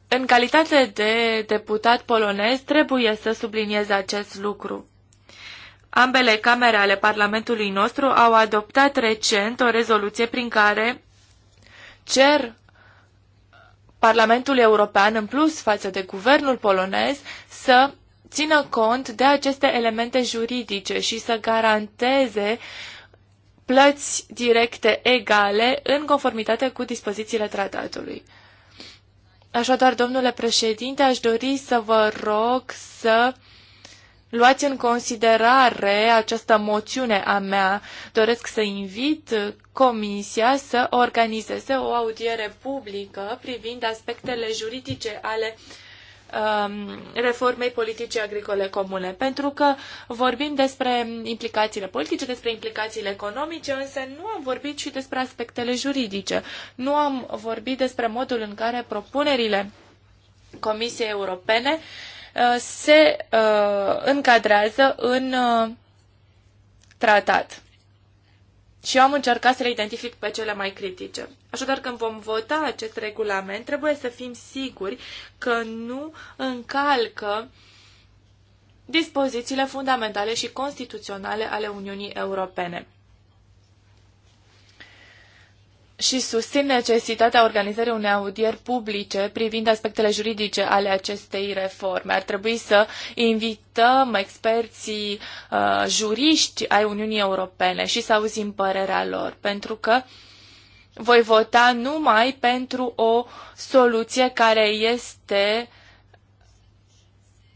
Speaker 1: în calitate de deputat polonez trebuie să subliniez acest lucru. Ambele camere ale Parlamentului nostru au adoptat recent o rezoluție prin care cer Parlamentul European, în plus față de guvernul polonez, să țină cont de aceste elemente juridice și să garanteze plăți directe egale în conformitate cu dispozițiile tratatului. Așadar, domnule președinte, aș dori să vă rog să luați în considerare această moțiune a mea. Doresc să invit Comisia să organizeze o audiere publică privind aspectele juridice ale um, reformei politicii agricole comune, pentru că vorbim despre implicațiile politice, despre implicațiile economice, însă nu am vorbit și despre aspectele juridice. Nu am vorbit despre modul în care propunerile Comisiei Europene uh, Uh, se uh, încadrează în uh, tratat. Și eu am încercat să le identific pe cele mai critice. Așadar, când vom vota acest regulament, trebuie să fim siguri că nu încalcă dispozițiile fundamentale și constituționale ale Uniunii Europene și susțin necesitatea organizării unei audieri publice privind aspectele juridice ale acestei reforme. Ar trebui să invităm experții uh, juriști ai Uniunii Europene și să auzim părerea lor, pentru că voi vota numai pentru o soluție care este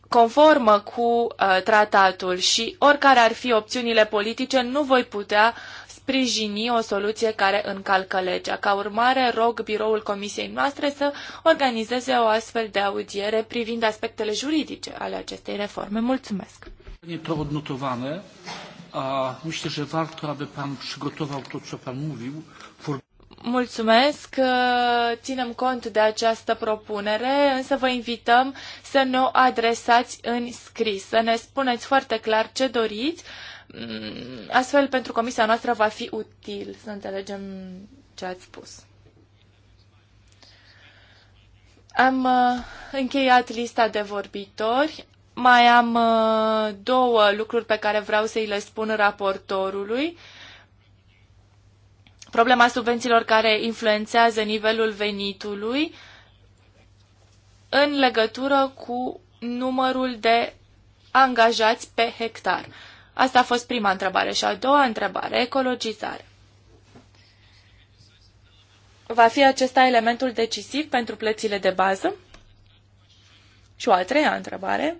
Speaker 1: conformă cu uh, tratatul și oricare ar fi opțiunile politice, nu voi putea uh, sprijini o soluție care încalcă legea. Ca urmare, rog biroul comisiei noastre să organizeze o astfel de audiere privind aspectele juridice ale acestei reforme. Mulțumesc! Mulțumesc, ținem cont de această propunere, însă vă invităm să ne o adresați în scris, să ne spuneți foarte clar ce doriți Mm, astfel, pentru comisia noastră va fi util să înțelegem ce ați spus. Am uh, încheiat lista de vorbitori. Mai am uh, două lucruri pe care vreau să-i le spun raportorului. Problema subvențiilor care influențează nivelul venitului în legătură cu numărul de angajați pe hectar. Asta a fost prima întrebare. Și a doua întrebare, ecologizare. Va fi acesta elementul decisiv pentru plățile de bază? Și o a treia întrebare.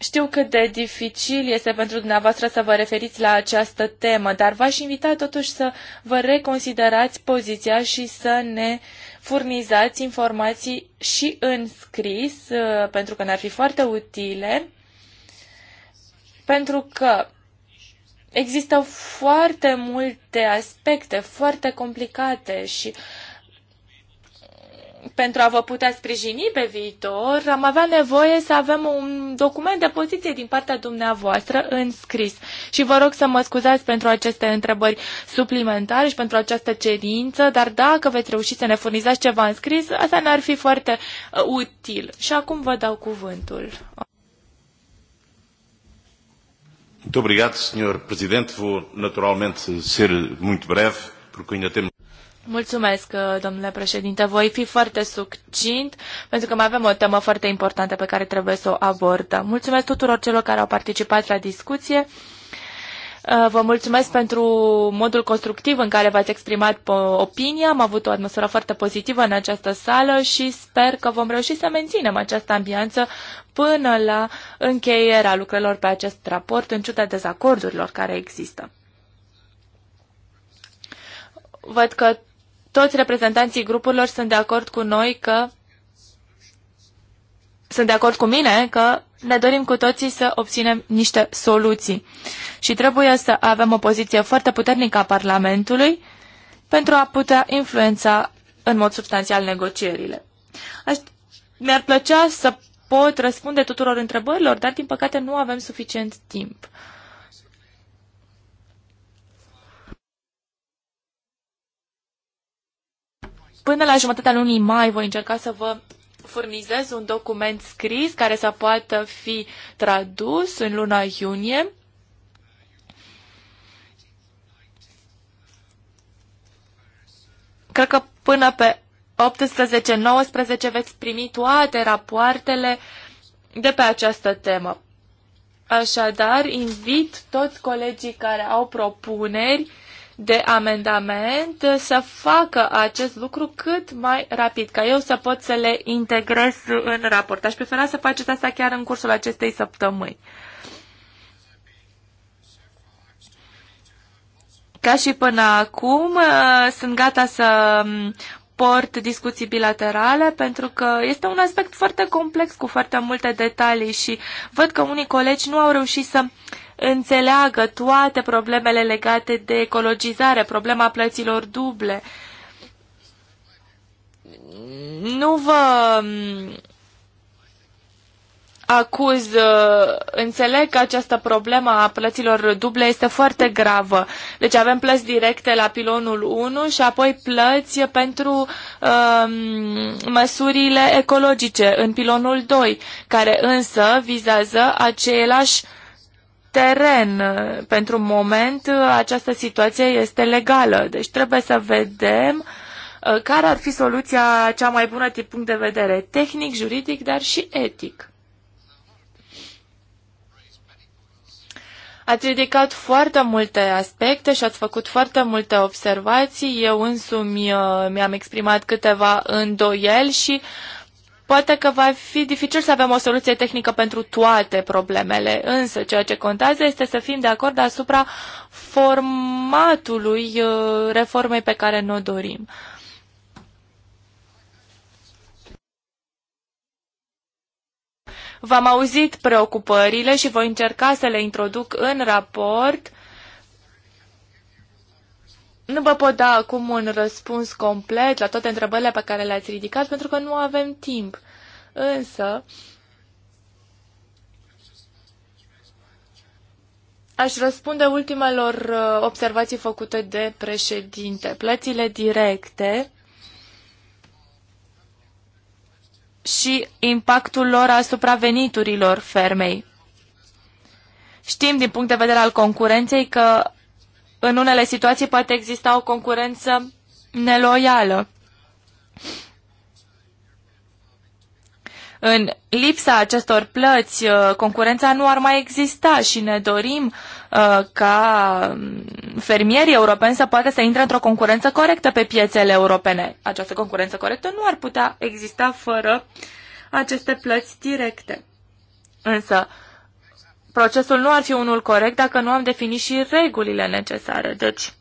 Speaker 1: Știu cât de dificil este pentru dumneavoastră să vă referiți la această temă, dar v-aș invita totuși să vă reconsiderați poziția și să ne uh, furnizați informații și în scris, uh, pentru că ne-ar fi foarte utile, pentru că există foarte multe aspecte foarte complicate și uh, pentru a vă putea sprijini pe viitor, am avea nevoie să avem un document de poziție din partea dumneavoastră în scris. Și vă rog să mă scuzați pentru aceste întrebări suplimentare și pentru această cerință, dar dacă veți reuși să ne furnizați ceva în scris, asta ne-ar fi foarte uh, util. Și acum vă dau cuvântul.
Speaker 2: Muito obrigado, Sr. Presidente. Vou naturalmente ser muito breve, porque ainda temos.
Speaker 1: Mulțumesc, uh, domnule președinte. Voi fi foarte succint, pentru că mai avem o temă foarte importantă pe care trebuie să o abordăm. Mulțumesc tuturor celor care au participat la discuție. Uh, vă mulțumesc pentru modul constructiv în care v-ați exprimat opinia. Am avut o atmosferă foarte pozitivă în această sală și sper că vom reuși să menținem această ambianță până la încheierea lucrărilor pe acest raport, în ciuda dezacordurilor care există. Văd că toți reprezentanții grupurilor sunt de acord cu noi că sunt de acord cu mine că ne dorim cu toții să obținem niște soluții și trebuie să avem o poziție foarte puternică a Parlamentului pentru a putea influența în mod substanțial negocierile. Aș, mi-ar plăcea să pot răspunde tuturor întrebărilor, dar din păcate nu avem suficient timp. Până la jumătatea lunii mai voi încerca să vă furnizez un document scris care să poată fi tradus în luna iunie. Cred că până pe 18-19 veți primi toate rapoartele de pe această temă. Așadar, invit toți colegii care au propuneri de amendament să facă acest lucru cât mai rapid, ca eu să pot să le integrez în raport. Aș prefera să faceți asta chiar în cursul acestei săptămâni. Ca și până acum, uh, sunt gata să um, port discuții bilaterale pentru că este un aspect foarte complex cu foarte multe detalii și văd că unii colegi nu au reușit să uh, înțeleagă toate problemele legate de ecologizare, problema plăților duble. Nu vă mm, acuz, uh, înțeleg că această problemă a plăților duble este foarte gravă. Deci avem plăți directe la pilonul 1 și apoi plăți pentru um, măsurile ecologice în pilonul 2, care însă vizează aceleași uh, teren. Pentru moment, această situație este legală, deci trebuie să vedem uh, care ar fi soluția cea mai bună din punct de vedere tehnic, juridic, dar și etic. Ați ridicat foarte multe aspecte și ați făcut foarte multe observații. Eu însumi uh, mi-am exprimat câteva îndoieli și Poate că va fi dificil să avem o soluție tehnică pentru toate problemele, însă ceea ce contează este să fim de acord asupra formatului uh, reformei pe care ne-o dorim. V-am auzit preocupările și voi încerca să le introduc în raport nu vă pot da acum un răspuns complet la toate întrebările pe care le-ați ridicat, pentru că nu avem timp. Însă, aș răspunde ultimelor uh, observații făcute de președinte. Plățile directe și impactul lor asupra veniturilor fermei. Știm din punct de vedere al concurenței că în unele situații poate exista o concurență neloială. În lipsa acestor plăți, uh, concurența nu ar mai exista și ne dorim uh, ca um, fermierii europeni să poată să intre într-o concurență corectă pe piețele europene. Această concurență corectă nu ar putea exista fără aceste plăți directe. Însă, procesul nu ar fi unul corect dacă nu am definit și regulile necesare. Deci,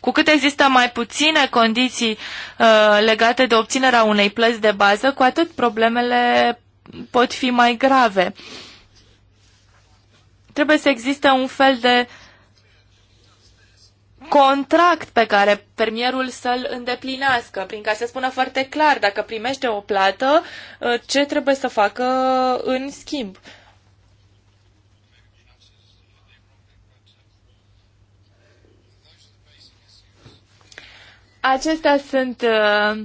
Speaker 1: Cu cât există mai puține condiții uh, legate de obținerea unei plăți de bază, cu atât problemele pot fi mai grave. Trebuie să existe un fel de contract pe care fermierul să-l îndeplinească, prin care se spună foarte clar dacă primește o plată, uh, ce trebuie să facă în schimb. Acestea sunt uh,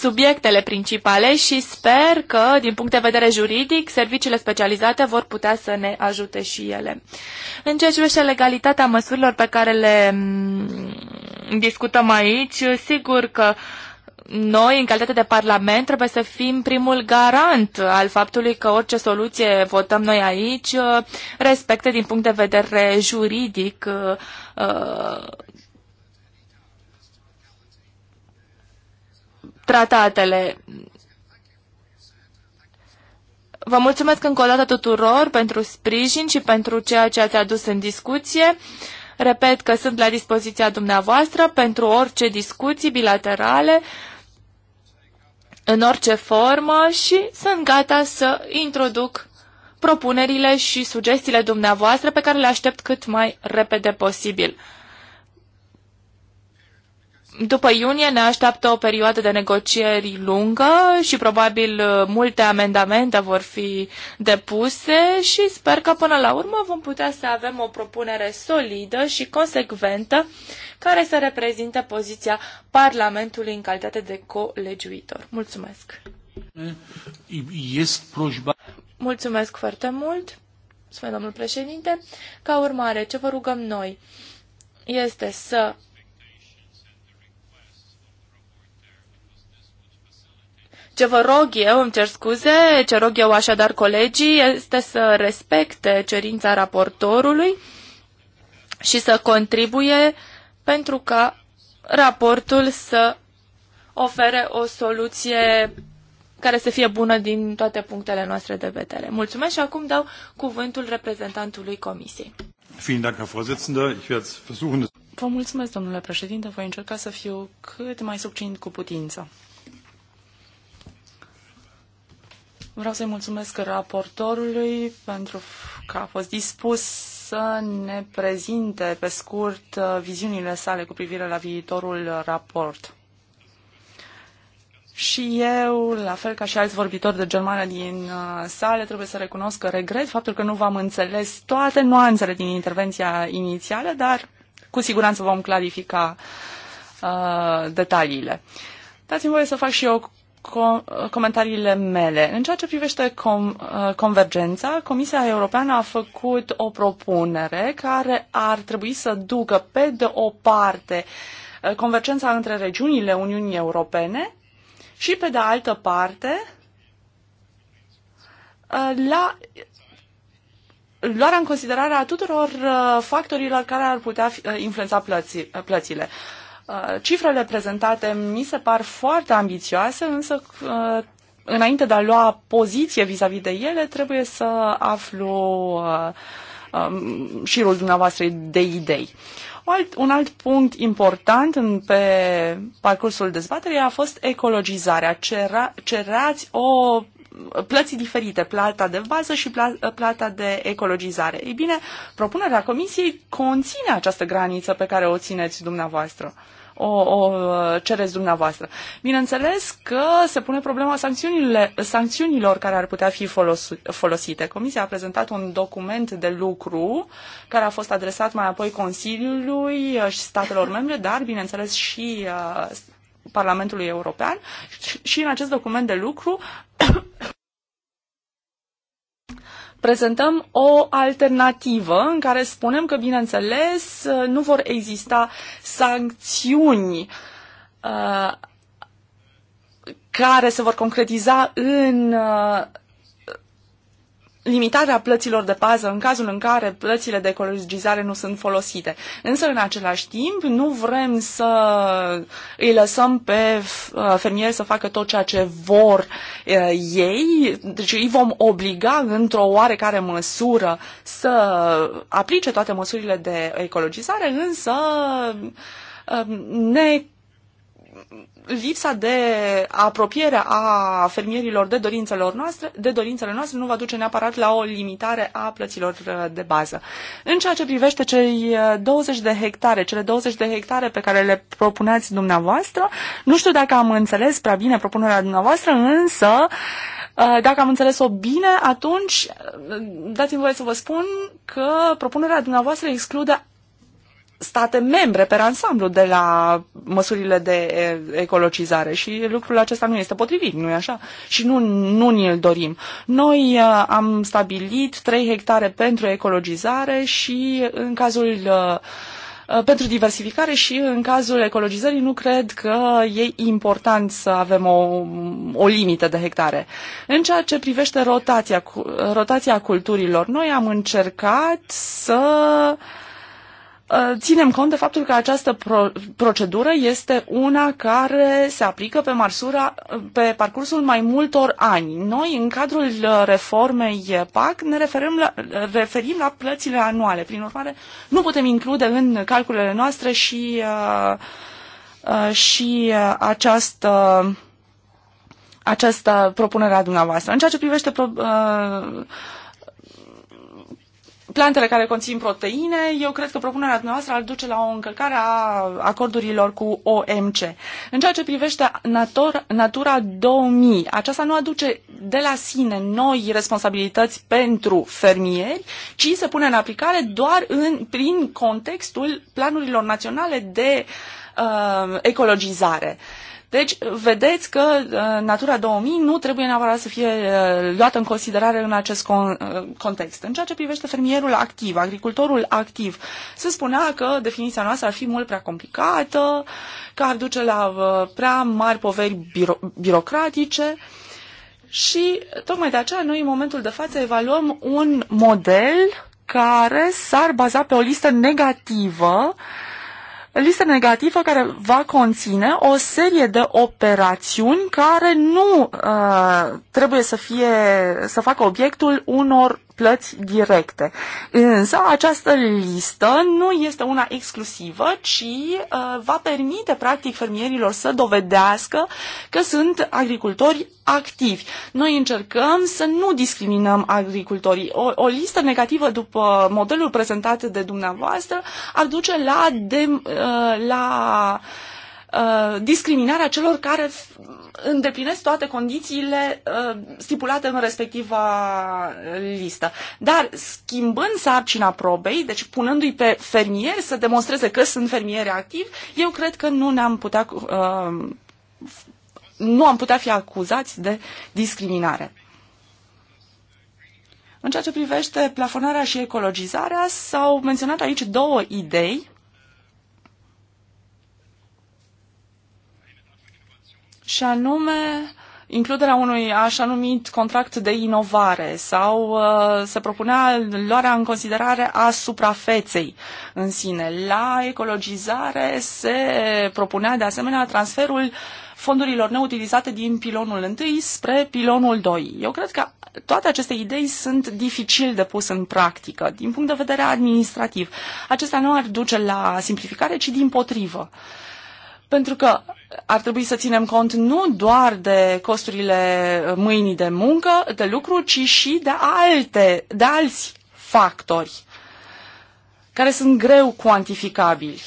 Speaker 1: subiectele principale și sper că, din punct de vedere juridic, serviciile specializate vor putea să ne ajute și ele. În ceea ce privește legalitatea măsurilor pe care le mm, discutăm aici, sigur că noi, în calitate de Parlament, trebuie să fim primul garant al faptului că orice soluție votăm noi aici uh, respecte din punct de vedere juridic uh, uh,
Speaker 2: tratatele.
Speaker 1: Vă mulțumesc încă o dată tuturor pentru sprijin și pentru ceea ce ați adus în discuție. Repet că sunt la dispoziția dumneavoastră pentru orice discuții bilaterale, în orice formă și sunt gata să introduc propunerile și sugestiile dumneavoastră pe care le aștept cât mai repede posibil după iunie ne așteaptă o perioadă de negocieri lungă și probabil uh, multe amendamente vor fi depuse și sper că până la urmă vom putea să avem o propunere solidă și consecventă care să reprezinte poziția Parlamentului în calitate de colegiuitor. Mulțumesc! Mulțumesc foarte mult, spune domnul președinte. Ca urmare, ce vă rugăm noi este să Ce vă rog eu, îmi cer scuze, ce rog eu așadar colegii, este să respecte cerința raportorului și să contribuie pentru ca raportul să ofere o soluție care să fie bună din toate punctele noastre de vedere. Mulțumesc și acum dau cuvântul reprezentantului Comisiei.
Speaker 3: Vă mulțumesc, domnule președinte. Voi încerca să fiu cât mai succint cu putință. Vreau să-i mulțumesc raportorului pentru că a fost dispus să ne prezinte pe scurt uh, viziunile sale cu privire la viitorul raport. Și eu, la fel ca și alți vorbitori de germană din uh, sale, trebuie să recunosc că regret faptul că nu v-am înțeles toate nuanțele din intervenția inițială, dar cu siguranță vom clarifica uh, detaliile. Dați-mi voie să fac și eu comentariile mele. În ceea ce privește com- uh, convergența, Comisia Europeană a făcut o propunere care ar trebui să ducă, pe de o parte, uh, convergența între regiunile Uniunii Europene și, pe de altă parte, uh, la luarea în considerare a tuturor factorilor care ar putea influența plății, plățile. Uh, cifrele prezentate mi se par foarte ambițioase, însă uh, înainte de a lua poziție vis-a-vis -vis de ele, trebuie să aflu uh, um, șirul dumneavoastră de idei. Alt, un alt punct important în, pe parcursul dezbaterii a fost ecologizarea. Cera, cerați o plăți diferite, plata de bază și plata de ecologizare. Ei bine, propunerea Comisiei conține această graniță pe care o țineți dumneavoastră. Uh, o, o cereți dumneavoastră. Bineînțeles că se pune problema sancțiunilor care ar putea fi folos, folosite. Comisia a prezentat un document de lucru care a fost adresat mai apoi Consiliului și statelor membre, dar, bineînțeles, și uh, Parlamentului European și, și în acest document de lucru prezentăm o alternativă în care spunem că, bineînțeles, nu vor exista sancțiuni uh, care se vor concretiza în uh, limitarea plăților de pază în cazul în care plățile de ecologizare nu sunt folosite. Însă, în același timp, nu vrem să îi lăsăm pe uh, fermieri să facă tot ceea ce vor uh, ei, deci îi vom obliga într-o oarecare măsură să aplice toate măsurile de ecologizare, însă uh, ne lipsa de apropiere a fermierilor de dorințelor noastre, de dorințele noastre nu va duce neapărat la o limitare a plăților uh, de bază. În ceea ce privește cei 20 uh, de hectare, cele 20 de hectare pe care le propuneați dumneavoastră, nu știu dacă am înțeles prea bine propunerea dumneavoastră, însă uh, dacă am înțeles-o bine, atunci dați-mi voie să vă spun că propunerea dumneavoastră exclude state membre pe ansamblu de la măsurile de ecologizare și lucrul acesta nu este potrivit, nu-i așa? Și nu, nu ni-l dorim. Noi am stabilit 3 hectare pentru ecologizare și în cazul pentru diversificare și în cazul ecologizării nu cred că e important să avem o, o limită de hectare. În ceea ce privește rotația, rotația culturilor, noi am încercat să uh, Uh, ținem cont de faptul că această pro- procedură este una care se aplică pe, marsura, pe parcursul mai multor ani. Noi, în cadrul uh, reformei PAC, ne referim la, referim la plățile anuale. Prin urmare, nu putem include în calculele noastre și, uh, și această, această propunere a dumneavoastră. În ceea ce privește pro, plantele care conțin proteine, eu cred că propunerea noastră ar duce la o încălcare a acordurilor cu OMC. În ceea ce privește Natura 2000, aceasta nu aduce de la sine noi responsabilități pentru fermieri, ci se pune în aplicare doar în, prin contextul planurilor naționale de uh, ecologizare. Uh, deci, vedeți că uh, Natura 2000 nu trebuie neapărat să fie uh, luată în considerare în acest uh, context. În ceea ce privește fermierul activ, agricultorul activ, se spunea că definiția noastră ar fi mult prea complicată, că ar duce la prea mari poveri biro- birocratice. Și tocmai de aceea noi în momentul de față evaluăm un model care s-ar baza pe o listă negativă uh, listă negativă care va conține o serie de operațiuni care nu uh, trebuie să fie să facă obiectul unor plăți directe. Însă această listă nu este una exclusivă, ci uh, va permite practic fermierilor să dovedească că sunt agricultori activi. Noi încercăm să nu discriminăm agricultorii. O, o listă negativă după modelul prezentat de dumneavoastră ar duce la, de, uh, la Uh, discriminarea celor care îndeplinesc toate condițiile uh, stipulate în respectiva listă. Dar schimbând sarcina probei, deci punându-i pe fermieri să demonstreze că sunt fermieri activi, eu cred că nu ne-am putea uh, nu am putea fi acuzați de discriminare. În ceea ce privește plafonarea și ecologizarea, s-au menționat aici două idei și anume includerea unui așa numit contract de inovare sau uh, se propunea luarea în considerare a suprafeței în sine. La ecologizare se propunea de asemenea transferul fondurilor neutilizate din pilonul 1 spre pilonul 2. Eu cred că toate aceste idei sunt dificil de pus în practică din punct de vedere administrativ. Acestea nu ar duce la simplificare, ci din potrivă. Uh, pentru că ar trebui să ținem cont nu doar de costurile mâinii de muncă, de lucru, ci și de alte, de alți factori care sunt greu cuantificabili.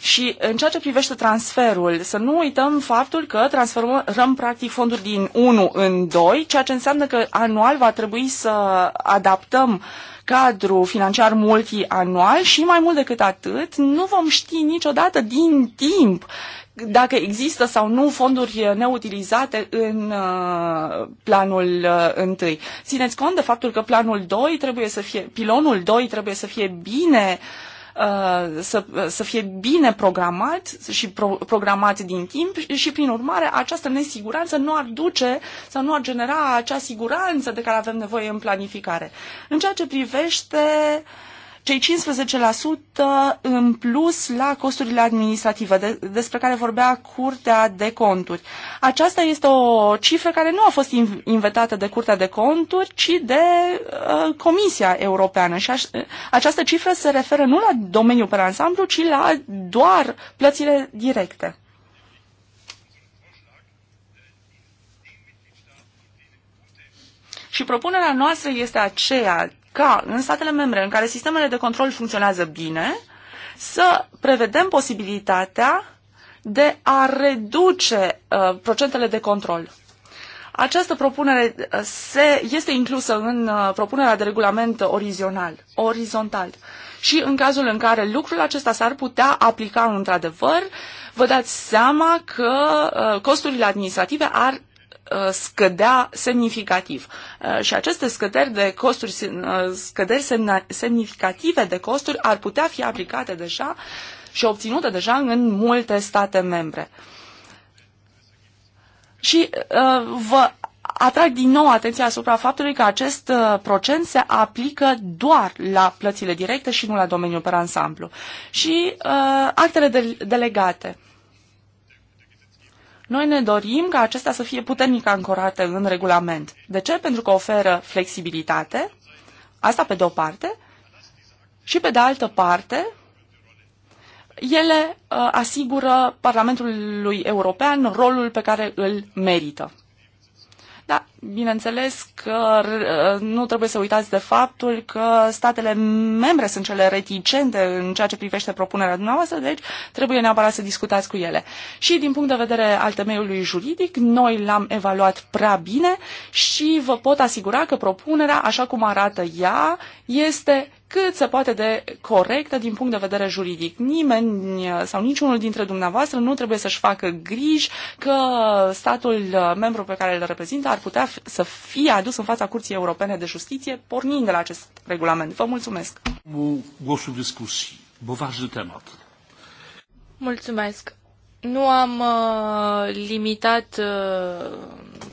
Speaker 3: Și în ceea ce privește transferul, să nu uităm faptul că transferăm practic fonduri din 1 în 2, ceea ce înseamnă că anual va trebui să adaptăm uh, cadru financiar multianual și mai mult decât atât, nu vom ști niciodată din timp dacă există sau nu fonduri neutilizate în uh, planul 1. Uh, Țineți cont de faptul că planul 2 trebuie să fie, pilonul 2 trebuie să fie bine uh, Uh, să, să fie bine programat și pro, programat din timp și, prin urmare, această nesiguranță nu ar duce sau nu ar genera acea siguranță de care avem nevoie în planificare. În ceea ce privește uh, cei 15% în plus la costurile administrative, de, despre care vorbea Curtea de Conturi. Aceasta este o cifră care nu a fost inventată de Curtea de Conturi, ci de uh, Comisia Europeană. Și aș, această cifră se referă nu la domeniul pe ansamblu, ci la doar plățile directe. Și propunerea noastră este aceea ca în statele membre în care sistemele de control funcționează bine, să prevedem posibilitatea de a reduce uh, procentele de control. Această propunere uh, se, este inclusă în uh, propunerea de regulament orizional, orizontal și în cazul în care lucrul acesta s-ar putea aplica într-adevăr, vă dați seama că uh, costurile administrative ar Uh, scădea semnificativ. Uh, și aceste scăderi de costuri, uh, scăderi semnificative de costuri ar putea fi aplicate deja și obținute deja în multe state membre. Și vă atrag din nou atenția asupra faptului că acest procent se aplică doar la plățile directe și nu la domeniul per ansamblu. Și actele delegate. Noi ne dorim ca acestea să fie puternic ancorate în regulament. De ce? Pentru că oferă flexibilitate, asta pe de-o parte, și pe de altă parte, ele uh, asigură Parlamentului European rolul pe care îl merită. Dar Bineînțeles că uh, nu trebuie să uitați de faptul că statele membre sunt cele reticente în ceea ce privește propunerea dumneavoastră, deci trebuie neapărat să discutați cu ele. Și din punct de vedere al temeiului juridic, noi l-am evaluat prea bine și vă pot asigura că propunerea, așa cum arată ea, este cât se poate de corectă din punct de vedere juridic. Nimeni uh, sau niciunul dintre dumneavoastră nu trebuie să-și facă griji că statul uh, membru pe care îl reprezintă ar putea să fie adus în fața Curții Europene de Justiție, pornind de la acest regulament. Vă mulțumesc!
Speaker 1: Mulțumesc! Nu am uh, limitat uh,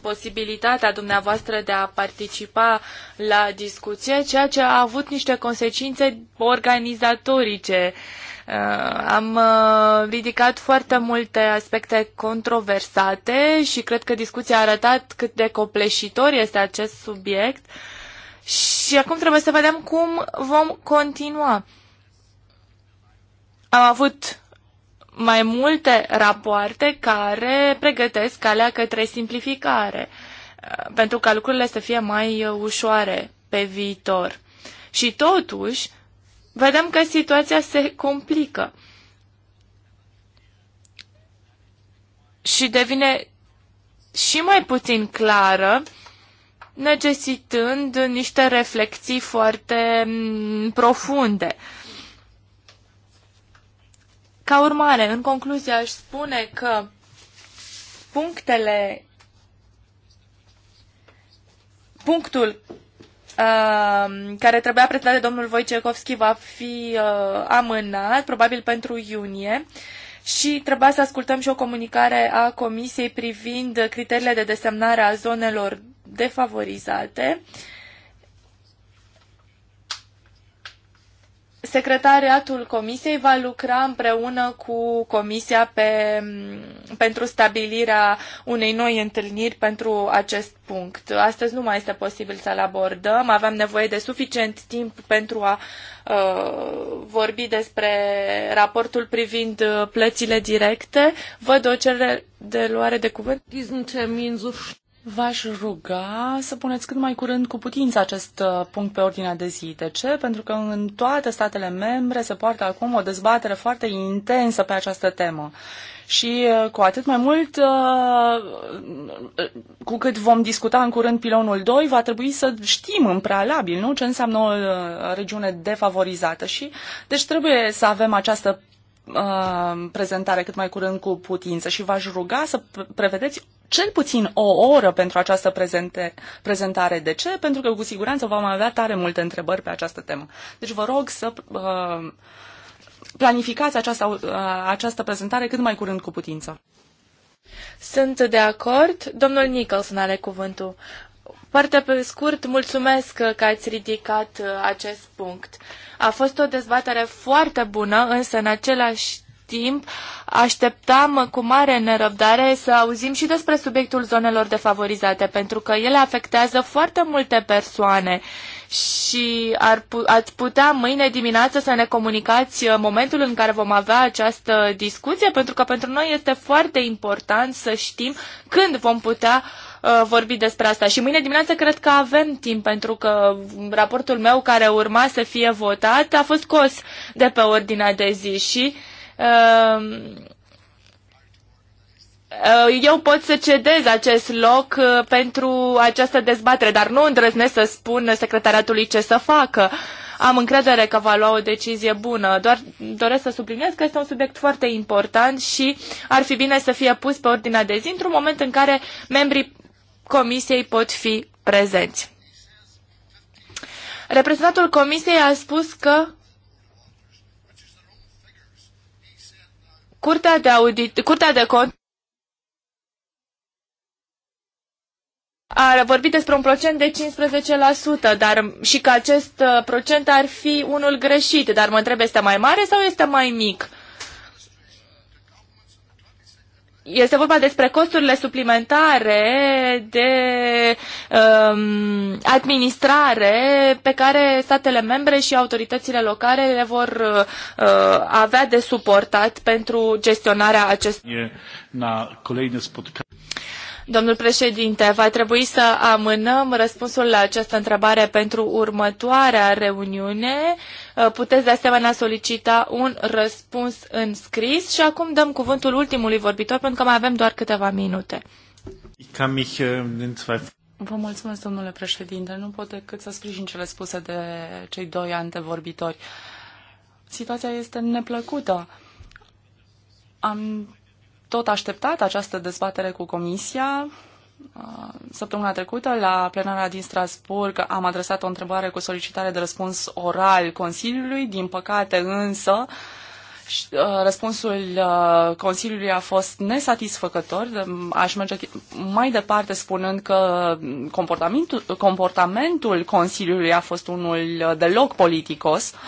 Speaker 1: posibilitatea dumneavoastră de a participa la discuție, ceea ce a avut niște consecințe organizatorice. Uh, am uh, ridicat foarte multe aspecte controversate și cred că discuția a arătat cât de copleșitor este acest subiect. Și acum trebuie să vedem cum vom continua. Am avut mai multe rapoarte care pregătesc calea către simplificare, uh, pentru ca lucrurile să fie mai ușoare pe viitor. Și totuși, vedem că situația se complică și devine și mai puțin clară, necesitând niște reflexii foarte mm, profunde. Ca urmare, în concluzie, aș spune că punctele punctul Um, care trebuia prezentat de domnul Wojciechowski va fi uh, amânat, probabil pentru iunie. Și trebuia să ascultăm și o comunicare a Comisiei privind criteriile de desemnare a zonelor defavorizate. Uh, Secretariatul Comisiei va lucra împreună cu Comisia pe, pentru stabilirea unei noi întâlniri pentru acest punct. Astăzi nu mai este posibil să-l abordăm. Avem nevoie de suficient timp pentru a uh, vorbi despre raportul privind uh, plățile directe. Văd o cerere de luare de
Speaker 3: cuvânt. V-aș ruga să puneți cât mai curând cu putință acest uh, punct pe ordinea de zi. De ce? Pentru că în toate statele membre se poartă acum o dezbatere foarte intensă pe această temă. Și uh, cu atât mai mult, uh, cu cât vom discuta în curând pilonul 2, va trebui să știm în prealabil nu? ce înseamnă o regiune defavorizată. Și, deci trebuie să avem această Uh, prezentare cât mai curând cu putință și v-aș ruga să prevedeți cel puțin o oră pentru această prezente, prezentare. De ce? Pentru că cu siguranță vom avea tare multe întrebări pe această temă. Deci vă rog să uh, planificați această, uh, această prezentare cât mai curând cu putință. Sunt
Speaker 1: de acord. Domnul Nicholson are cuvântul. Foarte pe scurt, mulțumesc că ați ridicat uh, acest punct. A fost o dezbatere foarte bună, însă în același timp așteptam cu mare nerăbdare să auzim și despre subiectul zonelor defavorizate, pentru că ele afectează foarte multe persoane și ar pu- ați putea mâine dimineață să ne comunicați uh, momentul în care vom avea această discuție, pentru că pentru noi este foarte important să știm când vom putea uh, Uh, vorbi despre asta. Și mâine dimineață cred că avem timp, pentru că raportul meu care urma să fie votat a fost cos de pe ordinea de zi și uh, uh eu pot să cedez acest loc uh, pentru această dezbatere, dar nu îndrăznesc să spun secretariatului ce să facă. Am încredere că va lua o decizie bună, doar doresc să subliniez că este un subiect foarte important și ar fi bine să fie pus pe ordinea de zi într-un moment în care membrii comisiei pot fi prezenți. Reprezentantul comisiei a spus că Curtea de, audit, Curtea de Cont a vorbit despre un procent de 15%, dar și că acest uh, procent ar fi unul greșit, dar mă întreb este mai mare sau este mai mic? Uh, este vorba despre costurile suplimentare de um, administrare pe care statele membre și autoritățile locale le vor uh, avea de suportat pentru gestionarea acestor. Domnul președinte, va trebui să amânăm răspunsul la această întrebare pentru următoarea reuniune. Uh, puteți de asemenea solicita un răspuns în scris și acum dăm cuvântul ultimului vorbitor pentru că mai avem doar câteva minute.
Speaker 2: Äh,
Speaker 3: Vă mulțumesc, domnule președinte. Nu pot decât să sprijin cele spuse de cei doi antevorbitori. Situația este neplăcută. Am tot așteptat această dezbatere cu Comisia. Uh, săptămâna trecută, la plenarea din Strasburg, am adresat o întrebare cu solicitare de răspuns oral Consiliului. Din păcate, însă, uh, răspunsul uh, Consiliului a fost nesatisfăcător. Aș merge mai departe spunând că comportamentul, comportamentul Consiliului a fost unul deloc politicos. Uh,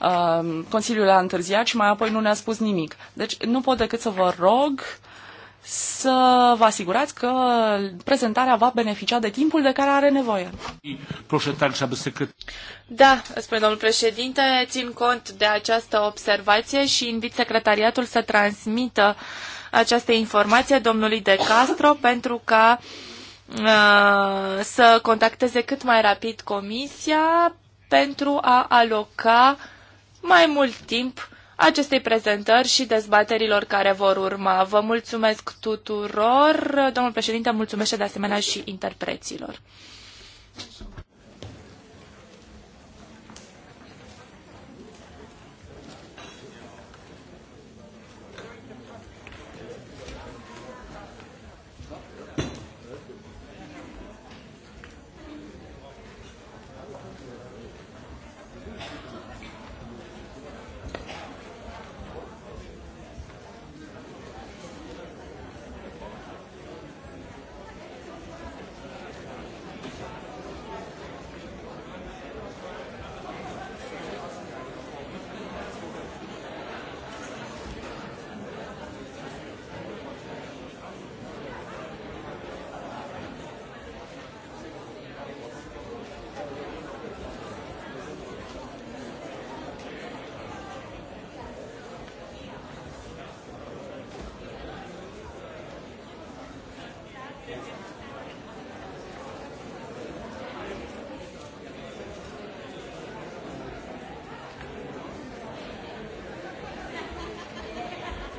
Speaker 3: Um, Consiliul a întârziat și mai apoi nu ne-a spus nimic. Deci nu pot decât să vă rog să vă asigurați că prezentarea va beneficia de timpul de care are nevoie. Da, spune domnul președinte, țin cont de această observație
Speaker 1: și invit secretariatul să transmită această informație domnului De Castro pentru ca uh, să contacteze cât mai rapid comisia pentru a aloca uh, mai mult timp acestei prezentări și dezbaterilor care vor urma. Vă mulțumesc tuturor. Domnul președinte, mulțumesc de asemenea și interpreților.